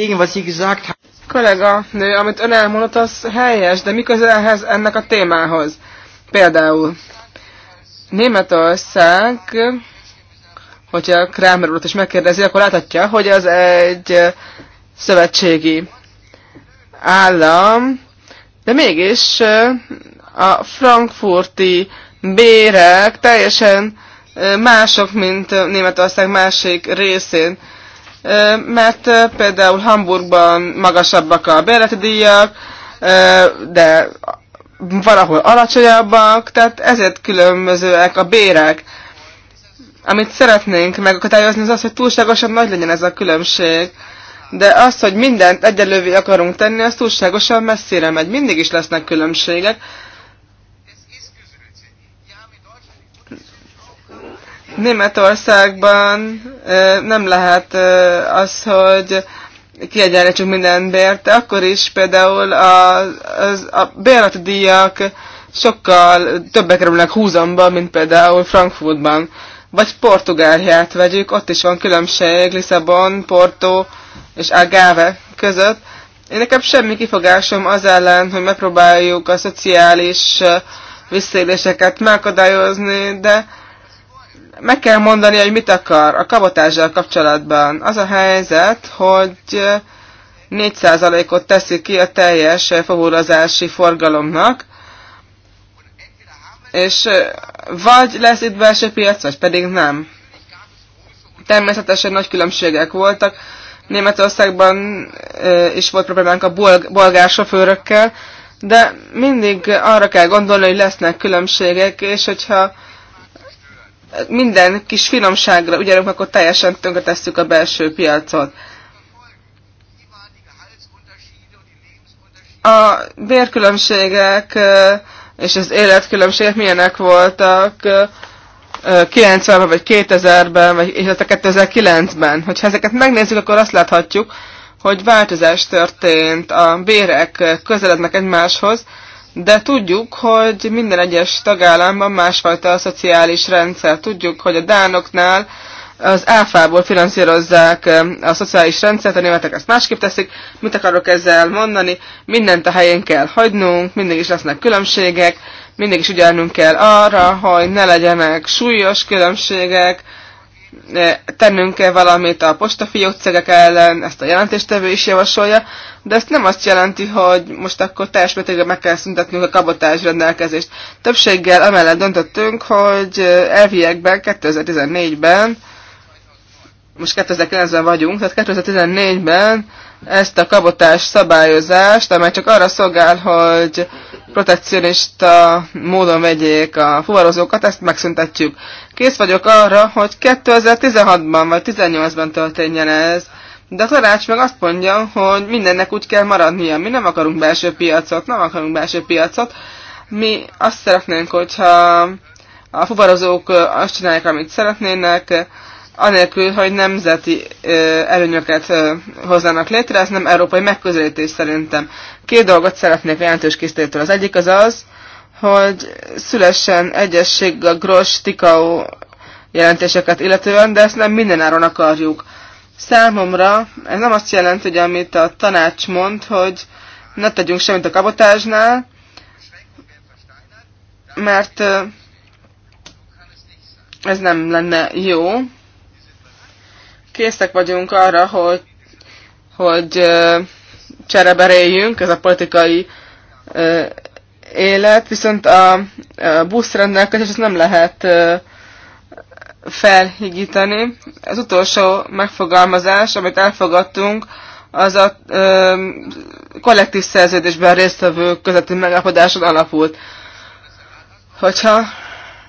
Kollega nő, amit ön elmondott, az helyes, de mi ehhez ennek a témához? Például Németország, hogyha Kramer urat is megkérdezi, akkor láthatja, hogy az egy szövetségi állam, de mégis eh, a frankfurti bérek teljesen eh, mások, mint Németország másik részén mert például Hamburgban magasabbak a bérleti díjak, de valahol alacsonyabbak, tehát ezért különbözőek a bérek. Amit szeretnénk megakadályozni, az az, hogy túlságosan nagy legyen ez a különbség. De az, hogy mindent egyelővé akarunk tenni, az túlságosan messzire megy. Mindig is lesznek különbségek, Németországban nem lehet az, hogy kiegyenlítsük minden bért, akkor is például a, az, a bérleti díjak sokkal többek kerülnek húzamba, mint például Frankfurtban. Vagy Portugáliát vegyük, ott is van különbség Lisszabon, Porto és Agave között. Én nekem semmi kifogásom az ellen, hogy megpróbáljuk a szociális visszaéléseket megakadályozni, de meg kell mondani, hogy mit akar a kabotással kapcsolatban. Az a helyzet, hogy 4%-ot teszi ki a teljes fogulazási forgalomnak, és vagy lesz itt belső piac, vagy pedig nem. Természetesen nagy különbségek voltak. Németországban is volt problémánk a bolgár sofőrökkel, de mindig arra kell gondolni, hogy lesznek különbségek, és hogyha minden kis finomságra, ugyanúgy akkor teljesen tönkretesszük a belső piacot. A bérkülönbségek és az életkülönbségek milyenek voltak 90-ben, vagy 2000-ben, vagy 2009-ben. Hát Hogyha ezeket megnézzük, akkor azt láthatjuk, hogy változás történt, a bérek közelednek egymáshoz, de tudjuk, hogy minden egyes tagállamban másfajta a szociális rendszer. Tudjuk, hogy a dánoknál az áfából finanszírozzák a szociális rendszert, a németek ezt másképp teszik. Mit akarok ezzel mondani? Mindent a helyén kell hagynunk, mindig is lesznek különbségek, mindig is ügyelnünk kell arra, hogy ne legyenek súlyos különbségek, Eh, tennünk-e valamit a postafiók ellen, ezt a jelentéstevő is javasolja, de ezt nem azt jelenti, hogy most akkor teljes mértékben meg kell szüntetnünk a kabotás rendelkezést. Többséggel amellett döntöttünk, hogy eh, elviekben 2014-ben, most 2009-ben vagyunk, tehát 2014-ben ezt a kabotás szabályozást, amely csak arra szolgál, hogy protekcionista módon vegyék a fuvarozókat, ezt megszüntetjük. Kész vagyok arra, hogy 2016-ban vagy 2018-ban történjen ez, de a tanács meg azt mondja, hogy mindennek úgy kell maradnia. Mi nem akarunk belső piacot, nem akarunk belső piacot. Mi azt szeretnénk, hogyha a fuvarozók azt csinálják, amit szeretnének, anélkül, hogy nemzeti előnyöket hozzanak létre, ez nem európai megközelítés szerintem. Két dolgot szeretnék a jelentős kisztétől. Az egyik az az, hogy szülessen egyesség a Gross-Tikau jelentéseket illetően, de ezt nem mindenáron akarjuk. Számomra ez nem azt jelenti, hogy amit a tanács mond, hogy ne tegyünk semmit a kabotásnál, mert ez nem lenne jó készek vagyunk arra, hogy, hogy csereberéljünk, ez a politikai élet, viszont a buszrendelkezés ezt nem lehet felhigítani. Az utolsó megfogalmazás, amit elfogadtunk, az a ö, kollektív szerződésben résztvevő közötti megállapodáson alapult. Hogyha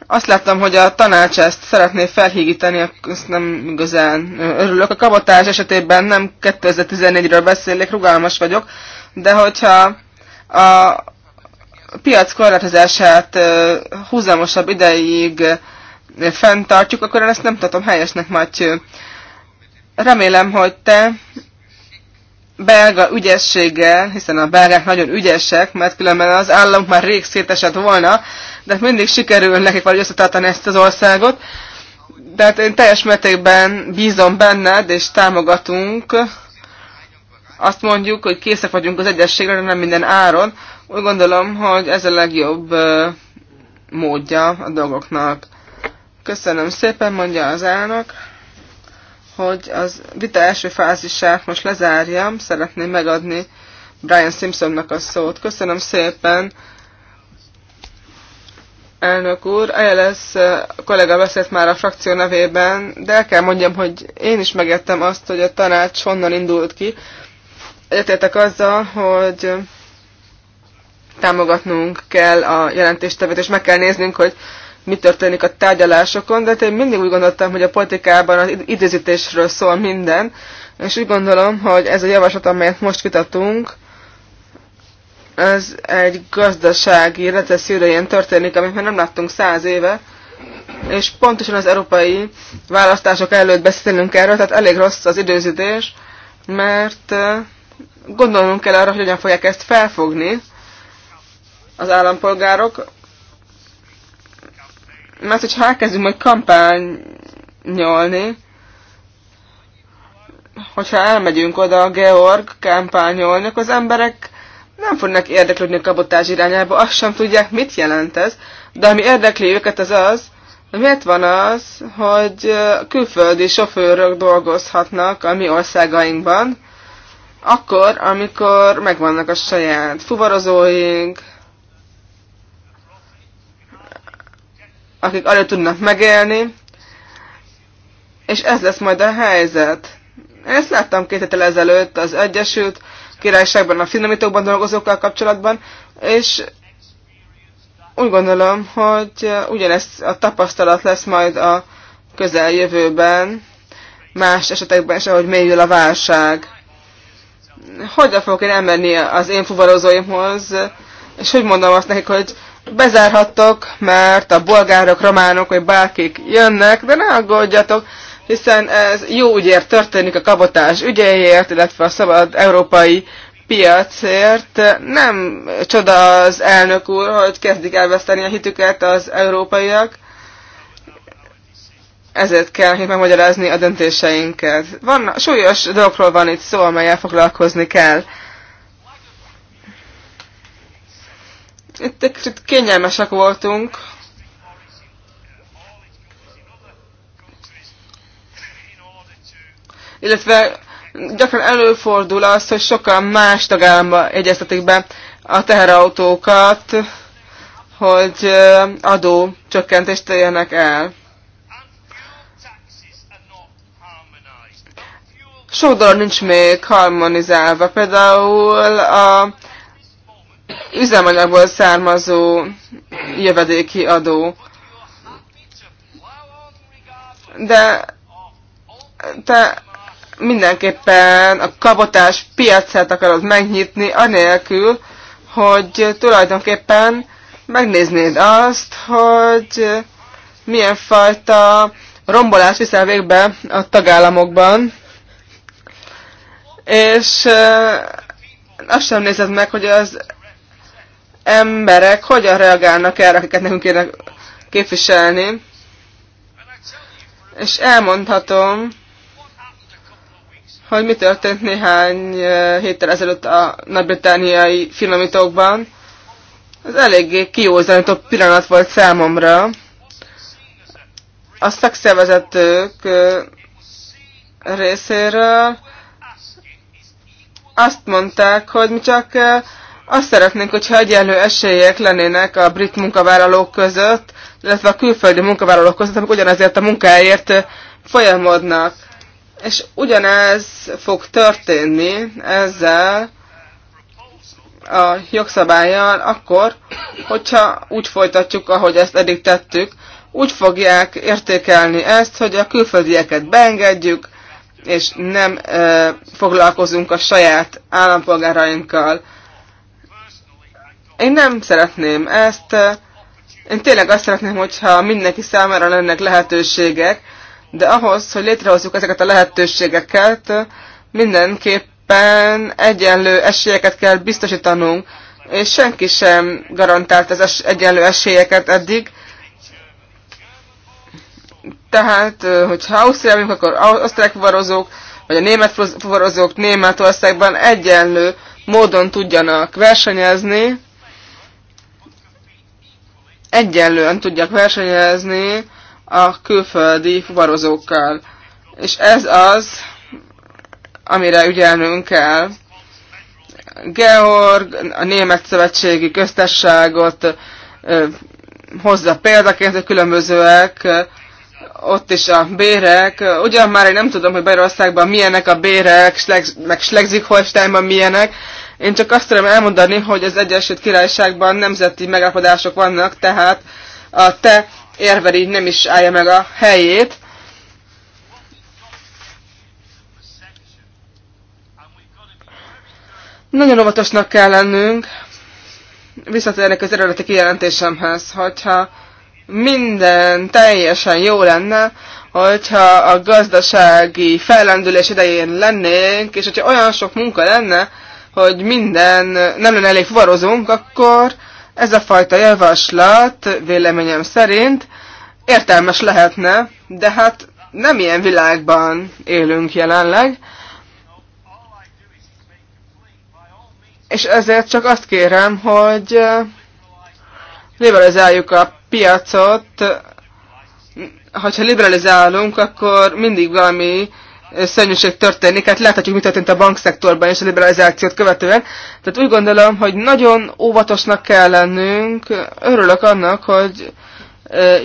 azt láttam, hogy a tanács ezt szeretné felhígítani, ezt nem igazán örülök. A kabotás esetében nem 2014-ről beszélek, rugalmas vagyok, de hogyha a piac korlátozását húzamosabb ideig fenntartjuk, akkor én ezt nem tudom helyesnek, Matyő. Remélem, hogy te belga ügyességgel, hiszen a belgák nagyon ügyesek, mert különben az állam már rég szétesett volna, de hát mindig sikerül nekik valahogy összetartani ezt az országot. De hát én teljes mértékben bízom benned, és támogatunk. Azt mondjuk, hogy készek vagyunk az egyességre, nem minden áron. Úgy gondolom, hogy ez a legjobb módja a dolgoknak. Köszönöm szépen, mondja az elnök hogy az vita első fázisát most lezárjam, szeretném megadni Brian Simpsonnak a szót. Köszönöm szépen, elnök úr. ALS kollega beszélt már a frakció nevében, de el kell mondjam, hogy én is megettem azt, hogy a tanács honnan indult ki. Egyetértek azzal, hogy támogatnunk kell a jelentéstevet, és meg kell néznünk, hogy mi történik a tárgyalásokon, de hát én mindig úgy gondoltam, hogy a politikában az időzítésről szól minden, és úgy gondolom, hogy ez a javaslat, amelyet most vitatunk, ez egy gazdasági recesszió ilyen történik, amit már nem láttunk száz éve, és pontosan az európai választások előtt beszélünk erről, tehát elég rossz az időzítés, mert gondolnunk kell arra, hogy hogyan fogják ezt felfogni az állampolgárok, mert hogyha elkezdünk majd kampányolni, hogyha elmegyünk oda a Georg kampányolni, akkor az emberek nem fognak érdeklődni a kabotás irányába, azt sem tudják, mit jelent ez, de ami érdekli őket az az, hogy miért van az, hogy külföldi sofőrök dolgozhatnak a mi országainkban, akkor, amikor megvannak a saját fuvarozóink, akik alig tudnak megélni, és ez lesz majd a helyzet. Ezt láttam két héttel ezelőtt az Egyesült Királyságban a finomítókban dolgozókkal kapcsolatban, és úgy gondolom, hogy ugyanezt a tapasztalat lesz majd a közeljövőben, más esetekben is, ahogy mélyül a válság. Hogyan fogok én elmenni az én fuvarozóimhoz, és hogy mondom azt nekik, hogy bezárhattok, mert a bolgárok, románok vagy bárkik jönnek, de ne aggódjatok, hiszen ez jó ügyért történik a kabotás ügyeiért, illetve a szabad európai piacért. Nem csoda az elnök úr, hogy kezdik elveszteni a hitüket az európaiak. Ezért kell hogy megmagyarázni a döntéseinket. Van, súlyos dolgokról van itt szó, amelyel foglalkozni kell. itt egy kicsit kényelmesek voltunk. Illetve gyakran előfordul az, hogy sokan más tagállamba egyeztetik be a teherautókat, hogy adó csökkentést éljenek el. Sok dolog nincs még harmonizálva, például a üzemanyagból származó jövedéki adó. De te mindenképpen a kabotás piacát akarod megnyitni, anélkül, hogy tulajdonképpen megnéznéd azt, hogy milyen fajta rombolás viszel végbe a tagállamokban, és azt sem nézed meg, hogy az emberek hogyan reagálnak erre, akiket nekünk kéne képviselni. És elmondhatom, hogy mi történt néhány héttel ezelőtt a nagy-britániai finomítókban. Ez eléggé kiózanító pillanat volt számomra. A szakszervezetők részéről azt mondták, hogy mi csak azt szeretnénk, hogyha egyenlő esélyek lennének a brit munkavállalók között, illetve a külföldi munkavállalók között, amik ugyanezért a munkáért folyamodnak. És ugyanez fog történni ezzel a jogszabályjal akkor, hogyha úgy folytatjuk, ahogy ezt eddig tettük, úgy fogják értékelni ezt, hogy a külföldieket beengedjük, és nem e, foglalkozunk a saját állampolgárainkkal. Én nem szeretném ezt. Én tényleg azt szeretném, hogyha mindenki számára lennek lehetőségek, de ahhoz, hogy létrehozzuk ezeket a lehetőségeket, mindenképpen egyenlő esélyeket kell biztosítanunk, és senki sem garantált az es egyenlő esélyeket eddig. Tehát, hogyha Ausztriában, akkor osztrák fuvarozók, vagy a német fuvarozók Németországban egyenlő módon tudjanak versenyezni, egyenlően tudjak versenyezni a külföldi fuvarozókkal. És ez az, amire ügyelnünk kell. Georg a Német Szövetségi Köztársaságot hozza példaként, hogy különbözőek, ott is a bérek. Ugyan már én nem tudom, hogy Bajorországban milyenek a bérek, meg Schleswig-Holsteinban milyenek, én csak azt tudom elmondani, hogy az Egyesült Királyságban nemzeti megállapodások vannak, tehát a te érved így nem is állja meg a helyét. Nagyon óvatosnak kell lennünk. Visszatérnek az eredeti kijelentésemhez, hogyha minden teljesen jó lenne, hogyha a gazdasági fellendülés idején lennénk, és hogyha olyan sok munka lenne, hogy minden nem lenne elég fuvarozónk, akkor ez a fajta javaslat véleményem szerint értelmes lehetne, de hát nem ilyen világban élünk jelenleg, és ezért csak azt kérem, hogy liberalizáljuk a piacot, hogyha liberalizálunk, akkor mindig valami szörnyűség történik. Hát láthatjuk, mi történt a bankszektorban és a liberalizációt követően. Tehát úgy gondolom, hogy nagyon óvatosnak kell lennünk. Örülök annak, hogy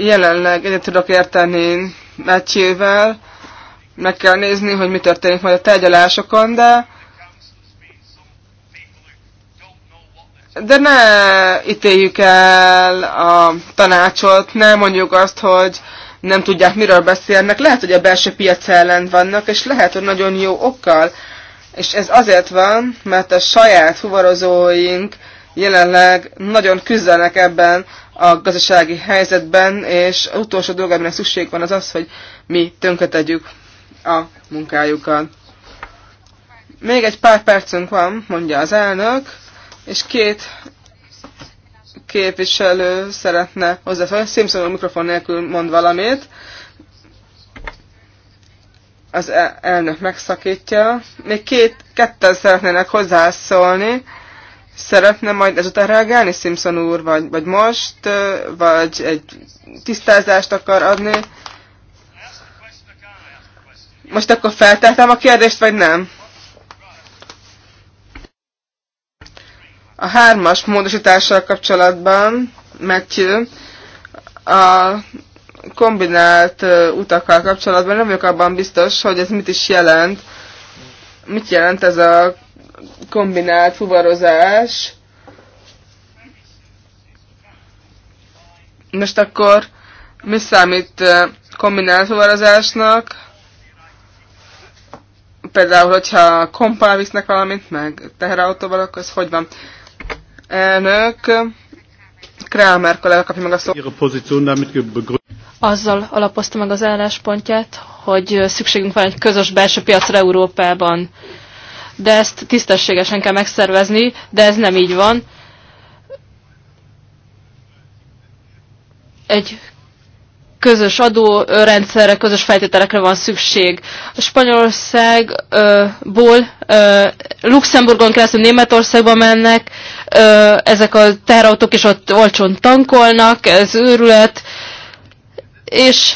jelenleg egyet tudok érteni Matthew-vel. Meg kell nézni, hogy mi történik majd a tárgyalásokon, de de ne ítéljük el a tanácsot, ne mondjuk azt, hogy nem tudják, miről beszélnek. Lehet, hogy a belső piac ellen vannak, és lehet, hogy nagyon jó okkal. És ez azért van, mert a saját fuvarozóink jelenleg nagyon küzdenek ebben a gazdasági helyzetben, és az utolsó dolog, amire szükség van, az az, hogy mi tönkretegyük a munkájukat. Még egy pár percünk van, mondja az elnök, és két képviselő szeretne hozzáfelni. Simpson a mikrofon nélkül mond valamit. Az e- elnök megszakítja. Még két, ketten szeretnének hozzászólni. Szeretne majd ezután reagálni Simpson úr, vagy, vagy most, vagy egy tisztázást akar adni? Most akkor feltettem a kérdést, vagy nem? A hármas módosítással kapcsolatban, Matthew, a kombinált utakkal kapcsolatban nem vagyok abban biztos, hogy ez mit is jelent. Mit jelent ez a kombinált fuvarozás? Most akkor mi számít kombinált fuvarozásnak? Például, hogyha kompál visznek valamint meg teherautóval, akkor ez hogy van? Elnök, Kramer kollega kapja meg a szót. Azzal alapozta meg az álláspontját, hogy szükségünk van egy közös belső piacra Európában. De ezt tisztességesen kell megszervezni, de ez nem így van. Egy közös adórendszerre, közös feltételekre van szükség. A Spanyolországból Luxemburgon keresztül Németországba mennek, ezek a teherautók is ott olcsón tankolnak, ez őrület, és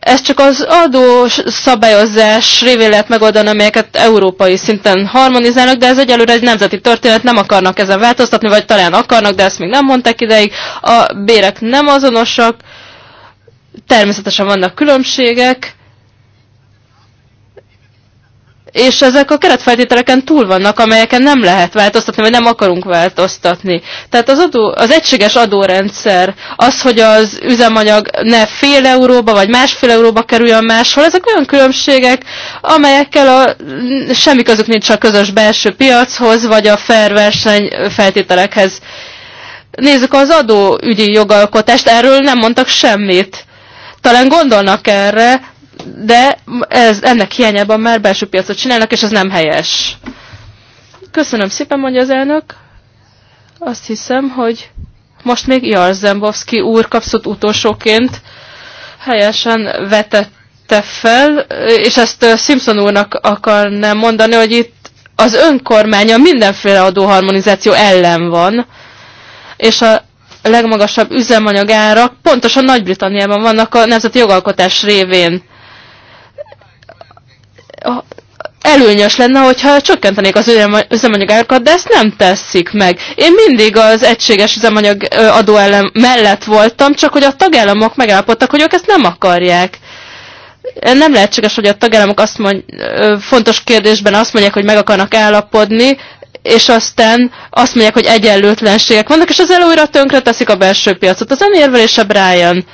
ez csak az adó szabályozás révén lehet megoldani, amelyeket európai szinten harmonizálnak, de ez egyelőre egy nemzeti történet, nem akarnak ezen változtatni, vagy talán akarnak, de ezt még nem mondták ideig. A bérek nem azonosak, Természetesen vannak különbségek, és ezek a keretfeltételeken túl vannak, amelyeken nem lehet változtatni, vagy nem akarunk változtatni. Tehát az, adó, az egységes adórendszer, az, hogy az üzemanyag ne fél euróba, vagy másfél euróba kerüljön máshol, ezek olyan különbségek, amelyekkel a, semmi közük nincs a közös belső piachoz, vagy a fair verseny feltételekhez. Nézzük az adóügyi jogalkotást, erről nem mondtak semmit talán gondolnak erre, de ez, ennek hiányában már belső piacot csinálnak, és ez nem helyes. Köszönöm szépen, mondja az elnök. Azt hiszem, hogy most még Jarzembowski úr kapszott utolsóként helyesen vetette fel, és ezt Simpson úrnak akarnám mondani, hogy itt az önkormánya mindenféle adóharmonizáció ellen van, és a legmagasabb üzemanyagárak pontosan Nagy-Britanniában vannak a nemzeti jogalkotás révén. Előnyös lenne, hogyha csökkentenék az árakat, de ezt nem teszik meg. Én mindig az egységes üzemanyag adó ellen mellett voltam, csak hogy a tagállamok megállapodtak, hogy ők ezt nem akarják nem lehetséges, hogy a tagállamok azt mond, fontos kérdésben azt mondják, hogy meg akarnak állapodni, és aztán azt mondják, hogy egyenlőtlenségek vannak, és az előre tönkre teszik a belső piacot. Az önérvelése Brian.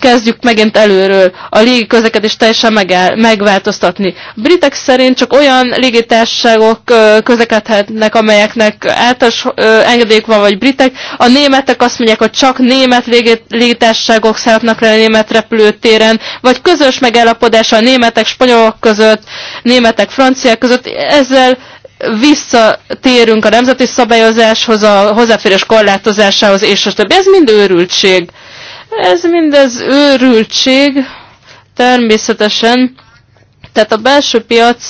Kezdjük megint előről a légi közlekedést teljesen megáll, megváltoztatni. A britek szerint csak olyan légitársaságok közlekedhetnek, amelyeknek általános engedélyük van, vagy britek. A németek azt mondják, hogy csak német légitársaságok szállhatnak le a német repülőtéren, vagy közös megállapodás a németek, spanyolok között, németek, franciák között. Ezzel visszatérünk a nemzeti szabályozáshoz, a hozzáférés korlátozásához, és a többi. Ez mind őrültség. Ez mind az őrültség, természetesen. Tehát a belső piac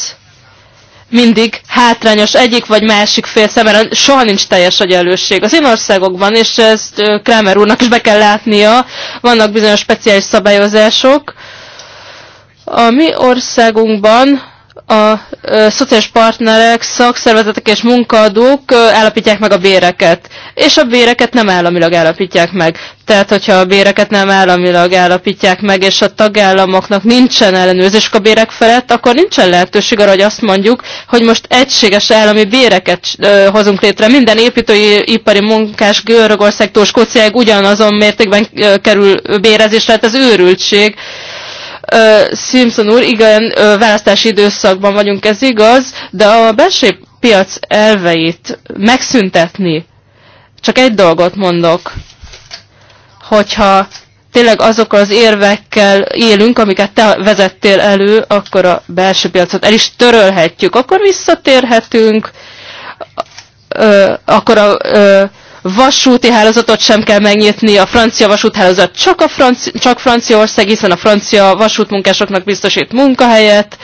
mindig hátrányos egyik vagy másik fél szemben, soha nincs teljes egyenlőség. Az én országokban, és ezt Kramer úrnak is be kell látnia, vannak bizonyos speciális szabályozások. A mi országunkban a szociális partnerek, szakszervezetek és munkaadók állapítják meg a béreket. És a béreket nem államilag állapítják meg. Tehát, hogyha a béreket nem államilag állapítják meg, és a tagállamoknak nincsen ellenőrzés a bérek felett, akkor nincsen lehetőség arra, hogy azt mondjuk, hogy most egységes állami béreket hozunk létre. Minden építőipari munkás Görögország, Skóciáig ugyanazon mértékben kerül bérezésre, tehát az őrültség. Simpson úr, igen, választási időszakban vagyunk, ez igaz, de a belső piac elveit megszüntetni, csak egy dolgot mondok, hogyha tényleg azok az érvekkel élünk, amiket te vezettél elő, akkor a belső piacot el is törölhetjük, akkor visszatérhetünk, ö, akkor a ö, vasúti hálózatot sem kell megnyitni, a francia vasúthálózat csak, a franci, csak Franciaország, hiszen a francia vasútmunkásoknak biztosít munkahelyet,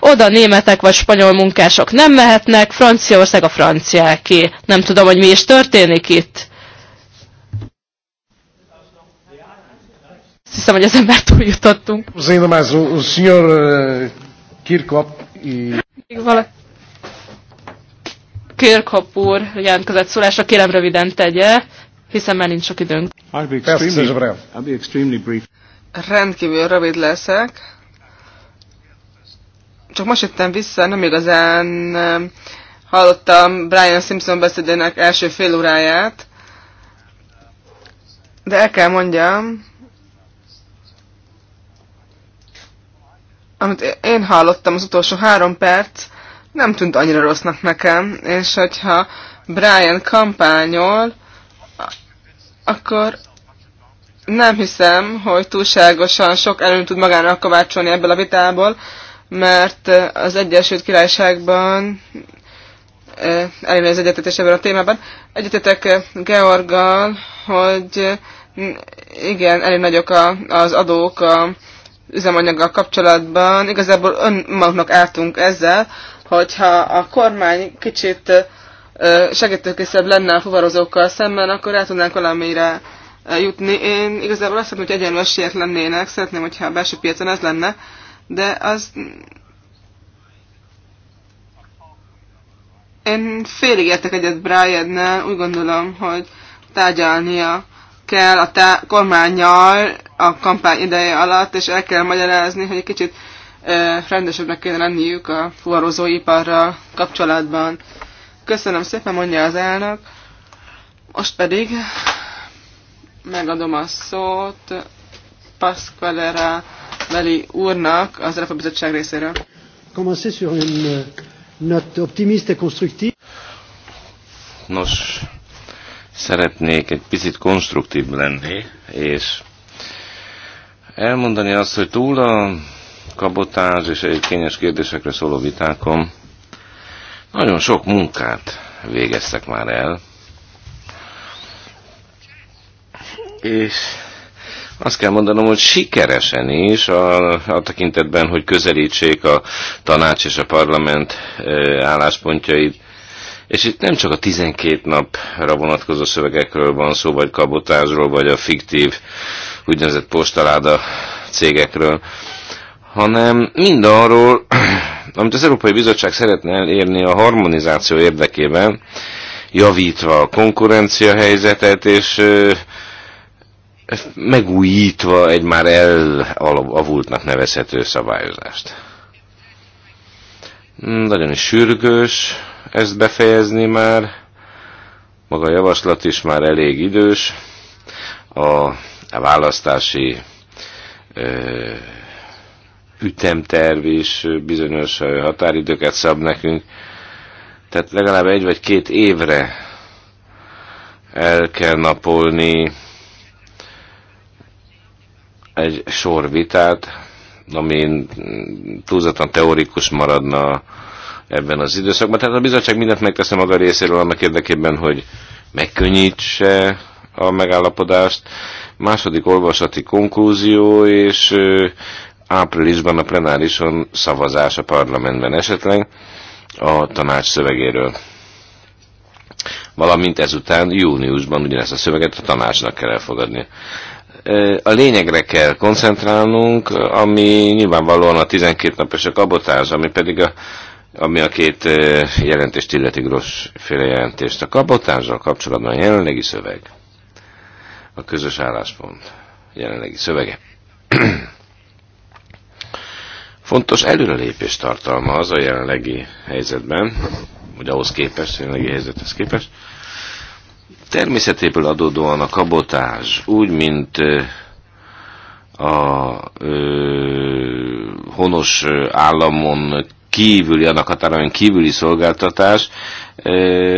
oda németek vagy spanyol munkások nem mehetnek, Franciaország a franciáki. Nem tudom, hogy mi is történik itt. Azt hiszem, hogy ezen már túljutottunk. Eh, e- Még valaki. Kirkhop úr jelentkezett szólásra, kérem röviden tegye, hiszen már nincs sok időnk. Rendkívül rövid leszek. Csak most jöttem vissza, nem igazán um, hallottam Brian Simpson beszédének első fél óráját, de el kell mondjam, amit én hallottam az utolsó három perc, nem tűnt annyira rossznak nekem, és hogyha Brian kampányol, akkor nem hiszem, hogy túlságosan sok előnyt tud magának kovácsolni ebből a vitából, mert az Egyesült Királyságban elérni az egyetetés ebben a témában. Egyetetek Georgal, hogy igen, elég nagyok az adók a üzemanyaggal kapcsolatban. Igazából önmagnak álltunk ezzel, hogyha a kormány kicsit segítőkészebb lenne a fuvarozókkal szemben, akkor el tudnánk valamire jutni. Én igazából azt szeretném, hogy egyenlő esélyek lennének, szeretném, hogyha a belső piacon ez lenne, de az... Én félig értek egyet Brian-nel, úgy gondolom, hogy tárgyalnia kell a tá- kormányjal, a kampány ideje alatt, és el kell magyarázni, hogy egy kicsit rendesebbnek kéne lenniük a fuvarozóiparral kapcsolatban. Köszönöm szépen, mondja az elnök. Most pedig megadom a szót Pasqualera Veli úrnak az Európa Bizottság részéről. sur une euh, note optimiste et constructive. Nos, szeretnék egy picit konstruktív lenni, és elmondani azt, hogy túl a kabotáz és egy kényes kérdésekre szóló vitákon nagyon sok munkát végeztek már el, és azt kell mondanom, hogy sikeresen is a, a tekintetben, hogy közelítsék a tanács és a parlament álláspontjait. És itt nem csak a 12 napra vonatkozó szövegekről van szó, vagy kabotázsról, vagy a fiktív úgynevezett postaláda cégekről, hanem mind arról, *clears throat* amit az Európai Bizottság szeretne elérni a harmonizáció érdekében, javítva a konkurencia helyzetet, és megújítva egy már elavultnak nevezhető szabályozást. Nagyon is sürgős ezt befejezni már, maga a javaslat is már elég idős, a a választási ütemterv is bizonyos határidőket szab nekünk. Tehát legalább egy vagy két évre el kell napolni egy sor vitát, ami túlzatlan teorikus maradna ebben az időszakban. Tehát a bizottság mindent megteszem maga részéről annak érdekében, hogy megkönnyítse a megállapodást. Második olvasati konklúzió, és áprilisban a plenárison szavazás a parlamentben esetleg a tanács szövegéről. Valamint ezután júniusban ugyanezt a szöveget a tanácsnak kell elfogadni. A lényegre kell koncentrálnunk, ami nyilvánvalóan a 12 napos a kabotás, ami pedig a, ami a két jelentést illeti grossféle jelentést. A kabotázzal kapcsolatban a jelenlegi szöveg a közös álláspont jelenlegi szövege. Fontos előrelépést tartalmaz a jelenlegi helyzetben, vagy ahhoz képest, a jelenlegi helyzethez képest. Természetéből adódóan a kabotás úgy, mint a ö, honos államon kívüli, annak határon kívüli szolgáltatás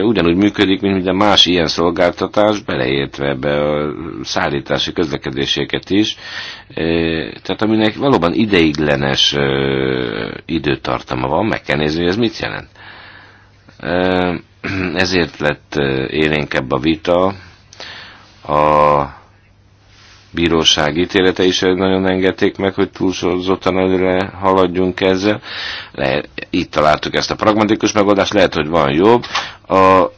ugyanúgy működik, mint minden más ilyen szolgáltatás, beleértve ebbe a szállítási közlekedéséket is, tehát aminek valóban ideiglenes időtartama van, meg kell nézni, hogy ez mit jelent. *clears throat* Ezért lett élénkebb a vita, a bíróság ítélete is nagyon engedték meg, hogy túlsorozottan előre haladjunk ezzel. Le, itt találtuk ezt a pragmatikus megoldást, lehet, hogy van jobb. A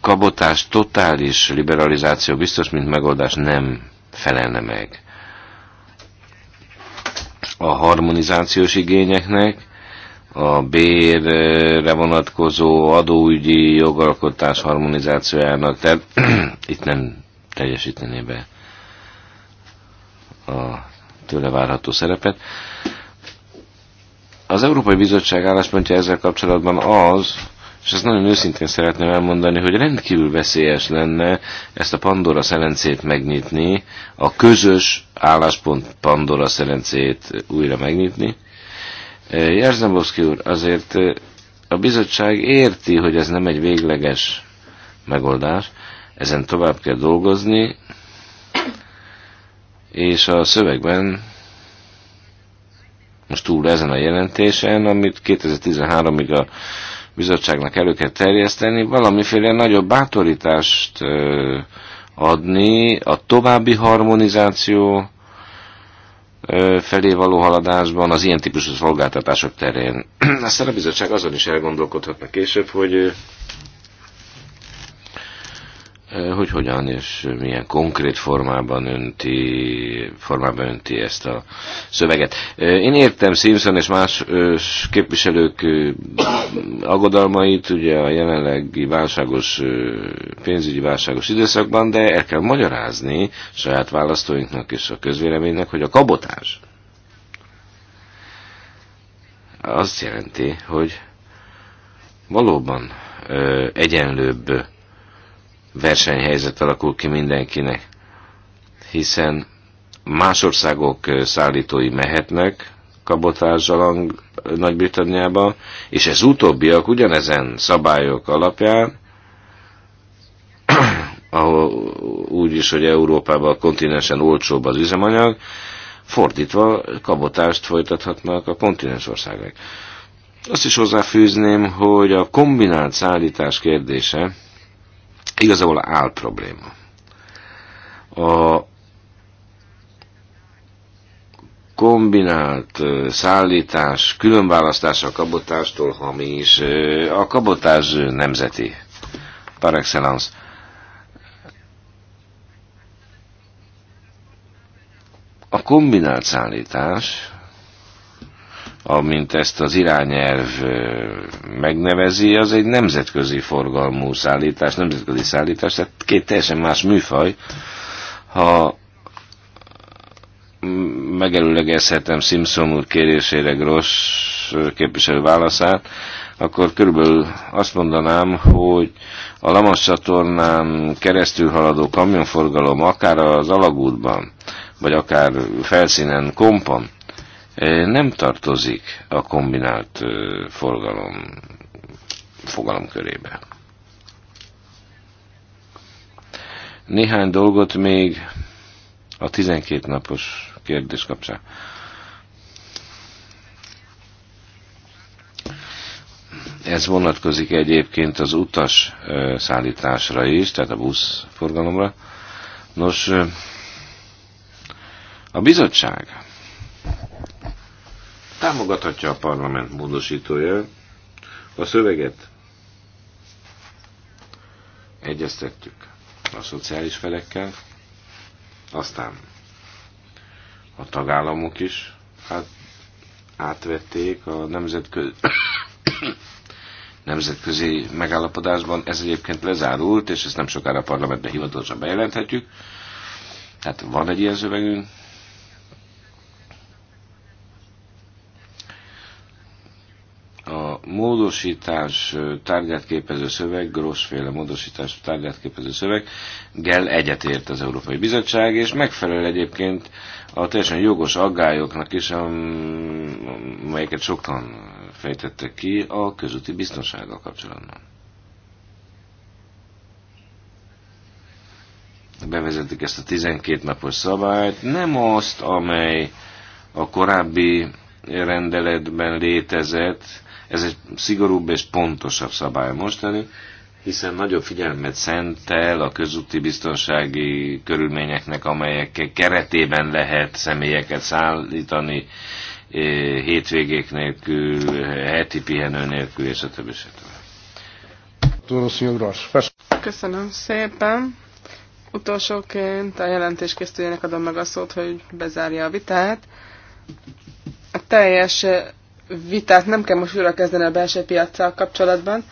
kabotás totális liberalizáció biztos, mint megoldás nem felelne meg a harmonizációs igényeknek, a bérre vonatkozó adóügyi jogalkotás harmonizációjának, tehát *clears throat* itt nem teljesítené be a tőle várható szerepet. Az Európai Bizottság álláspontja ezzel kapcsolatban az, és ezt nagyon őszintén szeretném elmondani, hogy rendkívül veszélyes lenne ezt a Pandora szerencét megnyitni, a közös álláspont Pandora szerencét újra megnyitni. E, Jerzembowski úr, azért e, a bizottság érti, hogy ez nem egy végleges megoldás, ezen tovább kell dolgozni, és a szövegben most túl ezen a jelentésen, amit 2013-ig a bizottságnak elő kell terjeszteni, valamiféle nagyobb bátorítást adni a további harmonizáció felé való haladásban az ilyen típusú szolgáltatások terén. *clears throat* Aztán a bizottság azon is elgondolkodhatna később, hogy hogy hogyan és milyen konkrét formában önti, formában önti ezt a szöveget. Én értem Simpson és más képviselők aggodalmait ugye a jelenlegi válságos, pénzügyi válságos időszakban, de el kell magyarázni saját választóinknak és a közvéleménynek, hogy a kabotás azt jelenti, hogy valóban egyenlőbb versenyhelyzet alakul ki mindenkinek, hiszen más országok szállítói mehetnek kabotással Nagy-Britanniába, és ez utóbbiak ugyanezen szabályok alapján, *clears throat* ahol úgy is, hogy Európában a kontinensen olcsóbb az üzemanyag, fordítva kabotást folytathatnak a kontinens országok. Azt is hozzáfűzném, hogy a kombinált szállítás kérdése Igazából áll probléma. A kombinált szállítás, különválasztás a kabotástól hamis, a kabotás nemzeti, par excellence. A kombinált szállítás amint ezt az irányelv megnevezi, az egy nemzetközi forgalmú szállítás, nemzetközi szállítás, tehát két teljesen más műfaj. Ha megelőlegezhetem Simpson úr kérésére Gross képviselő válaszát, akkor körülbelül azt mondanám, hogy a Lamas csatornán keresztül haladó kamionforgalom akár az alagútban, vagy akár felszínen, kompan, nem tartozik a kombinált forgalom fogalom körébe. Néhány dolgot még a 12 napos kérdés kapcsán. Ez vonatkozik egyébként az utas szállításra is, tehát a busz forgalomra. Nos, a bizottság Támogathatja a parlament módosítója a szöveget. Egyeztettük a szociális felekkel, aztán a tagállamok is hát átvették a nemzetközi, *coughs* nemzetközi megállapodásban. Ez egyébként lezárult, és ezt nem sokára a parlamentbe hivatalosan bejelenthetjük. Tehát van egy ilyen szövegünk, módosítás tárgyát képező szöveg, grossféle módosítás tárgyát képező szöveg, gel egyetért az Európai Bizottság, és megfelel egyébként a teljesen jogos aggályoknak is, amelyeket sokan fejtettek ki a közúti biztonsággal kapcsolatban. Bevezetik ezt a 12 napos szabályt, nem azt, amely a korábbi rendeletben létezett, ez egy szigorúbb és pontosabb szabály mostani, hiszen nagyobb figyelmet szentel a közúti biztonsági körülményeknek, amelyek keretében lehet személyeket szállítani eh, hétvégék nélkül, heti pihenő nélkül, és a többi Köszönöm szépen. Utolsóként a jelentéskészítőjének adom meg a szót, hogy bezárja a vitát. A teljes vitát nem kell most újra kezdeni a belső piacsal kapcsolatban.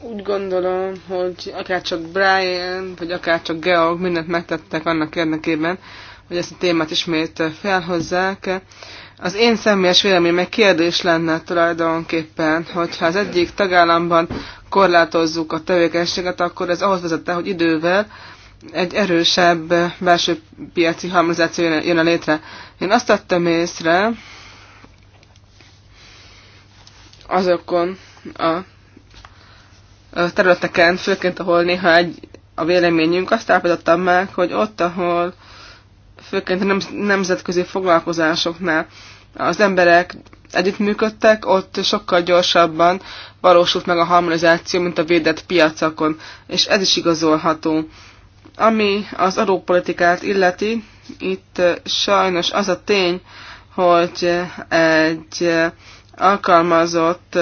Úgy gondolom, hogy akár csak Brian, vagy akár csak Georg mindent megtettek annak érdekében, hogy ezt a témát ismét felhozzák. Az én személyes véleményem kérdés lenne tulajdonképpen, hogyha az egyik tagállamban korlátozzuk a tevékenységet, akkor ez ahhoz vezette, hogy idővel egy erősebb belső piaci harmonizáció jön, jön a létre. Én azt tettem észre, azokon a területeken, főként ahol néha egy a véleményünk, azt állapítottam meg, hogy ott, ahol főként a nemzetközi foglalkozásoknál az emberek együttműködtek, ott sokkal gyorsabban valósult meg a harmonizáció, mint a védett piacokon, és ez is igazolható. Ami az adópolitikát illeti, itt sajnos az a tény, hogy egy alkalmazott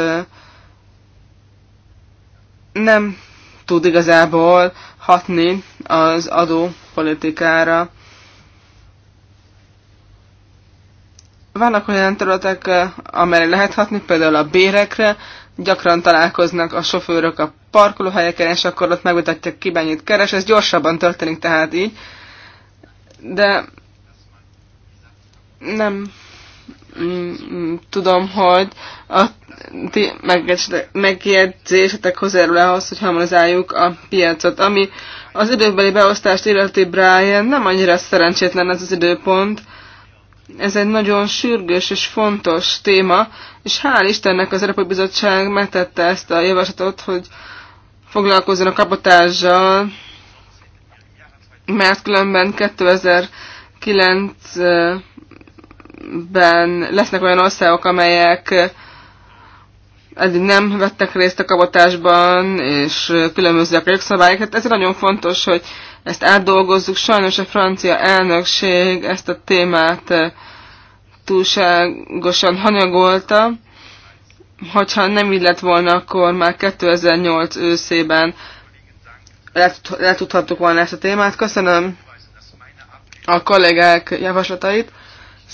nem tud igazából hatni az adópolitikára. Vannak olyan területek, amelyre lehet hatni, például a bérekre, gyakran találkoznak a sofőrök a parkolóhelyeken, és akkor ott megmutatják ki, mennyit keres, ez gyorsabban történik tehát így, de nem Mm, tudom, hogy a ti megjegyzésetek hozzájárul ahhoz, hogy harmonizáljuk a piacot. Ami az időbeli beosztást illeti Brian, nem annyira szerencsétlen ez az időpont. Ez egy nagyon sürgős és fontos téma, és hál' Istennek az Európai Bizottság megtette ezt a javaslatot, hogy foglalkozzon a kapotással, mert különben 2009 ben lesznek olyan országok, amelyek eh, eddig nem vettek részt a kabotásban, és eh, különbözőek a jogszabályok. Hát ez nagyon fontos, hogy ezt átdolgozzuk. Sajnos a francia elnökség ezt a témát eh, túlságosan hanyagolta. Hogyha nem így lett volna, akkor már 2008 őszében letudhattuk volna ezt a témát. Köszönöm a kollégák javaslatait.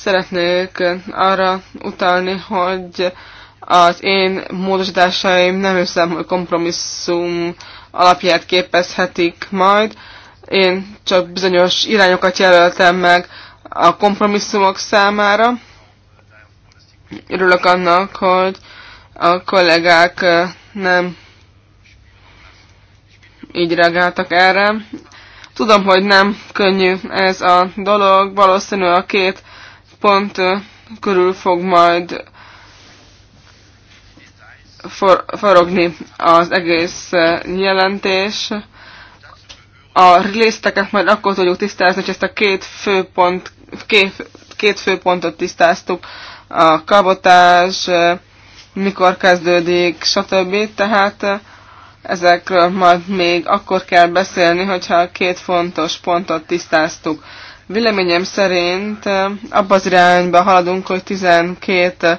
Szeretnék arra utalni, hogy az én módosításaim nem hiszem, hogy kompromisszum alapját képezhetik majd. Én csak bizonyos irányokat jelöltem meg a kompromisszumok számára. Örülök annak, hogy a kollégák nem így reagáltak erre. Tudom, hogy nem könnyű ez a dolog, valószínű a két pont körül fog majd for, forogni az egész jelentés. A részteket majd akkor tudjuk tisztázni, hogy ezt a két főpont, két, két főpontot tisztáztuk, a kabotás, mikor kezdődik, stb. Tehát ezekről majd még akkor kell beszélni, hogyha a két fontos pontot tisztáztuk. Véleményem szerint abba az irányba haladunk, hogy 12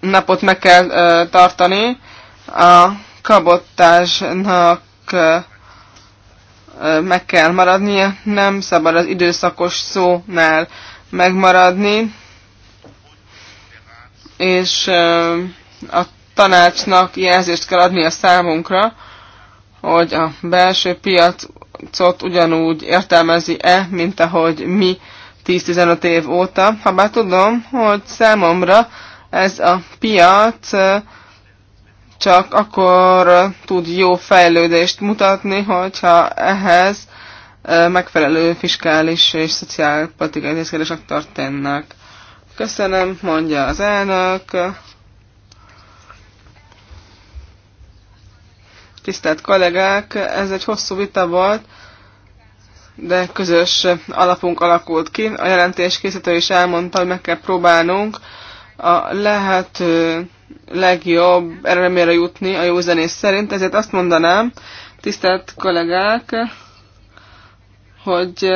napot meg kell tartani a kabottásnak meg kell maradnia, nem szabad az időszakos szónál megmaradni, és a tanácsnak jelzést kell adni a számunkra, hogy a belső piac harcot ugyanúgy értelmezi-e, mint ahogy mi 10-15 év óta. Habár tudom, hogy számomra ez a piac csak akkor tud jó fejlődést mutatni, hogyha ehhez megfelelő fiskális és szociálpolitikai intézkedések történnek. Köszönöm, mondja az elnök. Tisztelt kollégák, ez egy hosszú vita volt, de közös alapunk alakult ki. A jelentés készítő is elmondta, hogy meg kell próbálnunk a lehető legjobb eredményre jutni a jó zenész szerint. Ezért azt mondanám, tisztelt kollégák, hogy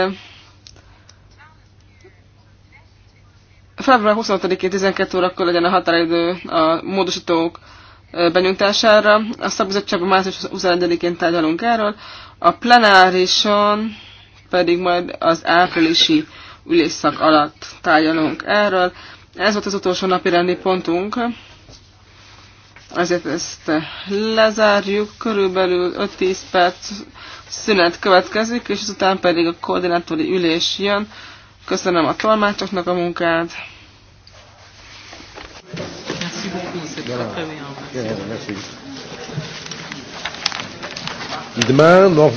február 25-én 12 órakor legyen a határidő a módosítók benyújtására. A szakbizottságban március 21-én tárgyalunk erről, a plenárison pedig majd az áprilisi ülésszak alatt tárgyalunk erről. Ez volt az utolsó napi rendi pontunk, ezért ezt lezárjuk, körülbelül 5-10 perc szünet következik, és azután pedig a koordinátori ülés jön. Köszönöm a tolmácsoknak a munkát. Köszönöm. Merci. Demain, 9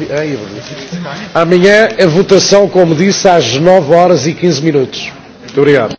ah, Amanhã a votação, como disse, às 9 horas e 15 minutos. Muito obrigado.